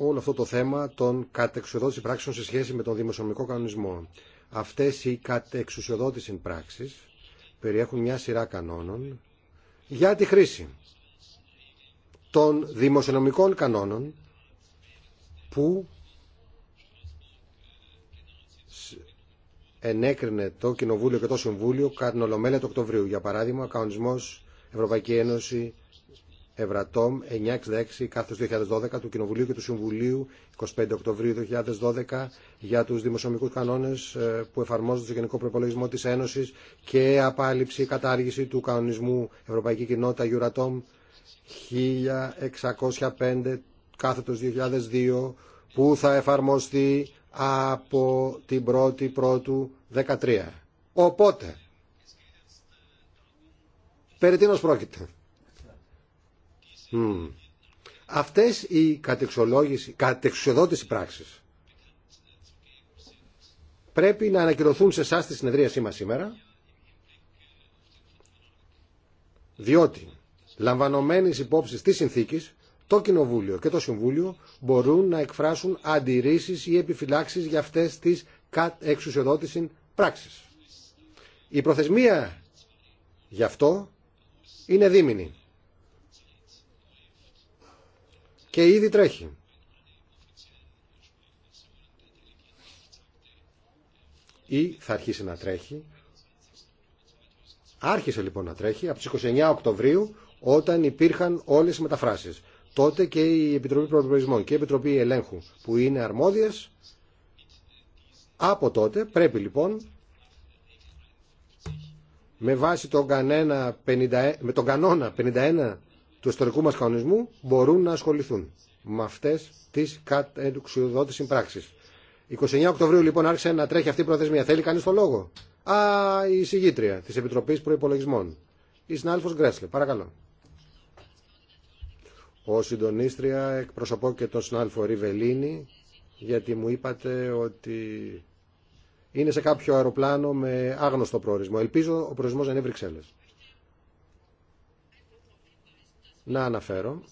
Όλο αυτό το θέμα των κατεξουσιοδότηση πράξεων σε σχέση με τον δημοσιονομικό κανονισμό. Αυτές οι κατεξουσιοδότηση πράξεις περιέχουν μια σειρά κανόνων για τη χρήση των δημοσιονομικών κανόνων που ενέκρινε το Κοινοβούλιο και το Συμβούλιο κατά την Ολομέλεια του Οκτωβρίου. Για παράδειγμα, ο κανονισμό Ευρωπαϊκή Ένωση Ευρατόμ 966 κάθε 2012 του Κοινοβουλίου και του Συμβουλίου 25 Οκτωβρίου 2012 για τους δημοσιονομικούς κανόνες ε, που εφαρμόζονται στο Γενικό Προπολογισμό της Ένωσης και απάλληψη κατάργηση του κανονισμού Ευρωπαϊκή Κοινότητα Euratom 1605 κάθετος 2002 που θα εφαρμοστεί από την 1η Πρώτου 13. Οπότε, Περί τίνος πρόκειται. Αυτές οι κατεξολόγηση, πράξεις πρέπει να ανακοινωθούν σε εσά τη συνεδρίασή μας σήμερα διότι λαμβανομένης υπόψη της συνθήκης το Κοινοβούλιο και το Συμβούλιο μπορούν να εκφράσουν αντιρρήσεις ή επιφυλάξεις για αυτές τις εξουσιοδότηση πράξεις. Η προθεσμία γι' αυτό είναι δίμηνη. Και ήδη τρέχει. Ή θα αρχίσει να τρέχει. Άρχισε λοιπόν να τρέχει από τις 29 Οκτωβρίου όταν υπήρχαν όλες οι μεταφράσεις. Τότε και η Επιτροπή Προπολογισμών και η Επιτροπή Ελέγχου που είναι αρμόδιες από τότε πρέπει λοιπόν με βάση τον, κανένα ε, με τον κανόνα 51 του ιστορικού μας κανονισμού μπορούν να ασχοληθούν με αυτές τις κατεξουδότης συμπράξεις. 29 Οκτωβρίου λοιπόν άρχισε να τρέχει αυτή η προθεσμία. Θέλει κανείς το λόγο. Α, η συγγήτρια της Επιτροπής Προϋπολογισμών. Η Σνάλφος Γκρέσλε. Παρακαλώ. Ο συντονίστρια εκπροσωπώ και τον Σνάλφο Ριβελίνη γιατί μου είπατε ότι είναι σε κάποιο αεροπλάνο με άγνωστο προορισμό. Ελπίζω ο προορισμός να είναι Βρυξέλλες. Να αναφέρω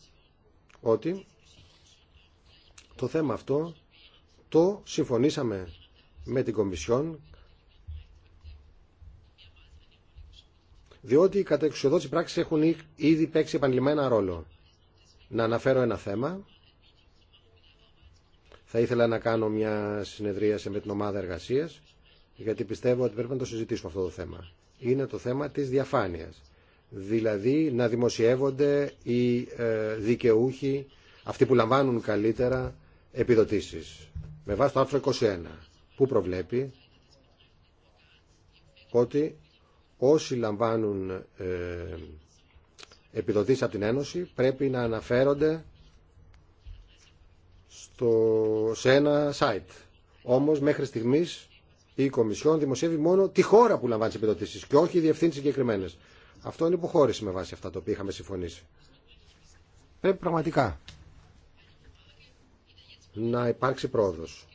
ότι το θέμα αυτό το συμφωνήσαμε με την Κομισιόν διότι οι κατεξουσιοδότητες πράξεις έχουν ήδη παίξει επανειλημμένα ρόλο. Να αναφέρω ένα θέμα θα ήθελα να κάνω μια συνεδρίαση με την ομάδα εργασίας γιατί πιστεύω ότι πρέπει να το συζητήσουμε αυτό το θέμα. Είναι το θέμα της διαφάνειας. Δηλαδή να δημοσιεύονται οι ε, δικαιούχοι, αυτοί που λαμβάνουν καλύτερα επιδοτήσεις. Με βάση το άρθρο 21 που προβλέπει ότι όσοι λαμβάνουν ε, επιδοτήσεις από την Ένωση πρέπει να αναφέρονται στο, σε ένα site. Όμως μέχρι στιγμής η Κομισιόν δημοσιεύει μόνο τη χώρα που λαμβάνει τι επιδοτήσεις και όχι οι διευθύνσει συγκεκριμένε. Αυτό είναι υποχώρηση με βάση αυτά τα οποία είχαμε συμφωνήσει. Πρέπει πραγματικά να υπάρξει πρόοδος.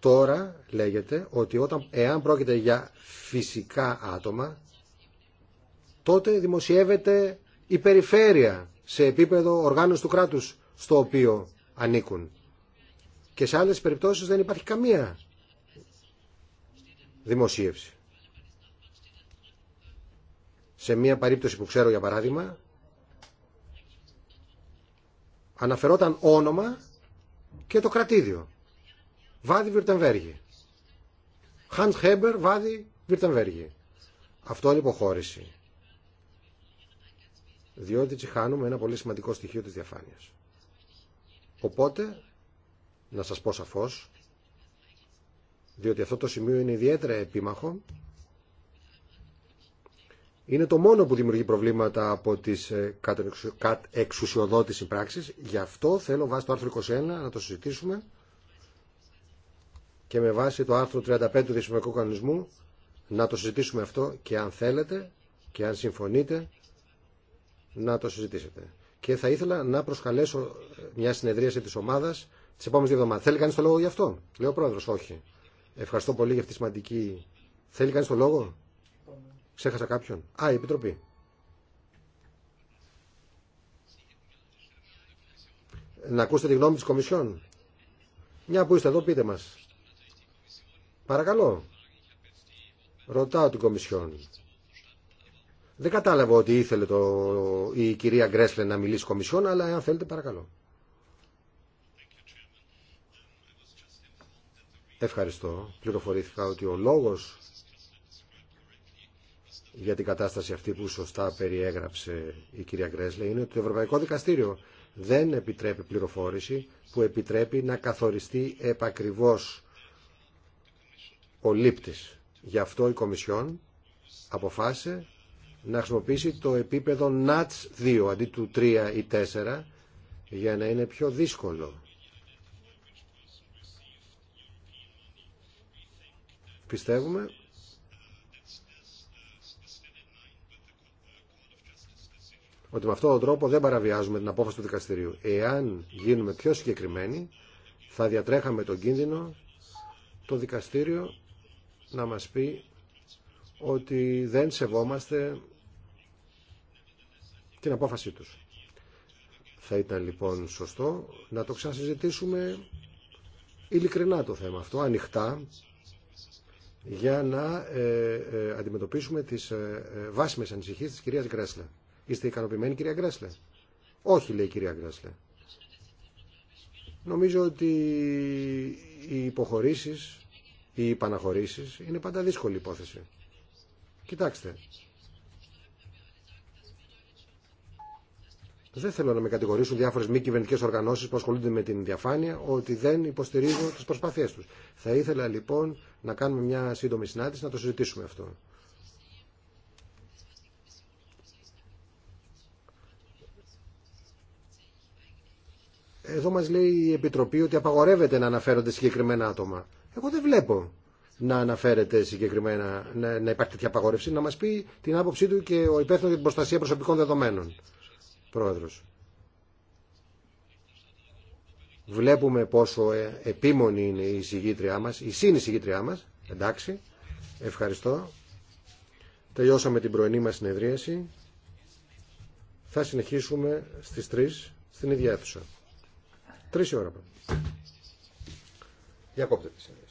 Τώρα λέγεται ότι όταν, εάν πρόκειται για φυσικά άτομα, τότε δημοσιεύεται η περιφέρεια σε επίπεδο οργάνωση του κράτους στο οποίο ανήκουν. Και σε άλλες περιπτώσεις δεν υπάρχει καμία δημοσίευση. Σε μία περίπτωση που ξέρω για παράδειγμα, αναφερόταν όνομα και το κρατήδιο. Βάδι Βιρτεμβέργη. Χαντ Χέμπερ, Βάδι Βιρτεμβέργη. Αυτό είναι υποχώρηση. Διότι τσιχάνουμε ένα πολύ σημαντικό στοιχείο της διαφάνειας. Οπότε, να σας πω σαφώς, διότι αυτό το σημείο είναι ιδιαίτερα επίμαχο, είναι το μόνο που δημιουργεί προβλήματα από τις ε, εξουσιοδότηση πράξεις. Γι' αυτό θέλω βάσει το άρθρο 21 να το συζητήσουμε και με βάση το άρθρο 35 του Διεσημιακού Κανονισμού να το συζητήσουμε αυτό και αν θέλετε και αν συμφωνείτε να το συζητήσετε και θα ήθελα να προσκαλέσω μια συνεδρίαση τη ομάδα τι επόμενε δύο εβδομάδε. Θέλει κανεί το λόγο γι' αυτό. Λέω πρόεδρο, όχι. Ευχαριστώ πολύ για αυτή τη σημαντική. Θέλει κανεί το λόγο. Ξέχασα κάποιον. Α, η Επιτροπή. Να ακούσετε τη γνώμη τη Κομισιόν. Μια που είστε εδώ, πείτε μα. Παρακαλώ. Ρωτάω την Κομισιόν. Δεν κατάλαβα ότι ήθελε το, η κυρία Γκρέσλε να μιλήσει κομισιόν, αλλά αν θέλετε παρακαλώ. Ευχαριστώ. Πληροφορήθηκα ότι ο λόγος για την κατάσταση αυτή που σωστά περιέγραψε η κυρία Γκρέσλε είναι ότι το Ευρωπαϊκό Δικαστήριο δεν επιτρέπει πληροφόρηση που επιτρέπει να καθοριστεί επακριβώς ο λήπτης. Γι' αυτό η Κομισιόν αποφάσισε να χρησιμοποιήσει το επίπεδο NATS 2 αντί του 3 ή 4 για να είναι πιο δύσκολο. Πιστεύουμε ότι με αυτόν τον τρόπο δεν παραβιάζουμε την απόφαση του δικαστηρίου. Εάν γίνουμε πιο συγκεκριμένοι, θα διατρέχαμε τον κίνδυνο το δικαστήριο να μας πει ότι δεν σεβόμαστε την απόφασή τους. Θα ήταν λοιπόν σωστό να το ξανασυζητήσουμε ειλικρινά το θέμα αυτό, ανοιχτά, για να ε, ε, αντιμετωπίσουμε τις ε, ε, βάσιμες ανησυχίες της κυρίας Γκρέσλε. Είστε ικανοποιημένοι κυρία Γκρέσλε. Όχι λέει η κυρία Γκρέσλε. Νομίζω ότι οι υποχωρήσεις, οι υπαναχωρήσεις είναι πάντα δύσκολη υπόθεση. Κοιτάξτε, Δεν θέλω να με κατηγορήσουν διάφορε μη κυβερνητικέ οργανώσει που ασχολούνται με την διαφάνεια ότι δεν υποστηρίζω τι προσπάθειέ του. Θα ήθελα λοιπόν να κάνουμε μια σύντομη συνάντηση να το συζητήσουμε αυτό. Εδώ μας λέει η Επιτροπή ότι απαγορεύεται να αναφέρονται συγκεκριμένα άτομα. Εγώ δεν βλέπω να αναφέρεται συγκεκριμένα, να, υπάρχει τέτοια απαγόρευση, να μας πει την άποψή του και ο υπεύθυνο για την προστασία προσωπικών δεδομένων. Πρόεδρος. Βλέπουμε πόσο ε, επίμονη είναι η συγγήτριά μας, η συνεισηγήτριά μας, εντάξει, ευχαριστώ. Τελειώσαμε την πρωινή μας συνεδρίαση. Θα συνεχίσουμε στις 3 στην ίδια αίθουσα. Τρεις ώρες ώρα. Διακόπτε τη